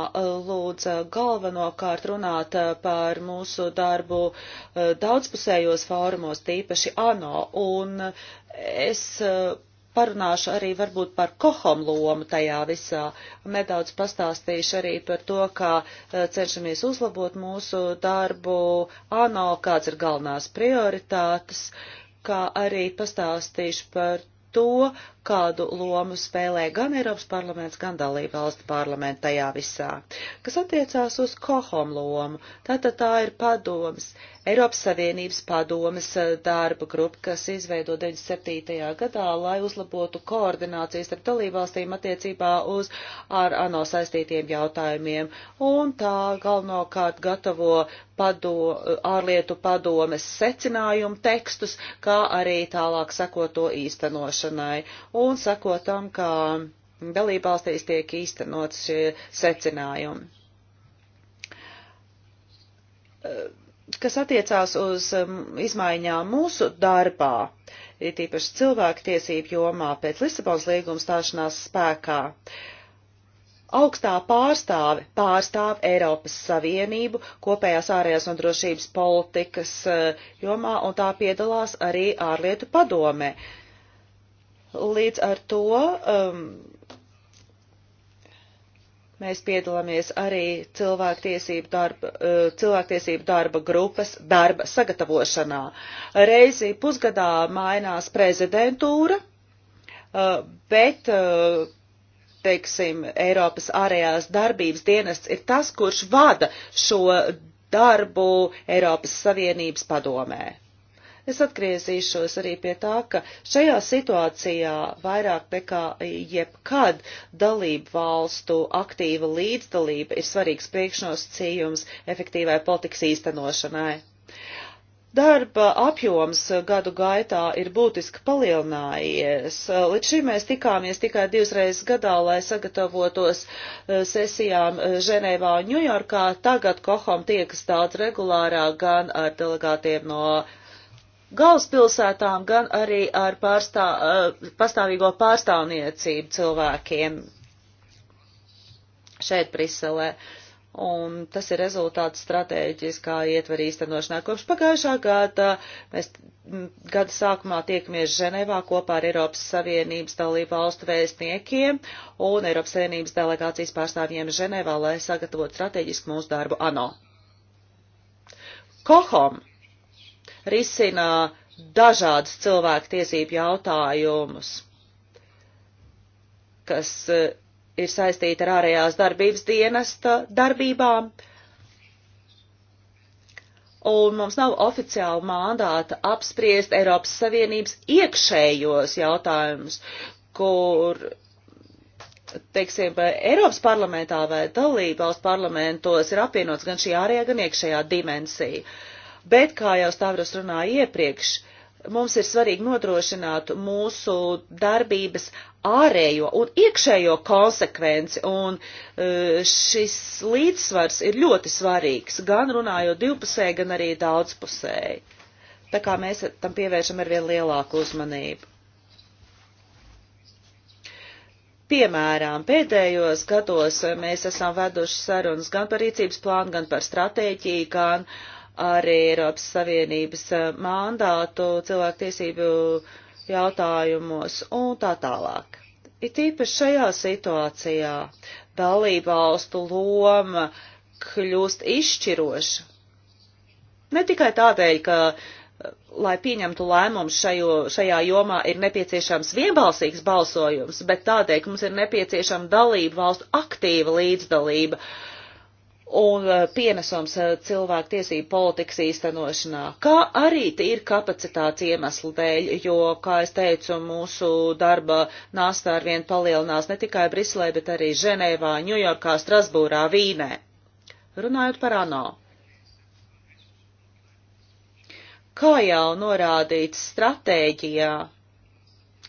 lūdza galvenokārt runāt par mūsu darbu daudzpusējos fórumos, tīpaši ANO, un es parunāšu arī varbūt par kohom lomu tajā visā. Nedaudz pastāstīšu arī par to, kā eh, cenšamies uzlabot mūsu darbu, ANO, kāds ir galvenās prioritātes, kā arī pastāstīšu par to, kādu lomu spēlē gan Eiropas parlaments, gan dalība valstu parlamenta tajā visā. Kas attiecās uz kohom lomu, tātad tā ir padomas, Eiropas Savienības padomas eh, darba grupa, kas izveido 97. gadā, lai uzlabotu koordinācijas starp dalībvalstīm attiecībā uz ar ANO saistītiem jautājumiem, un tā galvenokārt gatavo pado, ārlietu padomes secinājumu tekstus, kā arī tālāk sako to īstenošanai un sako tam, kā dalībvalstīs tiek īstenot šie secinājumi. Kas attiecās uz um, izmaiņām mūsu darbā, ir tīpaši cilvēku tiesību jomā pēc Lisabons līguma stāšanās spēkā, augstā pārstāve pārstāv Eiropas Savienību kopējās ārējās un drošības politikas uh, jomā, un tā piedalās arī ārlietu padomē. Līdz ar to um, mēs piedalāmies arī cilvēktiesību darba, uh, cilvēktiesību darba grupas darba sagatavošanā. Reizi pusgadā mainās prezidentūra, uh, bet, uh, teiksim, Eiropas ārējās darbības dienests ir tas, kurš vada šo darbu Eiropas Savienības padomē. Es atgriezīšos arī pie tā, ka šajā situācijā vairāk nekā jebkad dalību valstu aktīva līdzdalība ir svarīgs priekšnosacījums efektīvai politikas īstenošanai. Darba apjoms gadu gaitā ir būtiski palielinājies. Līdz šim mēs tikāmies tikai divas reizes gadā, lai sagatavotos eh, sesijām eh, Ženēvā un Ņujorkā. Tagad Kohom tiekas daudz regulārāk gan ar delegātiem no uh, galvaspilsētām, gan arī ar pārstā, eh, pastāvīgo pārstāvniecību cilvēkiem šeit Briselē. Un tas ir rezultāts stratēģiskā ietvera īstenošanā. Kopš pagājušā gada mēs gada sākumā tiekamies Ženevā kopā ar Eiropas Savienības dalību valstu vēstniekiem un Eiropas Savienības delegācijas pārstāvjiem Ženevā, lai sagatavotu strateģisku mūsu darbu ANO. Kohom risinā dažādus cilvēku tiesību jautājumus, kas eh, ir saistīti ar ārējās darbības dienesta darbībām. Un mums nav oficiāla mandāta apspriest Eiropas Savienības iekšējos jautājumus, kur teiksim, Eiropas parlamentā vai dalībvalstu parlamentos ir apvienots gan šī ārējā, gan iekšējā dimensija. Bet, kā jau Stavros runāja iepriekš, mums ir svarīgi nodrošināt mūsu darbības ārējo un iekšējo konsekvenci, un eh, šis līdzsvars ir ļoti svarīgs, gan runājot divpusē, gan arī daudzpusēji. Tā kā mēs tam pievēršam arvien lielāku uzmanību. Piemēram, pēdējos gados mēs esam veduši sarunas gan par rīcības plānu, gan par stratēģiju, gan uh, arī Eiropas Savienības eh, mandātu cilvēktiesību jautājumos un tā tālāk. It īpaši šajā situācijā dalībvalstu loma kļūst izšķiroša. Ne tikai tādēļ, ka eh, lai pieņemtu lēmumus šajā jomā, ir nepieciešams vienbalsīgs balsojums, bet tādēļ, ka mums ir nepieciešama dalību valstu aktīva līdzdalība. Uh, un eh, pienesums eh, cilvēku tiesību politikas īstenošanā, kā arī ir kapacitāts iemeslu dēļ, jo, kā es teicu, mūsu darba nāstā arvien palielinās ne tikai Briselē, bet arī Ženēvā, Ņujorkā, Strasbūrā, Vīnē. Runājot par ANO. Kā jau norādīts stratēģijā,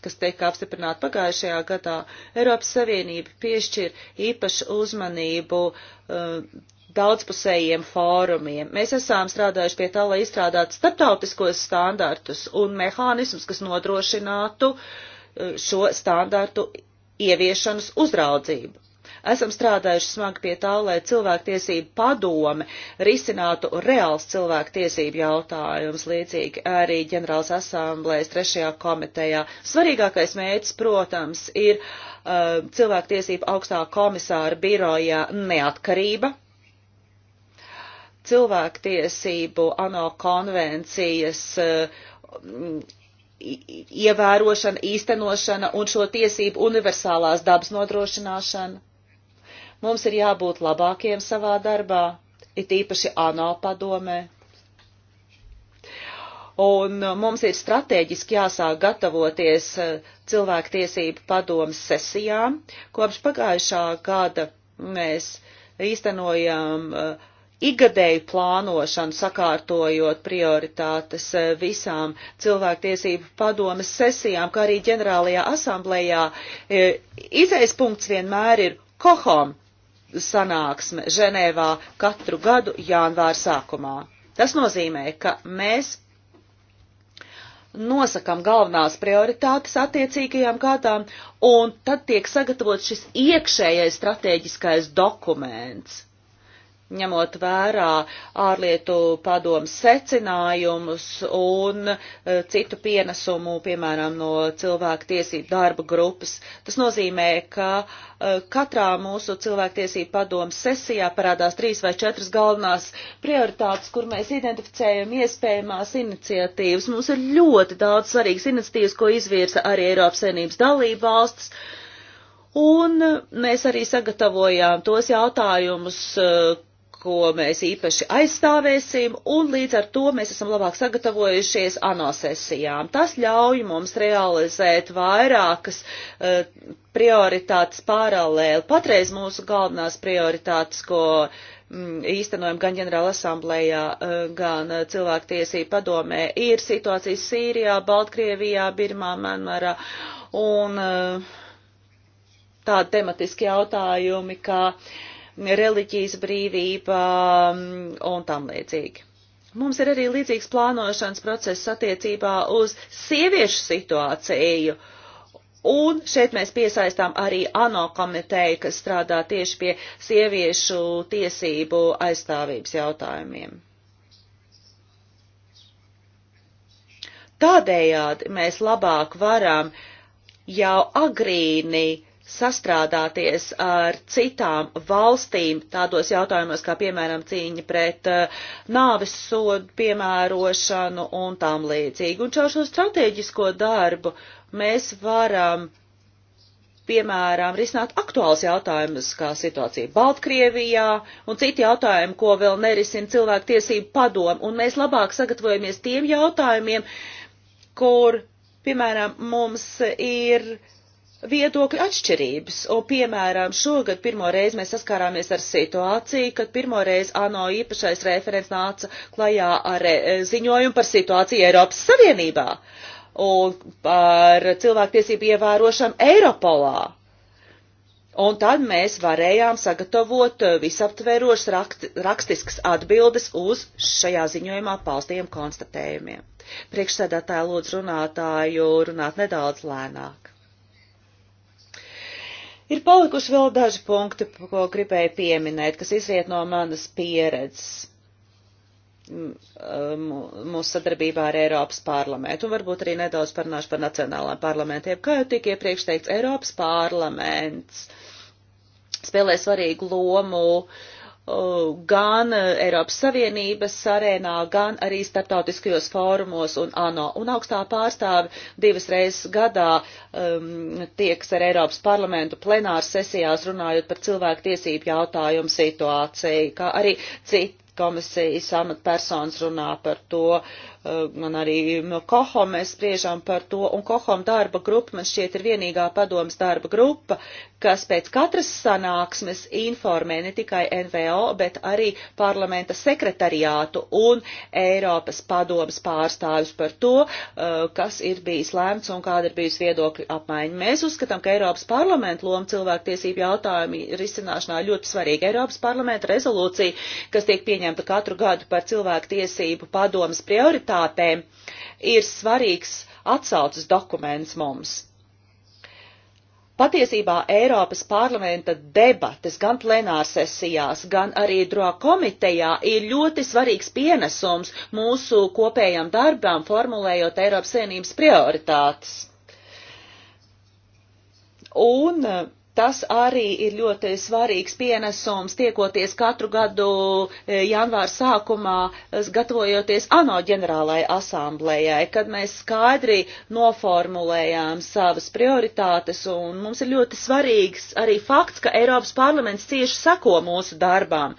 kas tika apstiprināta pagājušajā gadā, Eiropas Savienība piešķir īpašu uzmanību uh, daudzpusējiem fórumiem. Mēs esam strādājuši pie tā, lai izstrādātu starptautiskos standartus un mehānismus, kas nodrošinātu uh, šo standartu ieviešanas uzraudzību. Esam strādājuši smagi pie tā, lai cilvēktiesību padome risinātu reāls cilvēktiesību jautājums, līdzīgi arī ģenerāls asamblējas trešajā komitejā. Svarīgākais mērķis, protams, ir uh, cilvēktiesību augstā komisāra birojā neatkarība cilvēktiesību ANO konvencijas uh, ievērošana, īstenošana un šo tiesību universālās dabas nodrošināšana. Mums ir jābūt labākiem savā darbā, it īpaši ANO padomē. Un mums ir strateģiski jāsāk gatavoties eh, cilvēktiesību padomas sesijām. Kopš pagājušā gada mēs īstenojam uh, eh, igadēju plānošanu, sakārtojot prioritātes eh, visām cilvēktiesību padomes sesijām, kā arī ģenerālajā asamblējā, izaispunkts vienmēr ir kohom sanāksme Ženēvā katru gadu janvāra sākumā. Tas nozīmē, ka mēs nosakam galvenās prioritātes attiecīgajām kārtām, un tad tiek sagatavot šis iekšējais strateģiskais dokuments ņemot vērā ārlietu padomu secinājumus un e, citu pienesumu, piemēram, no cilvēktiesību darba grupas. Tas nozīmē, ka e, katrā mūsu cilvēktiesību padomu sesijā parādās trīs vai četras galvenās prioritātes, kur mēs identificējam iespējamās iniciatīvas. Mums ir ļoti daudz svarīgas iniciatīvas, ko izvirza arī Eiropas Savienības dalība valsts. Un mēs arī sagatavojām tos jautājumus, e, ko mēs īpaši aizstāvēsim, un līdz ar to mēs esam labāk sagatavojušies ANO sesijām. Tas ļauj mums realizēt vairākas uh, prioritātes paralēli. Patreiz mūsu galvenās prioritātes, ko mm, īstenojam gan ģenerāla asamblējā, uh, gan eh, cilvēktiesība padomē, ir situācijas Sīrijā, Baltkrievijā, Birmā, Manmarā un uh, tādi tematiski jautājumi, kā uh, reliģijas brīvība mm, un tam līdzīgi. Mums ir arī līdzīgs plānošanas process attiecībā uz sieviešu situāciju. Un šeit mēs piesaistām arī ANO komiteju, kas strādā tieši pie sieviešu tiesību aizstāvības jautājumiem. Tādējādi mēs labāk varam jau agrīni sastrādāties ar citām valstīm tādos jautājumos, kā piemēram cīņa pret uh, nāves sodu piemērošanu un tam līdzīgi. Un caur šo strateģisko darbu mēs varam piemēram, risināt aktuāls jautājumus, kā situācija Baltkrievijā un citi jautājumi, ko vēl nerisina cilvēktiesību padomu, un mēs labāk sagatavojamies tiem jautājumiem, kur, piemēram, mums ir uh, viedokļu atšķirības. Un, piemēram, šogad pirmo reizi mēs saskārāmies ar situāciju, kad pirmo reizi ANO īpašais referents nāca klajā ar e, ziņojumu par situāciju Eiropas Savienībā un par cilvēktiesību ievērošanu Eiropolā. Un tad mēs varējām sagatavot e, visaptverošas rakst, rakstiskas atbildes uz šajā ziņojumā paustiem konstatējumiem. Priekšsēdētāja lūdzu runātāju runāt nedaudz lēnāk. Ir palikuši vēl daži punkti, ko gribēju pieminēt, kas izriet no manas pieredzes mūsu sadarbībā ar Eiropas parlamentu, un varbūt arī nedaudz parunāšu par nacionālām parlamentiem. Kā jau tika iepriekš teikts, Eiropas parlaments spēlē svarīgu lomu uh, gan Eiropas Savienības arēnā, gan arī starptautiskajos fórumos un ANO. Un augstā pārstāve divas reizes gadā um, tieks ar Eiropas parlamentu plenāru sesijās runājot par cilvēku tiesību jautājumu situāciju, kā arī citu komisijas amatpersonas runā par to, uh, man arī no Koho mēs spriežam par to, un Kohom darba grupa man šķiet ir vienīgā padomas darba grupa, kas pēc katras sanāksmes informē ne tikai NVO, bet arī parlamenta sekretariātu un Eiropas padomas pārstāvis par to, uh, kas ir bijis lēmts un kāda ir bijusi viedokļa apmaiņa. Mēs uzskatām, ka Eiropas parlamenta loma cilvēktiesību jautājumu risināšanā ļoti svarīga. Eiropas parlamenta rezolūcija, kas tiek pieņemta pieņemtu katru gadu par cilvēku tiesību padomas prioritātēm, ir svarīgs atsaucas dokuments mums. Patiesībā Eiropas parlamenta debates gan plenārsesijās, gan arī droā komitejā ir ļoti svarīgs pienesums mūsu kopējām darbām, formulējot Eiropas Savienības prioritātes. Un Tas arī ir ļoti svarīgs pienesums, tiekoties katru gadu e, janvāra sākumā, e, gatavojoties ANO ģenerālajai asamblējai, kad mēs skaidri noformulējām savas prioritātes, un mums ir ļoti svarīgs arī fakts, ka Eiropas parlaments cieši sako mūsu darbām.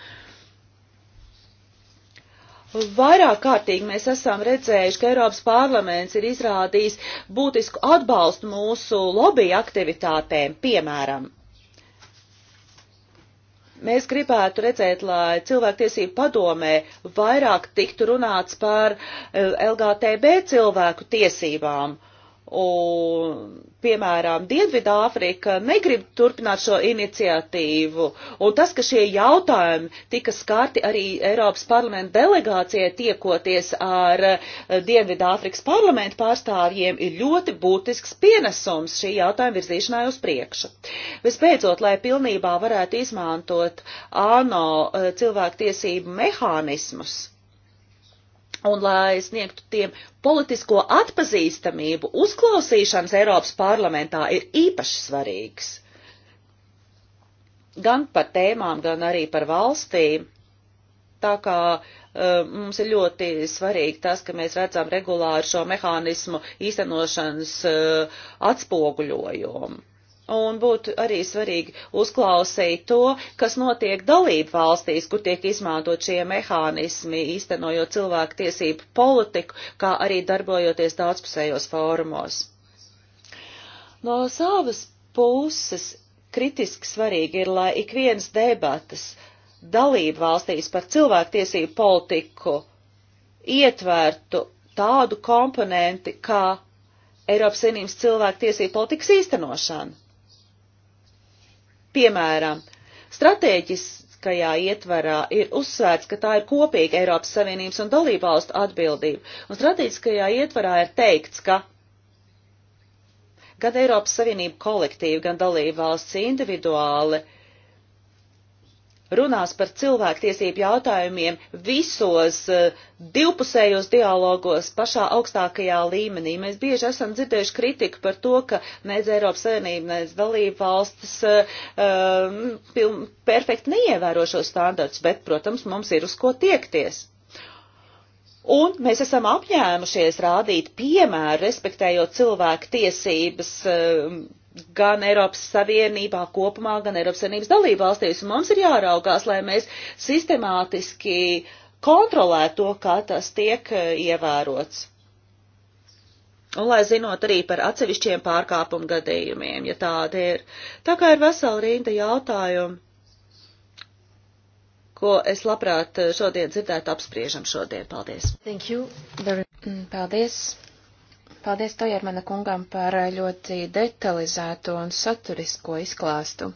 Vairāk kārtīgi mēs esam redzējuši, ka Eiropas parlaments ir izrādījis būtisku atbalstu mūsu lobby aktivitātēm, piemēram. Mēs gribētu redzēt, lai cilvēktiesību padomē vairāk tiktu runāts par eh, LGTB cilvēku tiesībām. Uh, Un, piemēram, Dienvidāfrika negrib turpināt šo iniciatīvu, un tas, ka šie jautājumi tika skārti arī Eiropas parlamenta delegācijai tiekoties ar eh, Dienvidāfrikas parlamentu pārstāvjiem, ir ļoti būtisks pienesums šī jautājuma virzīšanai uz priekšu. Vispēcot, lai pilnībā varētu izmantot ANO eh, cilvēktiesību mehānismus, Un, lai sniegtu tiem politisko atpazīstamību, uzklausīšanas Eiropas parlamentā ir īpaši svarīgs. Gan par tēmām, gan arī par valstīm. Tā kā e, mums ir ļoti svarīgi tas, ka mēs redzam regulāri šo mehānismu īstenošanas e, atspoguļojumu. Un būtu arī svarīgi uzklausīt to, kas notiek dalību valstīs, kur tiek izmantot šie mehānismi, īstenojot cilvēku tiesību politiku, kā arī darbojoties daudzpusējos fórumos. No savas puses kritiski svarīgi ir, lai ik viens debatas dalību valstīs par cilvēktiesību politiku ietvertu tādu komponenti kā Eiropas Savienības cilvēktiesību politikas īstenošana. Piemēram, stratēģiskajā ietvarā ir uzsvērts, ka tā ir kopīga Eiropas Savienības un dalībvalstu atbildība, un stratēģiskajā ietvarā ir teikts, ka gan Eiropas Savienība kolektīvi, gan dalībvalsts individuāli uh, runās par cilvēktiesību jautājumiem visos uh, divpusējos dialogos pašā augstākajā līmenī. Mēs bieži esam dzirdējuši kritiku par to, ka nec Eiropas Savienība, nec dalība valstis uh, eh, mm, piln, perfekti neievēro šo standarts, bet, protams, mums ir uz ko tiekties. Un mēs esam apņēmušies rādīt piemēru, respektējot cilvēku tiesības uh, eh, gan Eiropas Savienībā kopumā, gan Eiropas Savienības dalību valstīs. Un mums ir jāraugās, lai mēs sistemātiski kontrolētu to, kā tas tiek e, ievērots. Un lai zinot arī par atsevišķiem pārkāpumu gadījumiem, ja tāda ir. Tā kā ir vesela rinda jautājumu, ko es labprāt e, šodien dzirdētu apspriežam šodien. Paldies! Thank you. Mm, paldies! Paldies Tojermana kungam par eh, ļoti detalizēto un saturisko izklāstu.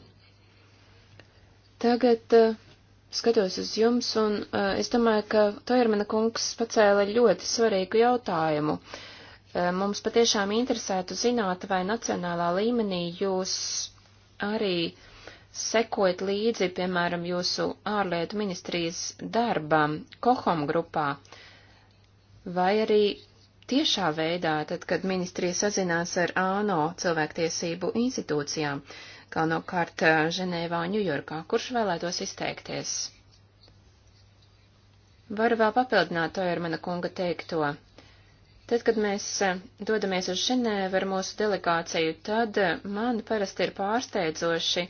Tagad uh, skatos uz jums, un uh, es domāju, ka Tojermana kungs pacēla ļoti svarīgu jautājumu. Uh, mums patiešām interesētu zināt, vai nacionālā līmenī jūs arī sekojat līdzi, piemēram, jūsu ārlietu ministrijas darbam, kohom grupā, vai arī tiešā veidā, tad, kad ministrija sazinās ar ANO cilvēktiesību institūcijām, galvenokārt eh, Ženēvā un Ņujorkā, kurš vēlētos izteikties. Varu vēl papildināt to ar mana kunga teikto. Tad, kad mēs eh, dodamies uz Ženēvu ar mūsu delegāciju, tad eh, man parasti ir pārsteidzoši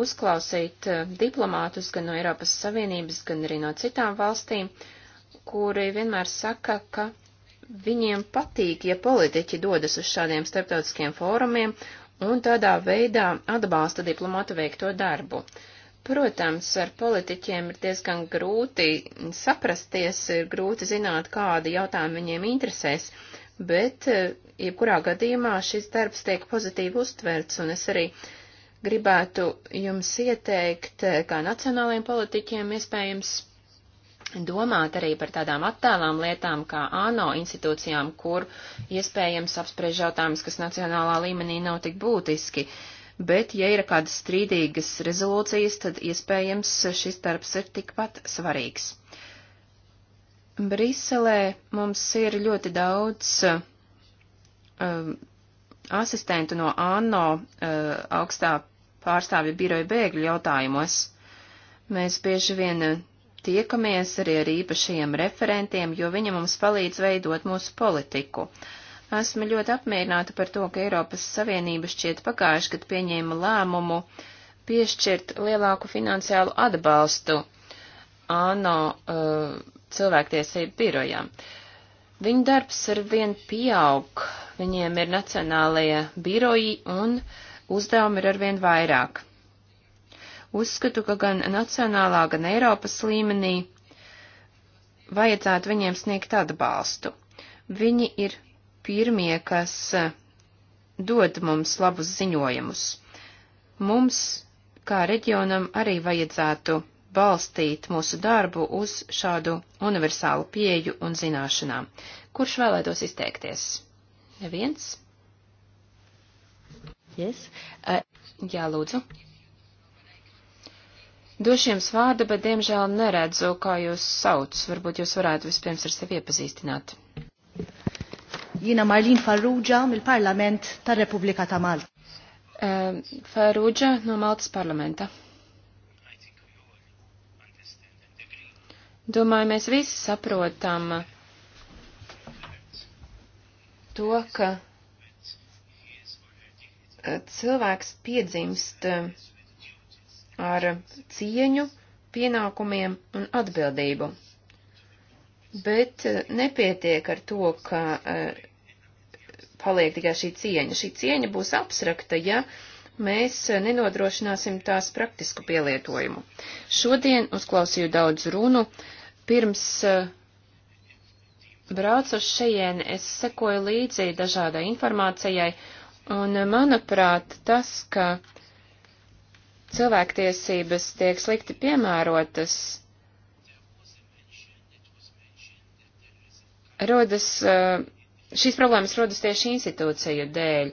uzklausīt diplomātus gan no Eiropas Savienības, gan arī no citām valstīm, kuri vienmēr saka, ka Viņiem patīk, ja politiķi dodas uz šādiem starptautiskiem fórumiem un tādā veidā atbalsta diplomātu veikto darbu. Protams, ar politiķiem ir diezgan grūti saprasties, ir grūti zināt, kādi jautājumi viņiem interesēs, bet eh, jebkurā gadījumā šis darbs tiek pozitīvi uztverts, un es arī gribētu jums ieteikt, eh, kā nacionālajiem politiķiem iespējams domāt arī par tādām attēlām lietām kā ANO institūcijām, kur iespējams apspriež jautājumus, kas nacionālā līmenī nav tik būtiski. Bet, ja ir kādas strīdīgas rezolūcijas, tad iespējams šis darbs ir tikpat svarīgs. Briselē mums ir ļoti daudz um, asistentu no ANO uh, augstā pārstāvja biroja bēgļu jautājumos. Mēs bieži vien tiekamies arī ar īpašajiem referentiem, jo viņi mums palīdz veidot mūsu politiku. Esmu ļoti apmierināta par to, ka Eiropas Savienība šķiet pagājuši, kad pieņēma lēmumu piešķirt lielāku finansiālu atbalstu ANO uh, cilvēktiesību birojām. Viņu darbs ar vien pieaug, viņiem ir nacionālajie biroji un uzdevumi ir ar vien vairāk. Uzskatu, ka gan nacionālā, gan Eiropas līmenī vajadzētu viņiem sniegt atbalstu. Viņi ir pirmie, kas eh, dod mums labus ziņojumus. Mums, kā reģionam, arī vajadzētu balstīt mūsu darbu uz šādu universālu pieju un zināšanām. Kurš vēlētos izteikties? Neviens? Yes. Uh, jā, lūdzu. Došu jums vārdu, bet diemžēl neredzu, kā jūs sauc. Varbūt jūs varētu vispirms ar sevi iepazīstināt. Jina Marlīna Farūģa, Mil-Parlament, tā Republika tā Malta. Uh, eh, Farūģa no Maltas parlamenta. Domāju, mēs visi saprotam to, ka eh, cilvēks piedzimst uh, ar cieņu, pienākumiem un atbildību. Bet eh, nepietiek ar to, ka eh, paliek tikai šī cieņa. Šī cieņa būs abstrakta, ja mēs eh, nenodrošināsim tās praktisku pielietojumu. Šodien uzklausīju daudz runu. Pirms braucu uz šejieni, es sekoju līdzi dažādai informācijai, un manuprāt, tas, ka cilvēktiesības tiek slikti piemērotas, rodas, eh, šīs problēmas rodas tieši institūciju dēļ.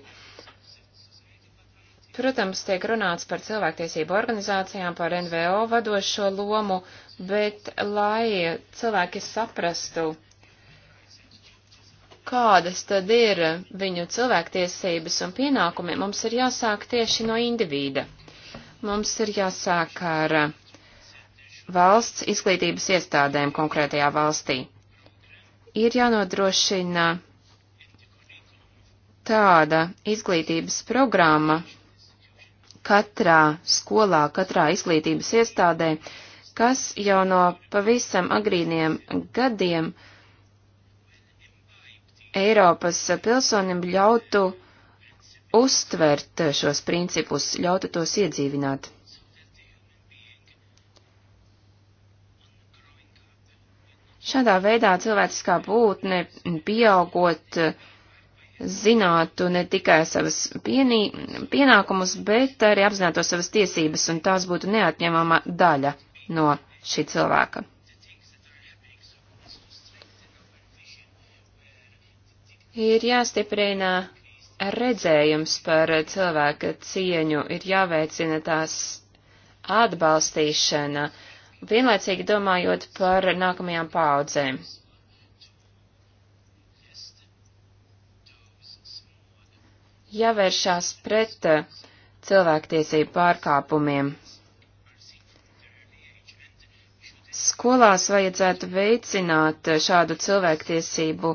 Protams, tiek runāts par cilvēktiesību organizācijām, par NVO vadošo lomu, bet lai cilvēki saprastu, kādas tad ir viņu cilvēktiesības un pienākumi, mums ir jāsāk tieši no indivīda mums ir jāsāk ar valsts izglītības iestādēm konkrētajā valstī. Ir jānodrošina tāda izglītības programma katrā skolā, katrā izglītības iestādē, kas jau no pavisam agrīniem gadiem Eiropas pilsonim ļautu uh, uztvert šos principus, ļautu tos iedzīvināt. Šādā veidā cilvēciskā būtne pieaugot zinātu ne tikai savas pienī, pienākumus, bet arī apzinātu savas tiesības, un tās būtu neatņemama daļa no šī cilvēka. Ir jāstiprina redzējums par cilvēka cieņu, ir jāveicina tās atbalstīšana, vienlaicīgi domājot par nākamajām paudzēm. Jāvēršās pret cilvēktiesību pārkāpumiem. Skolās vajadzētu veicināt šādu cilvēktiesību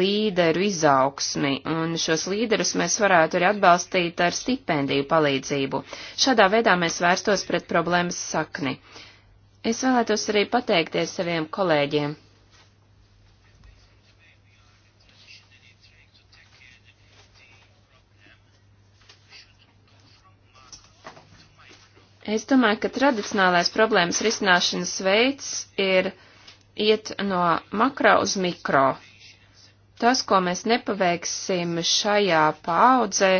līderu izaugsmi, un šos līderus mēs varētu arī atbalstīt ar stipendiju palīdzību. Šādā veidā mēs vērstos pret problēmas sakni. Es vēlētos arī pateikties saviem kolēģiem Es domāju, ka tradicionālais problēmas risināšanas veids ir iet no makro uz mikro. Tas, ko mēs nepaveiksim šajā paudzē,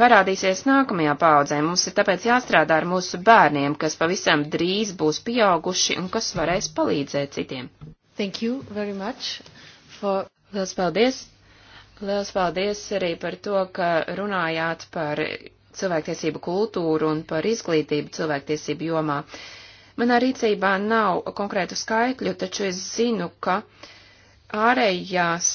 parādīsies nākamajā paudzē. Mums ir tāpēc jāstrādā ar mūsu bērniem, kas pavisam drīz būs pieauguši un kas varēs palīdzēt citiem. Thank you very much for. Lielas paldies! Lielas paldies arī par to, ka runājāt par cilvēktiesību kultūru un par izglītību cilvēktiesību jomā. Manā rīcībā nav konkrētu skaitļu, taču es zinu, ka ārējās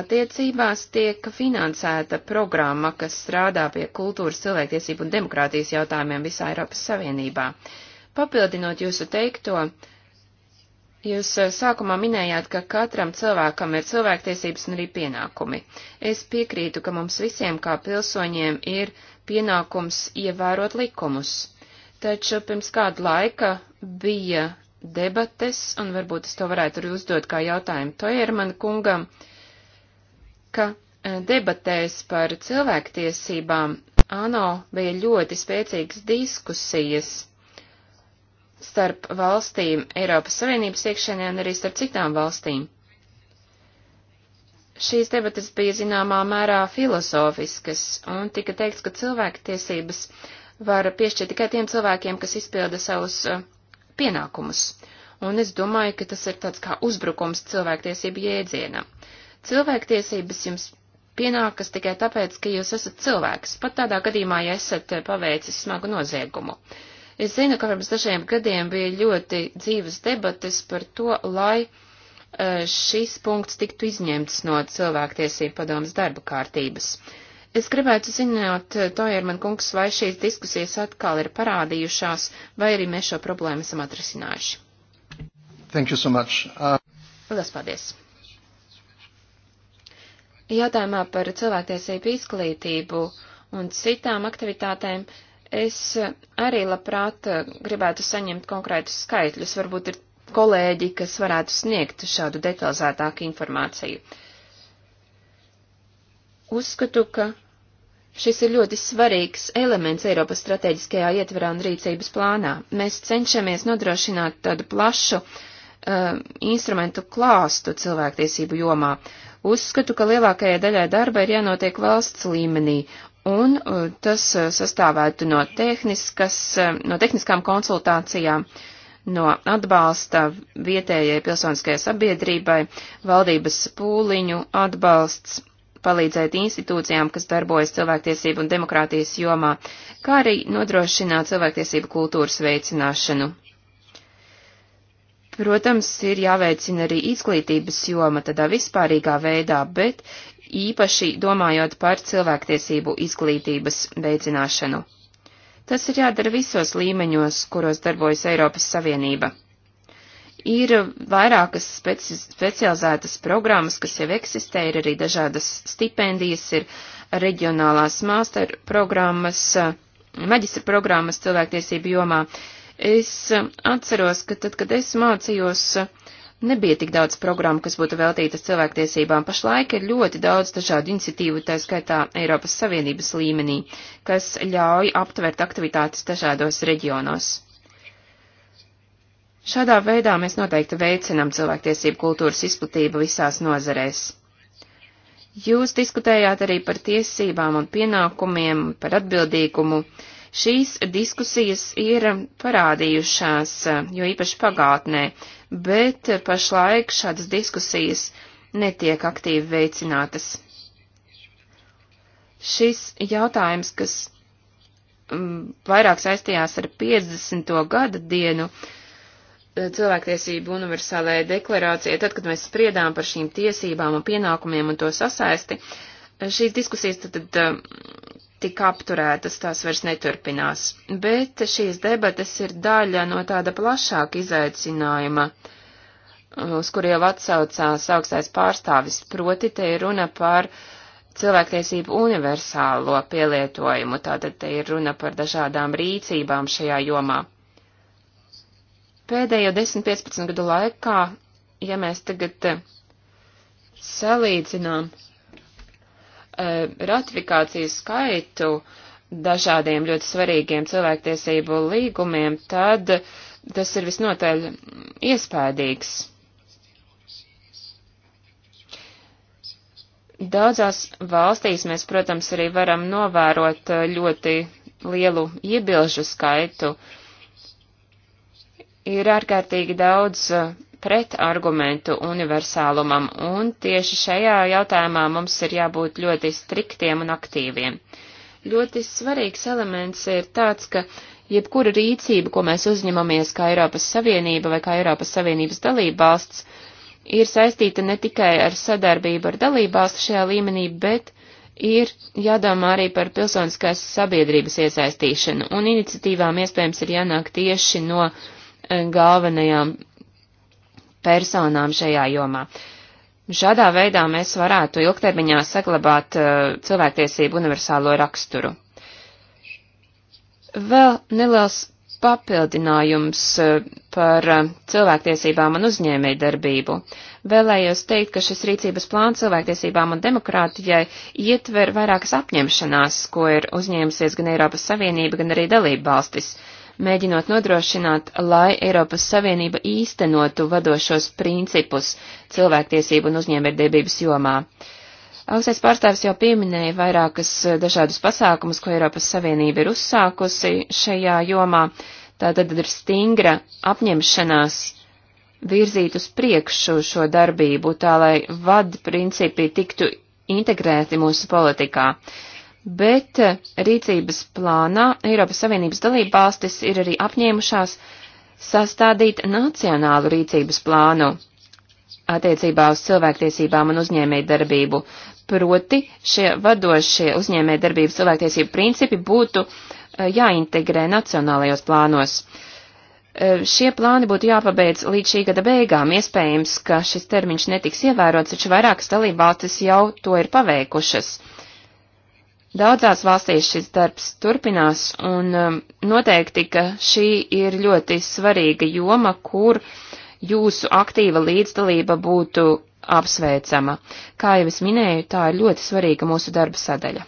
attiecībās tiek finansēta programma, kas strādā pie kultūras, cilvēktiesību un demokrātijas jautājumiem visā Eiropas Savienībā. Papildinot jūsu teikto, Jūs eh, sākumā minējāt, ka katram cilvēkam ir cilvēktiesības un arī pienākumi. Es piekrītu, ka mums visiem kā pilsoņiem ir pienākums ievērot likumus. Taču pirms kāda laika bija debates, un varbūt es to varētu arī uzdot kā jautājumu Tojerman kungam, ka eh, debatēs par cilvēktiesībām ANO bija ļoti spēcīgas diskusijas starp valstīm Eiropas Savienības iekšēnē un arī starp citām valstīm. Šīs debatas bija zināmā mērā filozofiskas, un tika teikts, ka cilvēktiesības var piešķirt tikai tiem cilvēkiem, kas izpilda savus uh, pienākumus. Un es domāju, ka tas ir tāds kā uzbrukums cilvēktiesību jēdzienam. Cilvēktiesības jums pienākas tikai tāpēc, ka jūs esat cilvēks, pat tādā gadījumā, ja esat uh, paveicis smagu noziegumu. Uh, Es zinu, ka pirms dažiem gadiem bija ļoti dzīves debates par to, lai e, šis punkts tiktu izņemts no cilvēktiesību padomas darba kārtības. Es gribētu zināt, e, Tojerman kungs, vai šīs diskusijas atkal ir parādījušās, vai arī mēs šo problēmu esam atrisinājuši. Thank you so much. Uh... Lielas paldies. Jautājumā par cilvēktiesību izglītību un citām aktivitātēm Es arī labprāt gribētu saņemt konkrētus skaitļus, varbūt ir kolēģi, kas varētu sniegt šādu detalizētāku informāciju. Uzskatu, ka šis ir ļoti svarīgs elements Eiropas strateģiskajā ietverā un rīcības plānā. Mēs cenšamies nodrošināt tādu plašu uh, instrumentu klāstu cilvēktiesību jomā, Uzskatu, ka lielākajai daļai darba ir jānotiek valsts līmenī, un uh, tas uh, sastāvētu no, uh, no tehniskām konsultācijām, no atbalsta vietējai pilsoniskajai sabiedrībai, valdības pūliņu atbalsts, palīdzēt institūcijām, kas darbojas cilvēktiesību un demokrātijas jomā, kā arī nodrošināt cilvēktiesību kultūras veicināšanu. Protams, ir jāveicina arī izglītības joma tādā vispārīgā veidā, bet īpaši domājot par cilvēktiesību izglītības veicināšanu. Tas ir jādara visos līmeņos, kuros darbojas Eiropas Savienība. Ir vairākas speci specializētas programmas, kas jau eksistē, ir arī dažādas stipendijas, ir reģionālās māster programmas, maģistra programmas cilvēktiesību jomā. Es atceros, ka tad, kad es mācījos uh, nebija tik daudz programmu, kas būtu veltītas cilvēktiesībām. Pašlaik ir ļoti daudz dažādu iniciatīvu, tā skaitā Eiropas Savienības līmenī, kas ļauj aptvert aktivitātes dažādos reģionos. Šādā veidā mēs noteikti veicinām cilvēktiesību kultūras izplatību visās nozarēs. Jūs diskutējāt arī par tiesībām un pienākumiem, par atbildīgumu. Šīs diskusijas ir parādījušās, jo īpaši pagātnē, bet pašlaik šādas diskusijas netiek aktīvi veicinātas. Šis jautājums, kas mm, vairāk saistījās ar 50. gada dienu eh, cilvēktiesību universālajai deklarācijai, tad, kad mēs spriedām par šīm tiesībām un pienākumiem un to sasaisti, eh, šīs diskusijas tad, tad eh, tika apturētas, tās vairs neturpinās. Bet šīs debates ir daļa no tāda plašāka izaicinājuma, uz kur jau atsaucās augstais pārstāvis, proti te ir runa par cilvēktiesību universālo pielietojumu, tātad te ir runa par dažādām rīcībām šajā jomā. Pēdējo 10-15 gadu laikā, ja mēs tagad salīdzinām E, ratifikāciju skaitu dažādiem ļoti svarīgiem cilvēktiesību līgumiem, tad tas ir visnotaļ iespējīgs. Daudzās valstīs mēs, protams, arī varam novērot e, ļoti lielu iebilžu skaitu. Ir ārkārtīgi daudz e, pretargumentu universālumam, un tieši šajā jautājumā mums ir jābūt ļoti striktiem un aktīviem. Ļoti svarīgs elements ir tāds, ka jebkura rīcība, ko mēs uzņemamies kā Eiropas Savienība vai kā Eiropas Savienības dalībvalsts, ir saistīta ne tikai ar sadarbību ar dalībvalstu šajā līmenī, bet ir jādomā arī par pilsoniskās sabiedrības iesaistīšanu, un iniciatīvām iespējams ir jānāk tieši no eh, galvenajām personām šajā jomā. Šādā veidā mēs varētu ilgtermiņā saglabāt uh, cilvēktiesību universālo raksturu. Vēl neliels papildinājums uh, par uh, cilvēktiesībām un uzņēmēju darbību. Vēlējos teikt, ka šis rīcības plāns cilvēktiesībām un demokrātijai ietver vairākas apņemšanās, ko ir uzņēmusies gan Eiropas Savienība, gan arī dalība valstis. Uh, mēģinot nodrošināt, lai Eiropas Savienība īstenotu vadošos principus cilvēktiesību un uzņēmējdarbības jomā. Augstais pārstāvis jau pieminēja vairākas eh, dažādus pasākumus, ko Eiropas Savienība ir uzsākusi šajā jomā. Tātad ir stingra apņemšanās virzīt uz priekšu šo darbību, tā lai vad principi tiktu integrēti mūsu politikā. Uh, bet eh, rīcības plānā Eiropas Savienības dalībvalstis ir arī apņēmušās sastādīt nacionālu rīcības plānu attiecībā uz cilvēktiesībām un uzņēmēju darbību. Proti šie vadošie uzņēmēju darbības cilvēktiesību principi būtu eh, jāintegrē nacionālajos plānos. Eh, šie plāni būtu jāpabeidz līdz šī gada beigām. Iespējams, ka šis termiņš netiks ievērots, taču vairākas dalībvalstis jau to ir paveikušas. Daudzās valstīs šis darbs turpinās, un um, noteikti, ka šī ir ļoti svarīga joma, kur jūsu aktīva līdzdalība būtu apsveicama. Kā jau es minēju, tā ir ļoti svarīga mūsu darba sadaļa.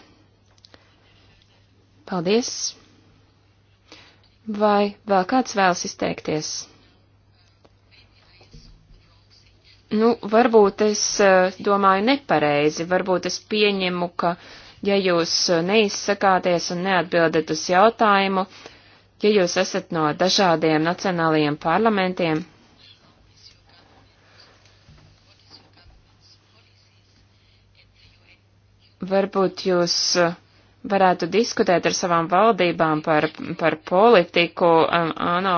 Paldies! Vai vēl kāds vēlas izteikties? Nu, varbūt es uh, domāju nepareizi, varbūt es pieņemu, ka uh, ja jūs neizsakāties un neatbildat uz jautājumu, ja jūs esat no dažādiem nacionālajiem parlamentiem. Varbūt jūs uh, varētu diskutēt ar savām valdībām par, par politiku um, ANO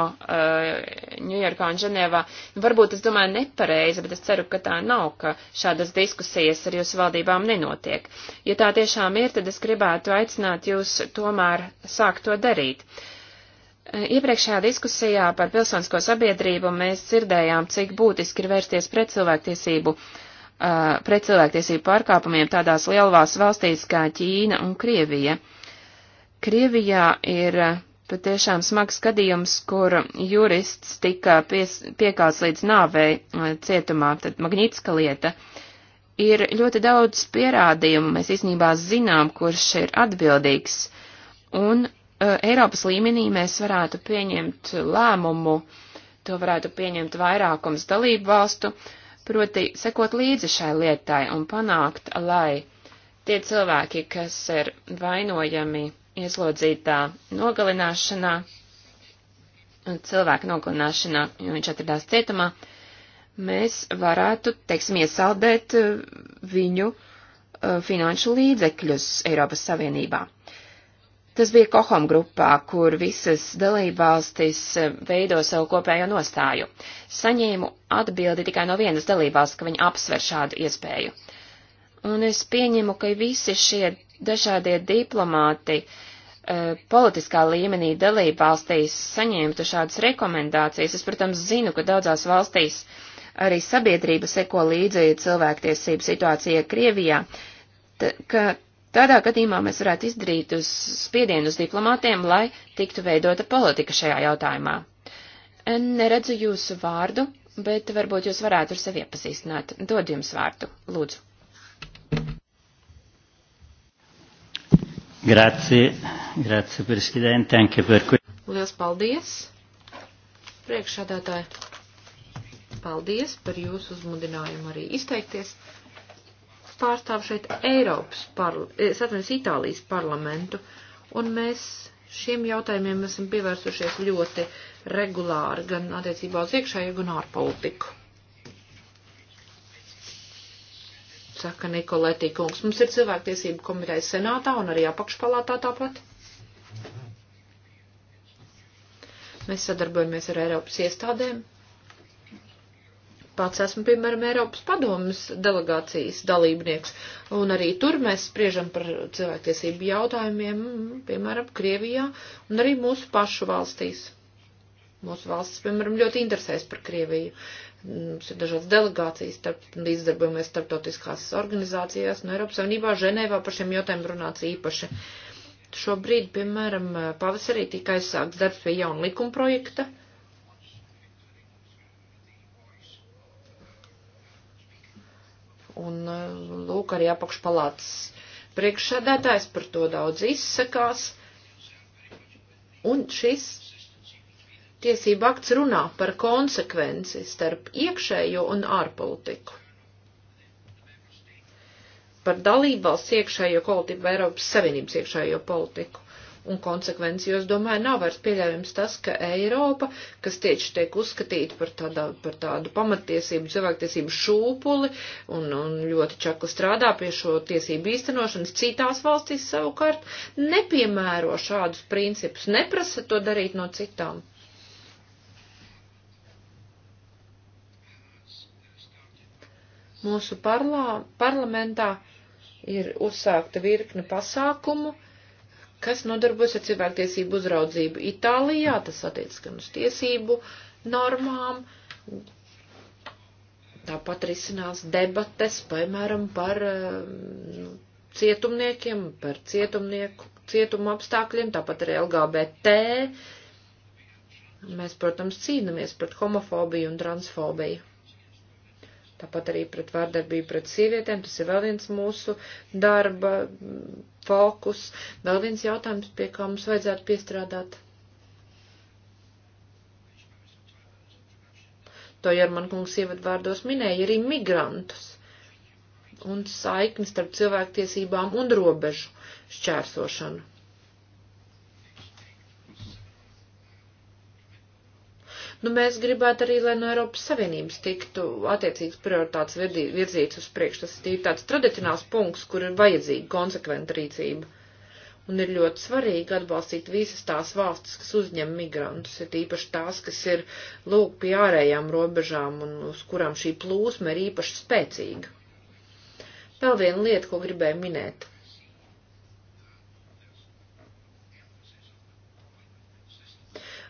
Ņujorkā uh, un Ženēvā. Varbūt es domāju nepareizi, bet es ceru, ka tā nav, ka šādas diskusijas ar jūsu valdībām nenotiek. Ja tā tiešām ir, tad es gribētu aicināt jūs tomēr sākt to darīt. Uh, iepriekšējā diskusijā par pilsonisko sabiedrību mēs dzirdējām, cik būtiski ir vērsties pret cilvēktiesību uh, Uh, pret cilvēktiesību pārkāpumiem tādās lielvās valstīs kā Ķīna un Krievija. Krievijā ir uh, patiešām smags gadījums, kur jurists tika pies, piekāls līdz nāvei uh, cietumā, tad Magnitska lieta. Ir ļoti daudz pierādījumu, mēs īstenībā zinām, kurš ir atbildīgs, un uh, Eiropas līmenī mēs varētu pieņemt lēmumu, to varētu pieņemt vairākums dalību valstu, uh, proti sekot līdzi šai lietai un panākt, lai tie cilvēki, kas ir vainojami ieslodzītā nogalināšanā, cilvēka nogalināšanā, jo viņš atradās cietumā, mēs varētu, teiksim, iesaldēt uh, viņu uh, finanšu līdzekļus Eiropas Savienībā. Tas bija Kohom grupā, kur visas dalībvalstis eh, veido savu kopējo nostāju. Saņēmu atbildi tikai no vienas dalībvalsts, ka viņi apsver šādu iespēju. Un es pieņemu, ka visi šie dažādie diplomāti eh, politiskā līmenī dalībvalstīs saņemtu šādas rekomendācijas. Es, protams, zinu, ka daudzās valstīs arī sabiedrība seko līdzi cilvēktiesību situācijai Krievijā, ka Tādā gadījumā mēs varētu izdarīt uz spiedienu uz diplomātiem, lai tiktu veidota politika šajā jautājumā. Neredzu jūsu vārdu, bet varbūt jūs varētu ar sevi iepazīstināt. Dod jums vārdu, lūdzu. Grazie, grazie, prezidente, anche per questo. Lielas paldies, priekšādātāji. Paldies par jūsu uzmudinājumu arī izteikties pārstāv šeit Eiropas, parla, eh, satunies Itālijas parlamentu, un mēs šiem jautājumiem esam pievērsušies ļoti regulāri, gan attiecībā uz iekšēju, gan ārpolitiku. Saka Nikoletī kungs, mums ir cilvēktiesību komiteja senātā un arī apakšpalātā tāpat. Mēs sadarbojamies ar Eiropas iestādēm, Pats esmu, piemēram, Eiropas padomas delegācijas dalībnieks, un arī tur mēs spriežam par cilvēktiesību jautājumiem, piemēram, Krievijā, un arī mūsu pašu valstīs. Mūsu valsts, piemēram, ļoti interesēs par Krieviju. Mums ir dažādas delegācijas, starp, līdzdarbojamies starptautiskās organizācijās, un Eiropas Savienībā Ženēvā par šiem jautājumiem runāts īpaši. Šobrīd, piemēram, pavasarī tika aizsākts darbs pie jauna likuma projekta, uh, Un, e, lūk, arī apakšpalātas priekšsēdētājs par to daudz izsakās. Un šis tiesība akts runā par konsekvenci starp iekšējo un ārpolitiku. Par dalību valsts iekšējo politiku vai Eiropas Savienības iekšējo politiku un konsekvenci, jo es domāju, nav vairs pieļaujams tas, ka Eiropa, kas tieši tiek uzskatīta par, tādā, par tādu pamatiesību, cilvēktiesību šūpuli un, un ļoti čakli strādā pie šo tiesību īstenošanas, citās valstīs savukārt nepiemēro šādus principus, neprasa to darīt no citām. mūsu parlā, parlamentā ir uzsākta virkne pasākumu, kas nodarbojas ar cilvēktiesību uzraudzību Itālijā, tas attiec gan uz tiesību normām, tāpat risinās debates, piemēram, par eh, nu, cietumniekiem, par cietumnieku, cietuma apstākļiem, tāpat arī LGBT. Mēs, protams, cīnamies pret homofobiju un transfobiju tāpat arī pret vārdarbību pret sievietēm. Tas ir vēl viens mūsu darba mm, fokus, vēl viens jautājums, pie kā mums vajadzētu piestrādāt. To Jarman kungs ievadvārdos minēja arī migrantus un saikni starp cilvēktiesībām un robežu šķērsošanu. Nu, mēs gribētu arī, lai no Eiropas Savienības tiktu attiecīgas prioritātes virzītas uz priekšu. Tas ir tāds tradicionāls punkts, kur ir vajadzīga konsekventa rīcība. Un ir ļoti svarīgi atbalstīt visas tās valstis, kas uzņem migrantus, ir īpaši tās, kas ir lūk pie ārējām robežām un uz kurām šī plūsma ir īpaši spēcīga. Vēl viena lieta, ko gribēju minēt.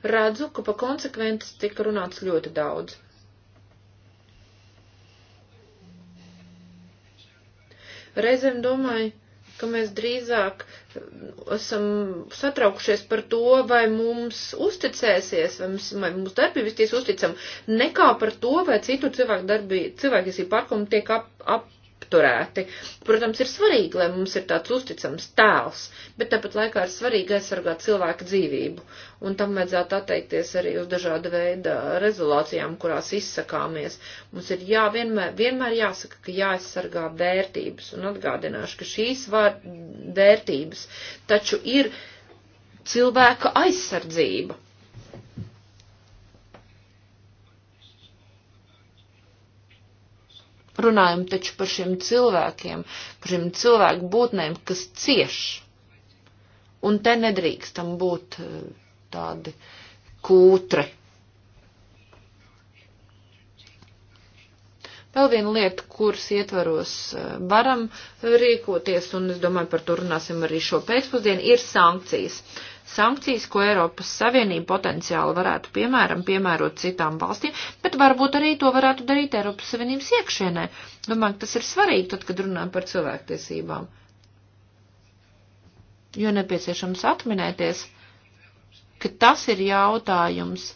redzu, ka pa konsekvences tika runāts ļoti daudz. Reizēm domāju, ka mēs drīzāk um, esam satraukušies par to, vai mums uzticēsies, vai mums, vai mums darbība vispār uzticam, nekā par to, vai citu cilvēku darbību, cilvēktiesību pārkumu tiek ap, ap, strukturēti. Protams, ir svarīgi, lai mums ir tāds uzticams tēls, bet tāpat laikā ir svarīgi aizsargāt cilvēku dzīvību. Un tam vajadzētu atteikties arī uz dažāda veida rezolācijām, kurās izsakāmies. Mums ir jā, vienmēr, vienmēr jāsaka, ka jāaizsargā vērtības un atgādināšu, ka šīs vār, vērtības taču ir cilvēka aizsardzība runājam taču par šiem cilvēkiem, par šiem cilvēku būtnēm, kas cieš. Un te nedrīkstam būt e, tādi kūtri. Vēl viena lieta, kuras ietvaros e, varam rīkoties, un es domāju, par to runāsim arī šo pēcpusdienu, ir sankcijas. Uh, sankcijas, ko Eiropas Savienība potenciāli varētu, piemēram, piemērot citām valstīm, bet varbūt arī to varētu darīt Eiropas Savienības iekšienē. Domāju, ka tas ir svarīgi, tad, kad runājam par cilvēktiesībām. Jo nepieciešams atminēties, ka tas ir jautājums,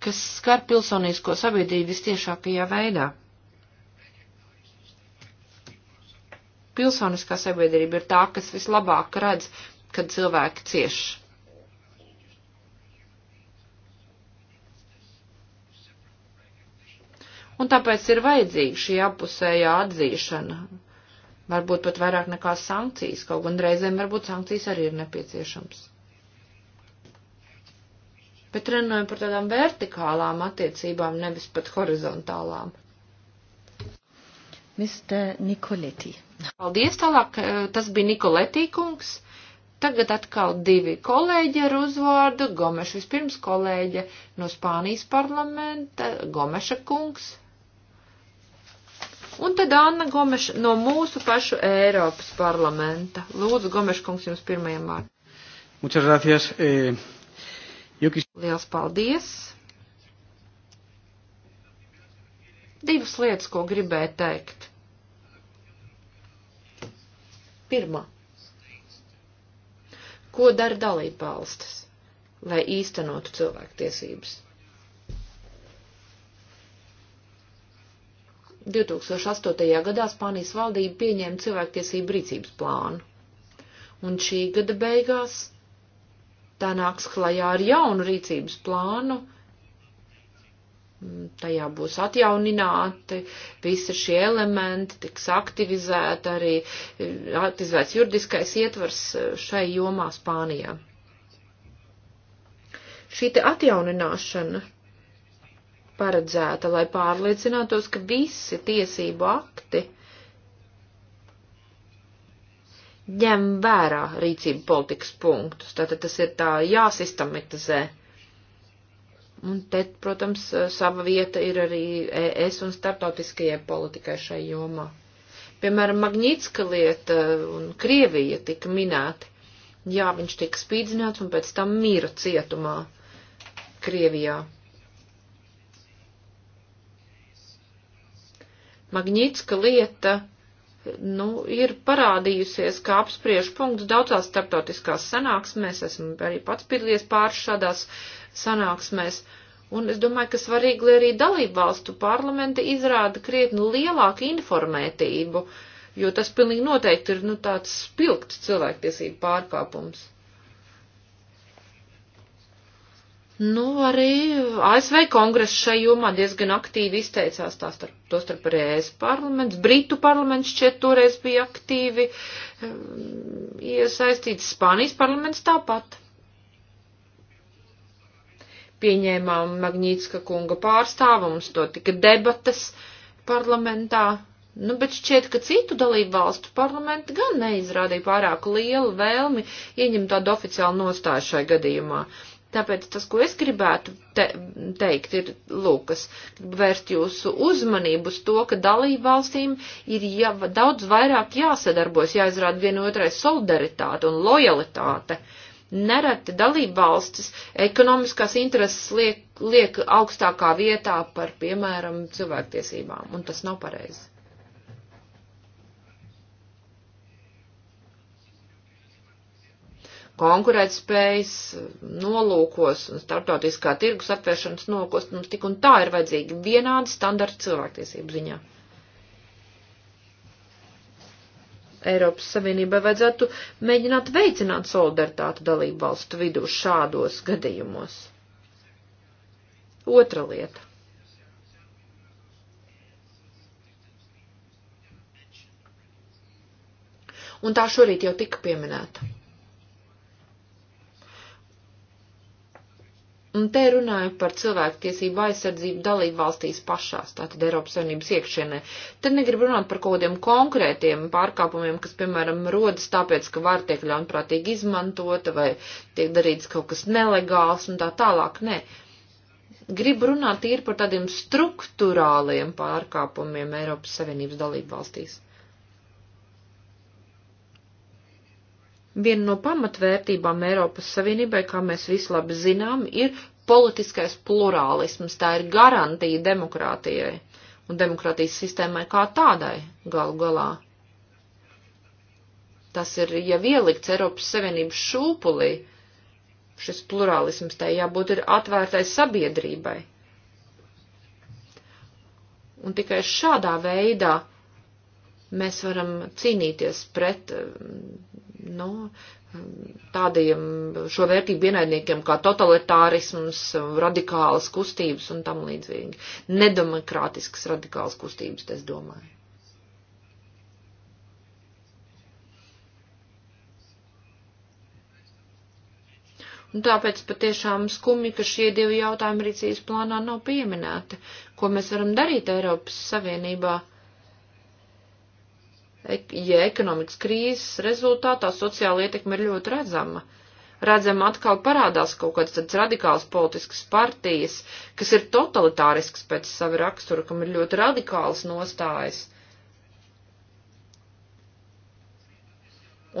kas skar pilsonisko sabiedrību visciešākajā veidā. Pilsoniskā sabiedrība ir tā, kas vislabāk redz, kad cilvēki cieši. un tāpēc ir vajadzīga šī apusējā atzīšana. Varbūt pat vairāk nekā sankcijas, kaut gan reizēm varbūt sankcijas arī ir nepieciešams. Bet runājam par tādām vertikālām attiecībām, nevis pat horizontālām. Mr. Nikoleti. Paldies tālāk, eh, tas bija Nikoleti kungs. Tagad atkal divi kolēģi ar uzvārdu. Gomeša vispirms kolēģe no Spānijas parlamenta, Gomeša kungs. Un tad Anna Gomeša no mūsu pašu Eiropas parlamenta. Lūdzu, Gomeša kungs, jums pirmajam vārdu. Muchas gracias. Eh, yo quis... Liels paldies. Divas lietas, ko gribēju teikt. Pirmā. Ko dara dalībvalstis, lai īstenotu cilvēktiesības? 2008. gadā Spānijas valdība pieņēma cilvēktiesību rīcības plānu. Un šī gada beigās tā nāks klajā ar jaunu rīcības plānu. Mm, tajā būs atjaunināti visi šie elementi, tiks aktivizēta arī eh, aktivizēts juridiskais ietvars eh, šai jomā Spānijā. Šī te atjaunināšana paredzēta, lai pārliecinātos, ka visi tiesību akti ņem vērā rīcību politikas punktus. Tātad tas ir tā jāsistematizē. Un te, protams, sava vieta ir arī ES un startautiskajai politikai šai jomā. Piemēram, Magnitska lieta un Krievija tika minēti. Jā, viņš tika spīdzināts un pēc tam mīra cietumā Krievijā. Magnitska lieta, nu, ir parādījusies kā apspriež punkts daudzās starptautiskās sanāksmēs, esmu arī pats piedalījies pāris šādās sanāksmēs, un es domāju, ka svarīgi, lai arī dalību valstu parlamenti izrāda krietni lielāku informētību, jo tas pilnīgi noteikti ir, nu, tāds spilgts cilvēktiesību pārkāpums. Nu, arī ASV kongress šai jomā diezgan aktīvi izteicās, tā starp, to starp arī ES parlaments, Britu parlaments šķiet toreiz bija aktīvi ehm, iesaistīts, Spānijas parlaments tāpat. Pieņēmām Magnītska kunga pārstāvumus, to tika debatas parlamentā. Nu, bet šķiet, ka citu dalību valstu parlamenti gan neizrādīja pārāk lielu vēlmi ieņemt tādu oficiālu nostāju šai gadījumā. Uh, Tāpēc tas, ko es gribētu te, teikt, ir, Lūkas, vērst jūsu uzmanību uz to, ka dalību valstīm ir jā, daudz vairāk jāsadarbojas, jāizrāda vienotrai solidaritāte un lojalitāte. Nereti dalību valstis ekonomiskās intereses liek, liek augstākā vietā par, piemēram, cilvēktiesībām, un tas nav pareizi. konkurētspējas nolūkos un starptautiskā tirgus atvēršanas nolūkos mums nu, tik un tā ir vajadzīgi vienādi standarti cilvēktiesību ziņā. Eiropas Savienībai vajadzētu mēģināt veicināt solidaritāti dalību valstu vidū šādos gadījumos. Otra lieta. Un tā šorīt jau tika pieminēta Un te runāju par cilvēktiesību aizsardzību dalību valstīs pašās, tātad Eiropas Savienības iekšienē. Te negribu runāt par kaut kādiem konkrētiem pārkāpumiem, kas, piemēram, rodas tāpēc, ka var tiek ļaunprātīgi izmantota vai tiek darīts kaut kas nelegāls un tā tālāk. Nē. Gribu runāt īri par tādiem struktūrāliem pārkāpumiem Eiropas Savienības dalību valstīs. Viena no pamatvērtībām Eiropas Savienībai, kā mēs visi labi zinām, ir politiskais plurālisms. Tā ir garantija demokrātijai un demokrātijas sistēmai kā tādai galu galā. Tas ir jau ielikts Eiropas Savienības šūpulī. Šis plurālisms tai jābūt ir atvērtai sabiedrībai. Un tikai šādā veidā mēs varam cīnīties pret nu, tādiem šo vērtību ienaidniekiem kā totalitārisms, radikālas kustības un tam līdzīgi. Nedemokrātiskas radikālas kustības, es domāju. Un tāpēc patiešām skumji, ka šie divi jautājumi rīcības plānā nav pieminēti. Ko mēs varam darīt Eiropas Savienībā? ja ekonomikas krīzes rezultātā sociāla ietekme ir ļoti redzama. Redzam, atkal parādās kaut kāds tāds radikāls politisks partijas, kas ir totalitārisks pēc sava rakstura, kam ir ļoti radikāls nostājas.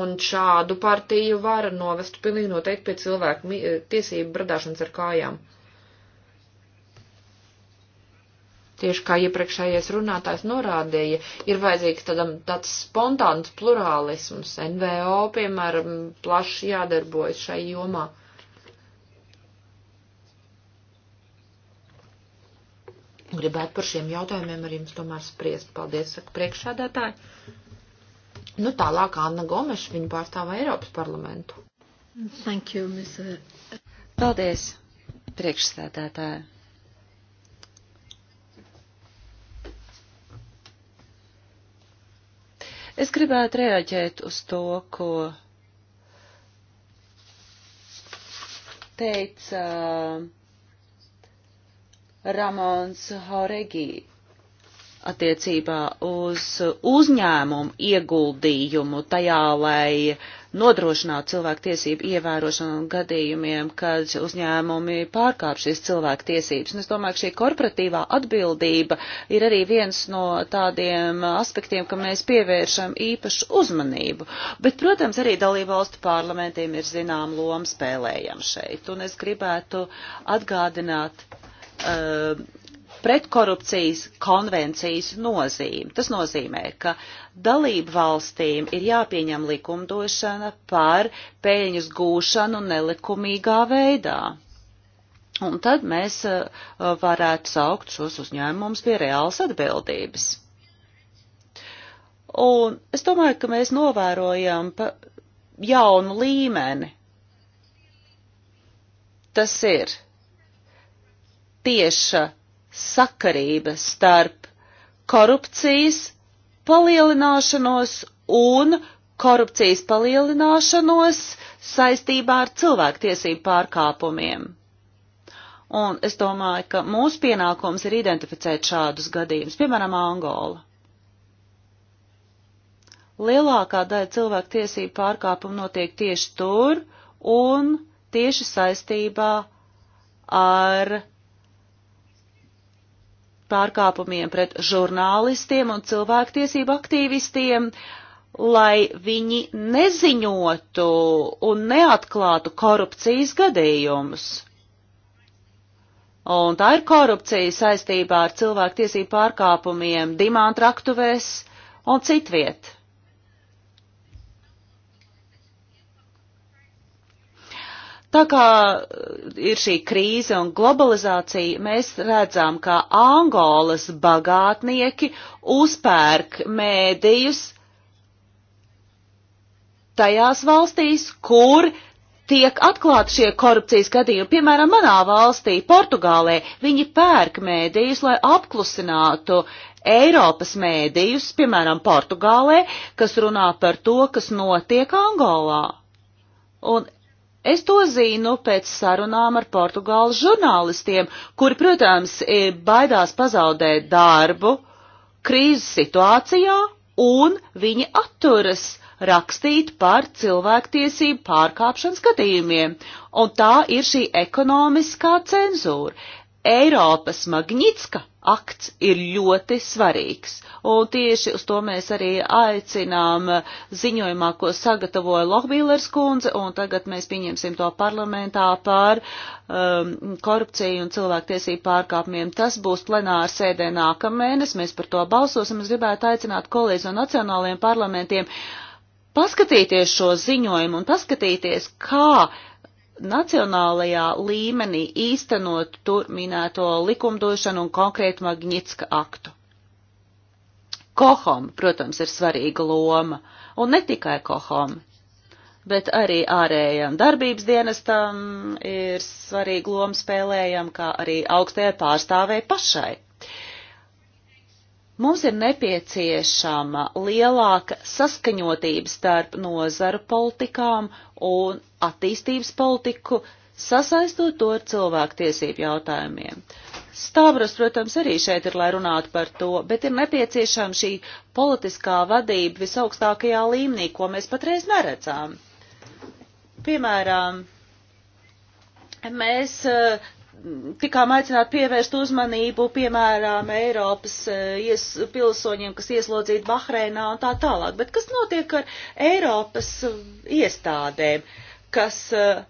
Un šādu partiju var novest pilnīgi noteikti pie cilvēku tiesību bradāšanas ar kājām. Tieši kā iepriekšējais runātājs norādīja, ir vajadzīgs tādam, tāds spontāns plurālisms. NVO, piemēram, plaši jādarbojas šai jomā. Gribētu par šiem jautājumiem ar jums tomēr spriest. Paldies, saka priekšsādātāji. Nu, tālāk Anna Gomeša, viņa pārstāvā Eiropas parlamentu. Thank you, Ms. Paldies, priekšsādātāji. Es gribētu reaģēt uz to, ko teica uh, Ramons Horegi attiecībā uz uzņēmumu ieguldījumu tajā, lai nodrošinātu cilvēku tiesību ievērošanu gadījumiem, kad uzņēmumi pārkāp šīs cilvēku tiesības. Un es domāju, ka šī korporatīvā atbildība ir arī viens no tādiem aspektiem, kam mēs pievēršam īpašu uzmanību. Bet, protams, arī dalībvalstu parlamentiem ir zinām loma spēlējam šeit. Un es gribētu atgādināt. Uh, pretkorupcijas konvencijas nozīmi. Tas nozīmē, ka dalību valstīm ir jāpieņem likumdošana par peļņas gūšanu nelikumīgā veidā. Un tad mēs uh, varētu saukt šos uzņēmumus pie reāls atbildības. Un es domāju, ka mēs novērojam jaunu līmeni. Tas ir tieša sakarība starp korupcijas palielināšanos un korupcijas palielināšanos saistībā ar cilvēktiesību pārkāpumiem. Un es domāju, ka mūsu pienākums ir identificēt šādus gadījumus, piemēram, Angola. Lielākā daļa cilvēktiesību pārkāpumu notiek tieši tur un tieši saistībā ar pārkāpumiem pret žurnālistiem un cilvēktiesību aktīvistiem, lai viņi neziņotu un neatklātu korupcijas gadījumus. Un tā ir korupcija saistībā ar cilvēktiesību pārkāpumiem, dimāntraktuvēs un citviet. Tā kā uh, ir šī krīze un globalizācija, mēs redzam, ka Angolas bagātnieki uzpērk mēdījus tajās valstīs, kur tiek atklāti šie korupcijas gadījumi. Piemēram, manā valstī, Portugālē, viņi pērk mēdījus, lai apklusinātu Eiropas mēdījus, piemēram, Portugālē, kas runā par to, kas notiek Angolā. Un Es to zinu pēc sarunām ar Portugāles žurnālistiem, kuri, protams, e, baidās pazaudēt darbu krīzes situācijā, un viņi atturas rakstīt par cilvēktiesību pārkāpšanas gadījumiem. Un tā ir šī ekonomiskā cenzūra. Eiropas Magnitska akts ir ļoti svarīgs. Un tieši uz to mēs arī aicinām ziņojumā, ko sagatavoja Lohbīlers kundze, un tagad mēs pieņemsim to parlamentā par um, korupciju un cilvēktiesību pārkāpumiem. Tas būs plenāra sēdē nākamēnes, mēs par to balsosim. Es gribētu aicināt kolēģis no nacionālajiem parlamentiem paskatīties šo ziņojumu un paskatīties, kā nacionālajā līmenī īstenot tur minēto likumdošanu un konkrētu Magnitska aktu. Kohom, protams, ir svarīga loma, un ne tikai Kohom, bet arī ārējām darbības dienestam ir svarīga loma spēlējam, kā arī augstajai pārstāvēji pašai. Mums ir nepieciešama lielāka saskaņotība starp nozaru politikām un attīstības politiku, sasaistot to ar cilvēktiesību jautājumiem. Stāvras, protams, arī šeit ir, lai runātu par to, bet ir nepieciešama šī politiskā vadība visaugstākajā līmenī, ko mēs patreiz neredzām. Piemēram, mēs eh, tikām aicināti pievērst uzmanību, piemēram, Eiropas eh, ies, pilsoņiem, kas ieslodzīti Bahreinā un tā tālāk. Bet kas notiek ar Eiropas iestādēm, kas eh,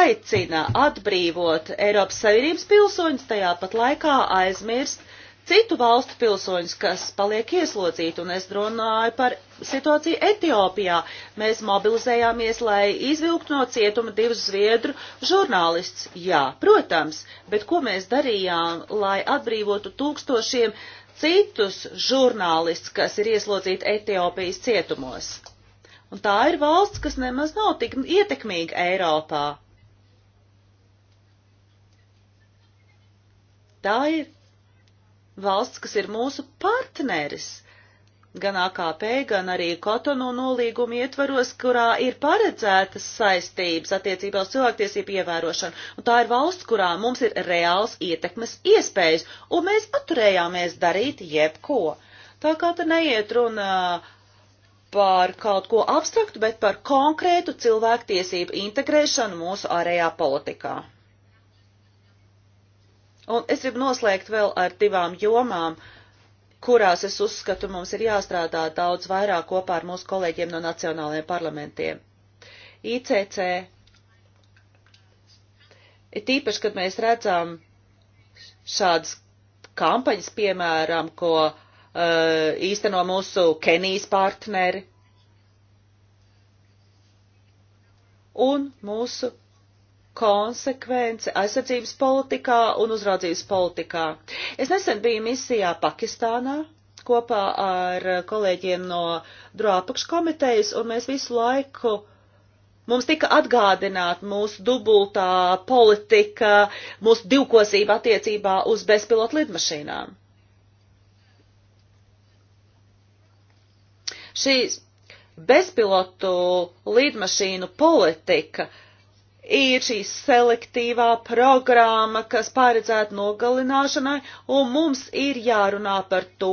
aicina atbrīvot Eiropas Savienības pilsoņus, tajā pat laikā aizmirst citu valstu pilsoņus, kas paliek ieslodzīti, un es runāju par situāciju Etiopijā. Mēs mobilizējāmies, lai izvilktu no cietuma divus zviedru žurnālistus. Jā, protams, bet ko mēs darījām, lai atbrīvotu tūkstošiem citus žurnālistus, kas ir ieslodzīti Etiopijas cietumos? Un tā ir valsts, kas nemaz nav tik ietekmīga Eiropā. Tā ir valsts, kas ir mūsu partneris gan AKP, gan arī Kotonu nolīgumu ietvaros, kurā ir paredzētas saistības attiecībā uz cilvēktiesību ievērošanu. Un tā ir valsts, kurā mums ir reāls ietekmes iespējas, un mēs atturējāmies darīt jebko. Tā kā te neiet runa par kaut ko abstraktu, bet par konkrētu cilvēktiesību integrēšanu mūsu ārējā politikā. Un es gribu noslēgt vēl ar divām jomām, kurās es uzskatu mums ir jāstrādā daudz vairāk kopā ar mūsu kolēģiem no nacionālajiem parlamentiem. ICC ir tīpaši, kad mēs redzam šādas kampaņas, piemēram, ko uh, īsteno mūsu Kenijas partneri un mūsu konsekvence aizsardzības politikā un uzraudzības politikā. Es nesen biju misijā Pakistānā kopā ar kolēģiem no Droapakškomitejas, un mēs visu laiku mums tika atgādināta mūsu dubultā politika, mūsu divkosība attiecībā uz bezpilotu lidmašīnām. Šīs bezpilotu lidmašīnu politika uh, ir šī selektīvā programma, kas paredzēta nogalināšanai, un mums ir jārunā par to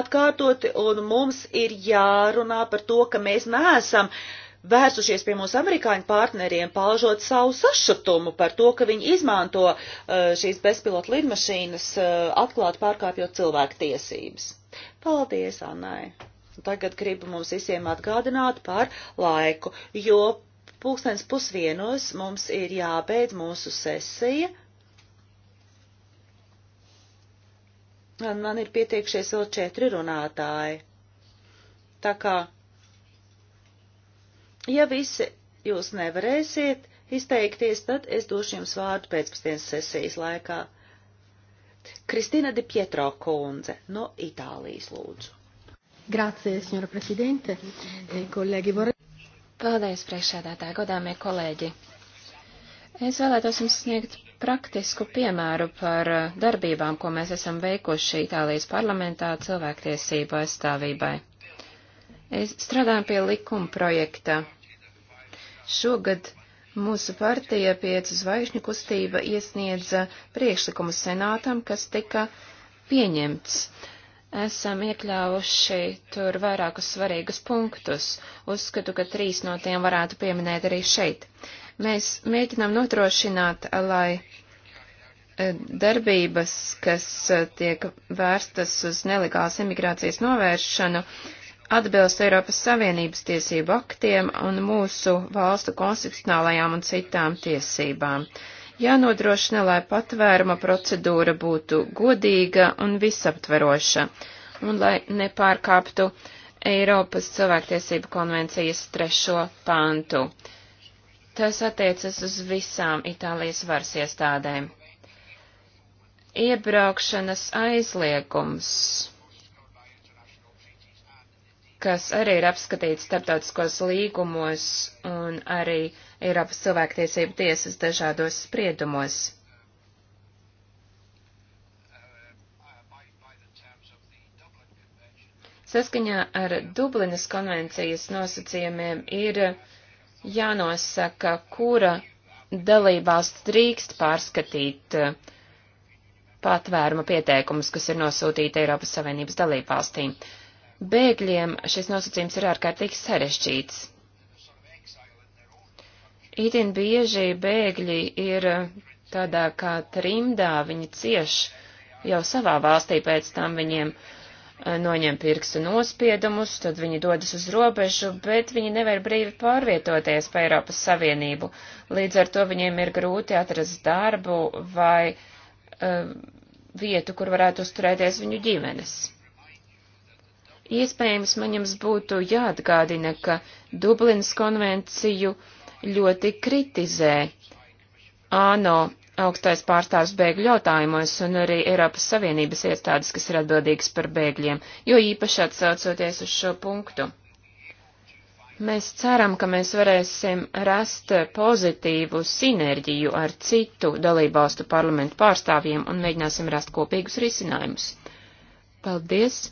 atkārtoti, un mums ir jārunā par to, ka mēs neesam vērsušies pie mūsu amerikāņu partneriem, paužot savu sašutumu par to, ka viņi izmanto eh, šīs bezpilota lidmašīnas eh, atklāt pārkāpjot cilvēku tiesības. Paldies, Annai! Tagad gribu mums visiem atgādināt par laiku, jo Pūkstens pusvienos mums ir jābeidz mūsu sesija. Un man ir pietiekšies vēl četri runātāji. Tā kā, ja visi jūs nevarēsiet izteikties, tad es došu jums vārdu pēcpastdienas sesijas laikā. Kristina Di Pietro kundze no Itālijas lūdzu. Grazie, signora Presidente, kolēģi. Eh, Paldies, priekšsēdētāji, godāmie kolēģi. Es vēlētos jums sniegt praktisku piemēru par eh, darbībām, ko mēs esam veikuši Itālijas parlamentā cilvēktiesību aizstāvībai. Es strādāju pie likuma projekta. Šogad mūsu partija piecu zvaigžņu kustība iesniedza priekšlikumu senātam, kas tika pieņemts. Uh, esam iekļāvuši tur vairākus svarīgus punktus. Uzskatu, ka trīs no tiem varētu pieminēt arī šeit. Mēs mēģinām nodrošināt, lai e, darbības, kas e, tiek vērstas uz nelegālas imigrācijas novēršanu, atbilst Eiropas Savienības tiesību aktiem un mūsu valstu konstitucionālajām un citām tiesībām. Uh, Jānodrošina, lai patvēruma procedūra būtu godīga un visaptveroša, un lai nepārkāptu Eiropas cilvēktiesību konvencijas trešo pantu. Tas attiecas uz visām Itālijas varas iestādēm. Iebraukšanas aizliegums, kas arī ir apskatīts starptautiskos līgumos un arī uh, Eiropas cilvēktiesību tiesas dažādos spriedumos. Saskaņā ar Dublinas konvencijas nosacījumiem ir jānosaka, kura dalībvalsts drīkst pārskatīt uh, patvēruma pieteikumus, kas ir nosūtīti Eiropas Savienības dalībvalstīm. Bēgļiem šis nosacījums ir ārkārtīgi sarešķīts. Itin bieži bēgļi ir tādā kā trimdā, viņi cieš jau savā valstī pēc tam viņiem eh, noņem pirkstu nospiedumus, tad viņi dodas uz robežu, bet viņi nevar brīvi pārvietoties pa Eiropas Savienību. Līdz ar to viņiem ir grūti atrast darbu vai uh, vietu, kur varētu uzturēties viņu ģimenes. Iespējams, man jums būtu jāatgādina, ka Dublinas konvenciju uh, ļoti kritizē ANO augstais pārstāvs bēgļu jautājumos un arī Eiropas Savienības iestādes, kas ir atbildīgas par bēgļiem, jo īpaši atsaucoties uz šo punktu. Mēs ceram, ka mēs varēsim rast pozitīvu sinerģiju ar citu dalībvalstu parlamentu pārstāvjiem un mēģināsim rast kopīgus risinājumus. Paldies!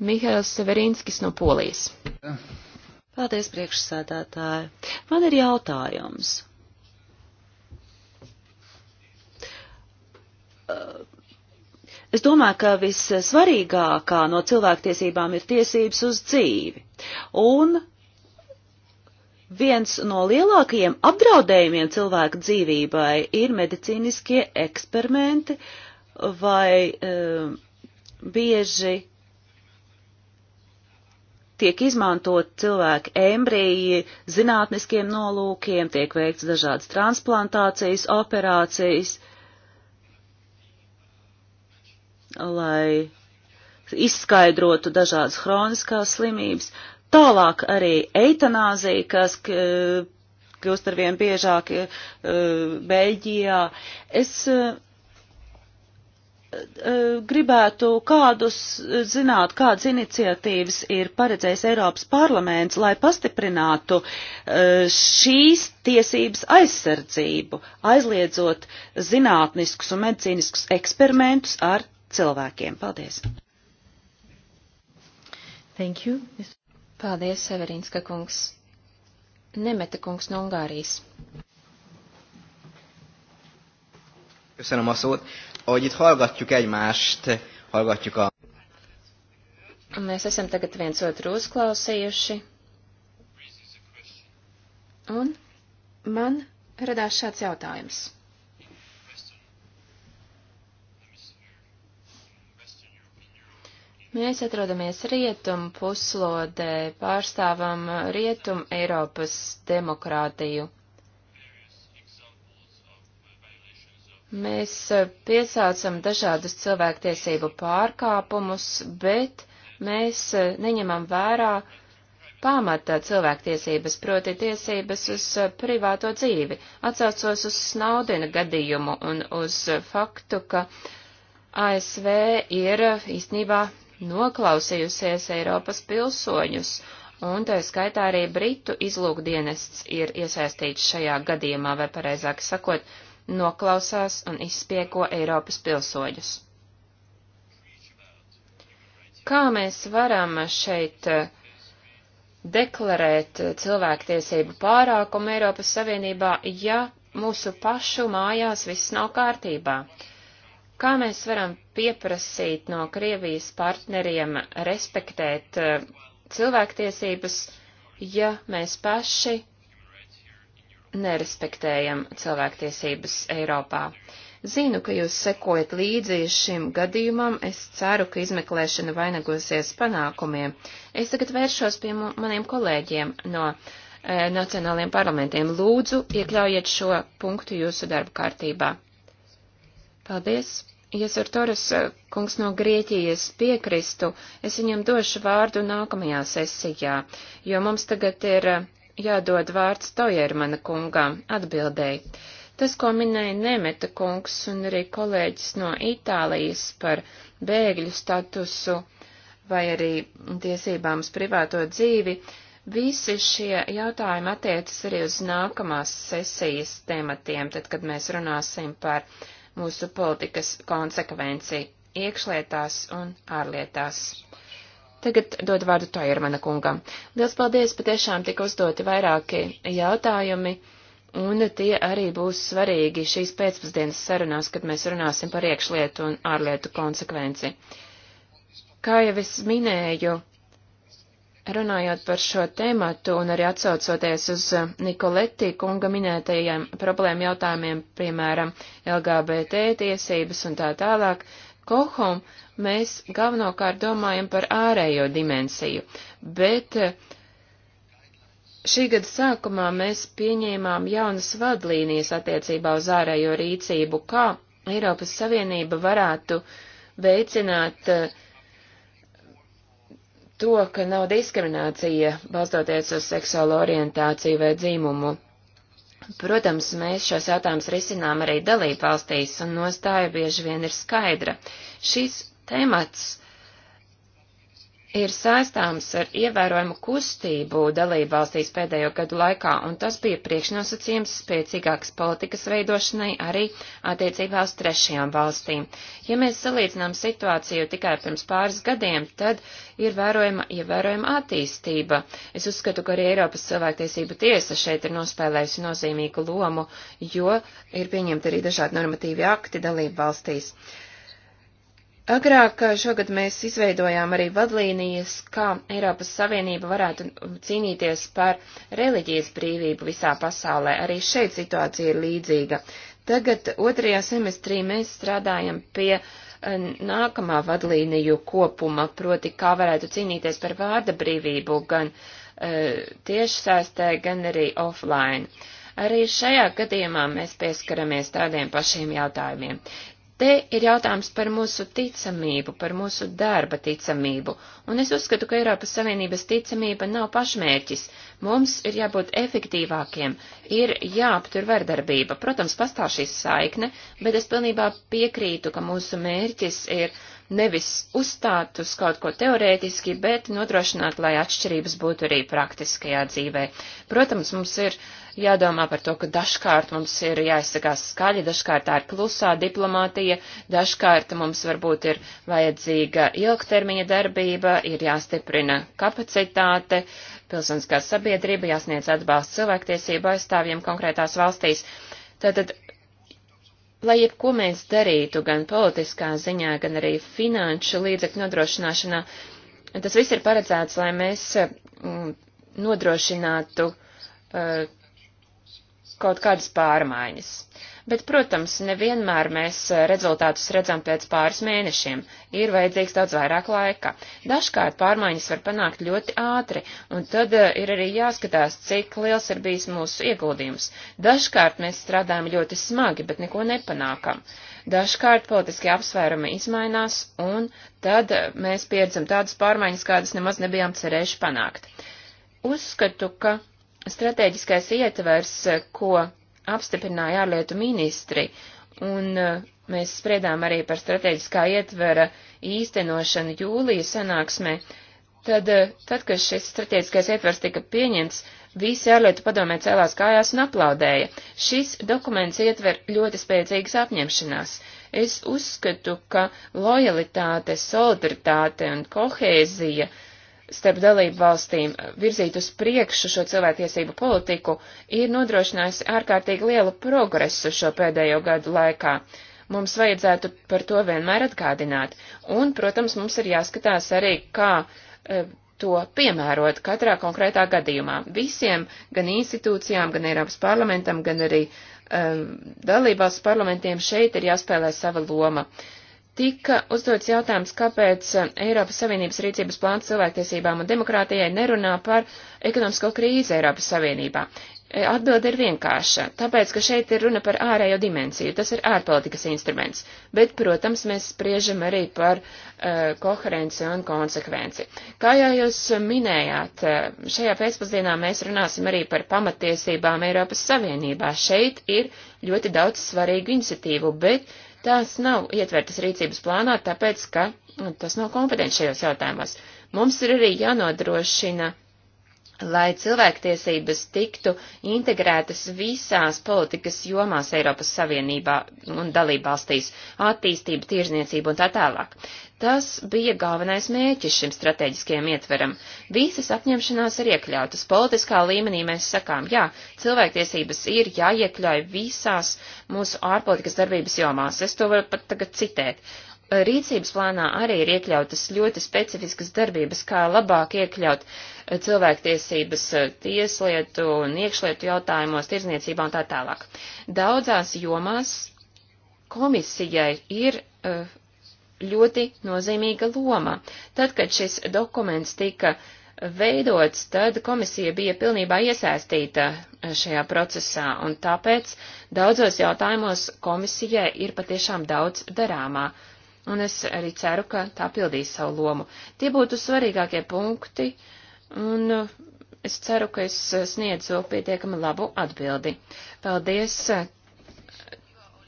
Mihails Severinskis no Polijas. Ja. Paldies, priekšsēdētāji. Man ir jautājums. Es domāju, ka vissvarīgākā no cilvēktiesībām ir tiesības uz dzīvi. Un viens no lielākajiem apdraudējumiem cilvēka dzīvībai ir medicīniskie eksperimenti vai e, bieži tiek izmantot cilvēku embriji zinātniskiem nolūkiem, tiek veikts dažādas transplantācijas, operācijas, lai izskaidrotu dažādas hroniskās slimības. Tālāk arī eitanāzija, kas kļūst arvien biežāk eh, Beļģijā. Es eh, E, gribētu kādus e, zināt, kādas iniciatīvas ir paredzējis Eiropas parlaments, lai pastiprinātu e, šīs tiesības aizsardzību, aizliedzot zinātniskus un medicīniskus eksperimentus ar cilvēkiem. Paldies! Thank you. Paldies, Severinska kungs. Nemeta kungs no Ungārijas. Köszönöm a szót ahogy itt hallgatjuk egymást, hallgatjuk a... Mēs esam tagad viens otru uzklausījuši. Un man radās šāds jautājums. Mēs atrodamies rietumu puslodē, pārstāvam rietumu Eiropas demokrātiju. Mēs eh, piesaucam dažādus cilvēktiesību pārkāpumus, bet mēs eh, neņemam vērā pamata cilvēktiesības, proti tiesības uz eh, privāto dzīvi. Atcaucos uz Snaudina gadījumu un uz faktu, ka ASV ir īstenībā noklausījusies Eiropas pilsoņus, un tā skaitā arī Britu izlūkdienests ir iesaistīts šajā gadījumā, vai pareizāk sakot, noklausās un izspieko Eiropas pilsoņus. Kā mēs varam šeit eh, deklarēt eh, cilvēktiesību pārākumu Eiropas Savienībā, ja mūsu pašu mājās viss nav kārtībā? Kā mēs varam pieprasīt no Krievijas partneriem respektēt eh, cilvēktiesības, ja mēs paši nerespektējam cilvēktiesības Eiropā. Zinu, ka jūs sekojat līdzi šim gadījumam, es ceru, ka izmeklēšana vainagosies panākumiem. Es tagad vēršos pie maniem kolēģiem no e, nacionāliem parlamentiem. Lūdzu, iekļaujiet šo punktu jūsu darba kārtībā. Paldies! Iesur Toras eh, kungs no Grieķijas piekristu, es viņam došu vārdu nākamajā sesijā, jo mums tagad ir eh, jādod vārds Tojermana kungam atbildēji. Tas, ko minēja Nemeta kungs un arī kolēģis no Itālijas par bēgļu statusu vai arī tiesībām uz privāto dzīvi, visi šie jautājumi attiecas arī uz nākamās sesijas tematiem, tad, kad mēs runāsim par mūsu politikas konsekvenci iekšlietās un ārlietās. Tagad dod vārdu Tojermana kungam. Liels paldies, patiešām tika uzdoti vairāki jautājumi, un tie arī būs svarīgi šīs pēcpusdienas sarunās, kad mēs runāsim par iekšlietu un ārlietu konsekvenci. Kā jau es minēju, runājot par šo tēmatu un arī atsaucoties uz Nikoleti kunga minētajiem problēmu jautājumiem, piemēram, LGBT tiesības un tā tālāk, Kohom mēs galvenokārt domājam par ārējo dimensiju, bet eh, šī gada sākumā mēs pieņēmām jaunas vadlīnijas attiecībā uz ārējo rīcību, kā Eiropas Savienība varētu veicināt uh, to, ka nav diskriminācija balstoties uz seksuālo orientāciju vai dzīmumu. Protams, mēs šos jautājumus risinām arī dalībvalstīs, un nostāja bieži vien ir skaidra. Šis temats ir saistāms ar ievērojumu kustību dalību valstīs pēdējo gadu laikā, un tas bija priekšnosacījums spēcīgākas politikas veidošanai arī attiecībā uz trešajām valstīm. Ja mēs salīdzinām situāciju tikai pirms pāris gadiem, tad ir vērojama ievērojama attīstība. Es uzskatu, ka arī Eiropas cilvēktiesība tiesa šeit ir nospēlējusi nozīmīgu lomu, jo ir pieņemti arī dažādi normatīvi akti dalību valstīs. Uh, Agrāk eh, šogad mēs izveidojām arī vadlīnijas, kā Eiropas Savienība varētu cīnīties par reliģijas brīvību visā pasaulē. Arī šeit situācija ir līdzīga. Tagad otrajā semestrī mēs strādājam pie eh, nākamā vadlīniju kopuma, proti, kā varētu cīnīties par vārda brīvību gan uh, eh, tiešsēstē, gan arī offline. Arī šajā gadījumā mēs pieskaramies tādiem pašiem jautājumiem. Te ir jautājums par mūsu ticamību, par mūsu darba ticamību, un es uzskatu, ka Eiropas Savienības ticamība nav pašmērķis. Mums ir jābūt efektīvākiem, ir jāaptur vardarbība. Protams, pastāv šīs saikne, bet es pilnībā piekrītu, ka mūsu mērķis ir nevis uzstāt uz kaut ko teorētiski, bet nodrošināt, lai atšķirības būtu arī praktiskajā dzīvē. Protams, mums ir uh, jādomā par to, ka dažkārt mums ir jāizsakās skaļi, dažkārt tā ir klusā diplomātija, dažkārt mums varbūt ir vajadzīga ilgtermiņa darbība, ir jāstiprina kapacitāte, pilsoniskā sabiedrība, jāsniedz atbalsts cilvēktiesību aizstāvjiem konkrētās valstīs. Tātad lai jebko mēs darītu, gan politiskā ziņā, gan arī finanšu līdzekļu nodrošināšanā, tas viss ir paredzēts, lai mēs mm, nodrošinātu uh, kaut kādas pārmaiņas. Bet, protams, nevienmēr mēs eh, rezultātus redzam pēc pāris mēnešiem, ir vajadzīgs daudz vairāk laika. Dažkārt pārmaiņas var panākt ļoti ātri, un tad eh, ir arī jāskatās, cik liels ir bijis mūsu ieguldījums. Dažkārt mēs strādājam ļoti smagi, bet neko nepanākam. Dažkārt politiskie apsvērumi izmainās, un tad eh, mēs pieredzam tādas pārmaiņas, kādas nemaz nebijām cerējuši panākt. Uzskatu, ka stratēģiskais ietvers, ko apstiprināja ārlietu ministri, un uh, mēs spriedām arī par stratēģiskā ietvera īstenošanu jūlija sanāksmē, tad, uh, tad kad šis stratēģiskais ietvers tika pieņemts, visi ārlietu padomē cēlās kājās un aplaudēja. Šis dokuments ietver ļoti spēcīgas apņemšanās. Es uzskatu, ka lojalitāte, solidaritāte un kohēzija uh, starp dalību valstīm virzīt uz priekšu šo cilvēktiesību politiku ir nodrošinājusi ārkārtīgi lielu progresu šo pēdējo gadu laikā. Mums vajadzētu par to vienmēr atgādināt. Un, protams, mums ir jāskatās arī, kā e, to piemērot katrā konkrētā gadījumā. Visiem, gan institūcijām, gan Eiropas parlamentam, gan arī um, e, dalībās parlamentiem šeit ir jāspēlē sava loma. Uh, Tika uzdots jautājums, kāpēc eh, Eiropas Savienības rīcības plāns cilvēktiesībām un demokrātijai nerunā par ekonomisko krīzi Eiropas Savienībā. E, atbilde ir vienkārša, tāpēc, ka šeit ir runa par ārējo dimensiju, tas ir ārpolitikas instruments, bet, protams, mēs spriežam arī par uh, koherenci un konsekvenci. Kā jau jūs minējāt, e, šajā pēcpusdienā mēs runāsim arī par pamatiesībām Eiropas Savienībā. Šeit ir ļoti daudz svarīgu iniciatīvu, bet Tās nav ietvertas rīcības plānā, tāpēc, ka tas nav kompetents šajos jautājumos. Mums ir arī jānodrošina lai cilvēktiesības tiktu integrētas visās politikas jomās Eiropas Savienībā un dalībvalstīs - attīstība, tirzniecība un tā tālāk. Tas bija galvenais mēķis šim strateģiskajam ietveram. Visas apņemšanās ir iekļautas. Politiskā līmenī mēs sakām, jā, cilvēktiesības ir jāiekļauj visās mūsu ārpolitikas darbības jomās. Es to varu pat tagad citēt rīcības plānā arī ir iekļautas ļoti specifiskas darbības, kā labāk iekļaut eh, cilvēktiesības eh, tieslietu un iekšlietu jautājumos, tirzniecībā un tā tālāk. Daudzās jomās komisijai ir eh, ļoti nozīmīga loma. Tad, kad šis dokuments tika veidots, tad komisija bija pilnībā iesaistīta šajā procesā, un tāpēc daudzos jautājumos komisijai ir patiešām daudz darāmā. Uh, un es arī ceru, ka tā pildīs savu lomu. Tie būtu svarīgākie punkti, un es ceru, ka es sniedzu pietiekami labu atbildi. Paldies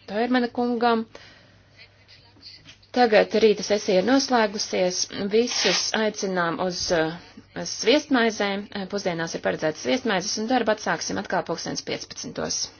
Toirmana kungam. Tagad rīta sesija ir noslēgusies. Visus aicinām uz sviestmaizēm. Pusdienās ir paredzētas sviestmaizes un darbu atsāksim atkal 2015.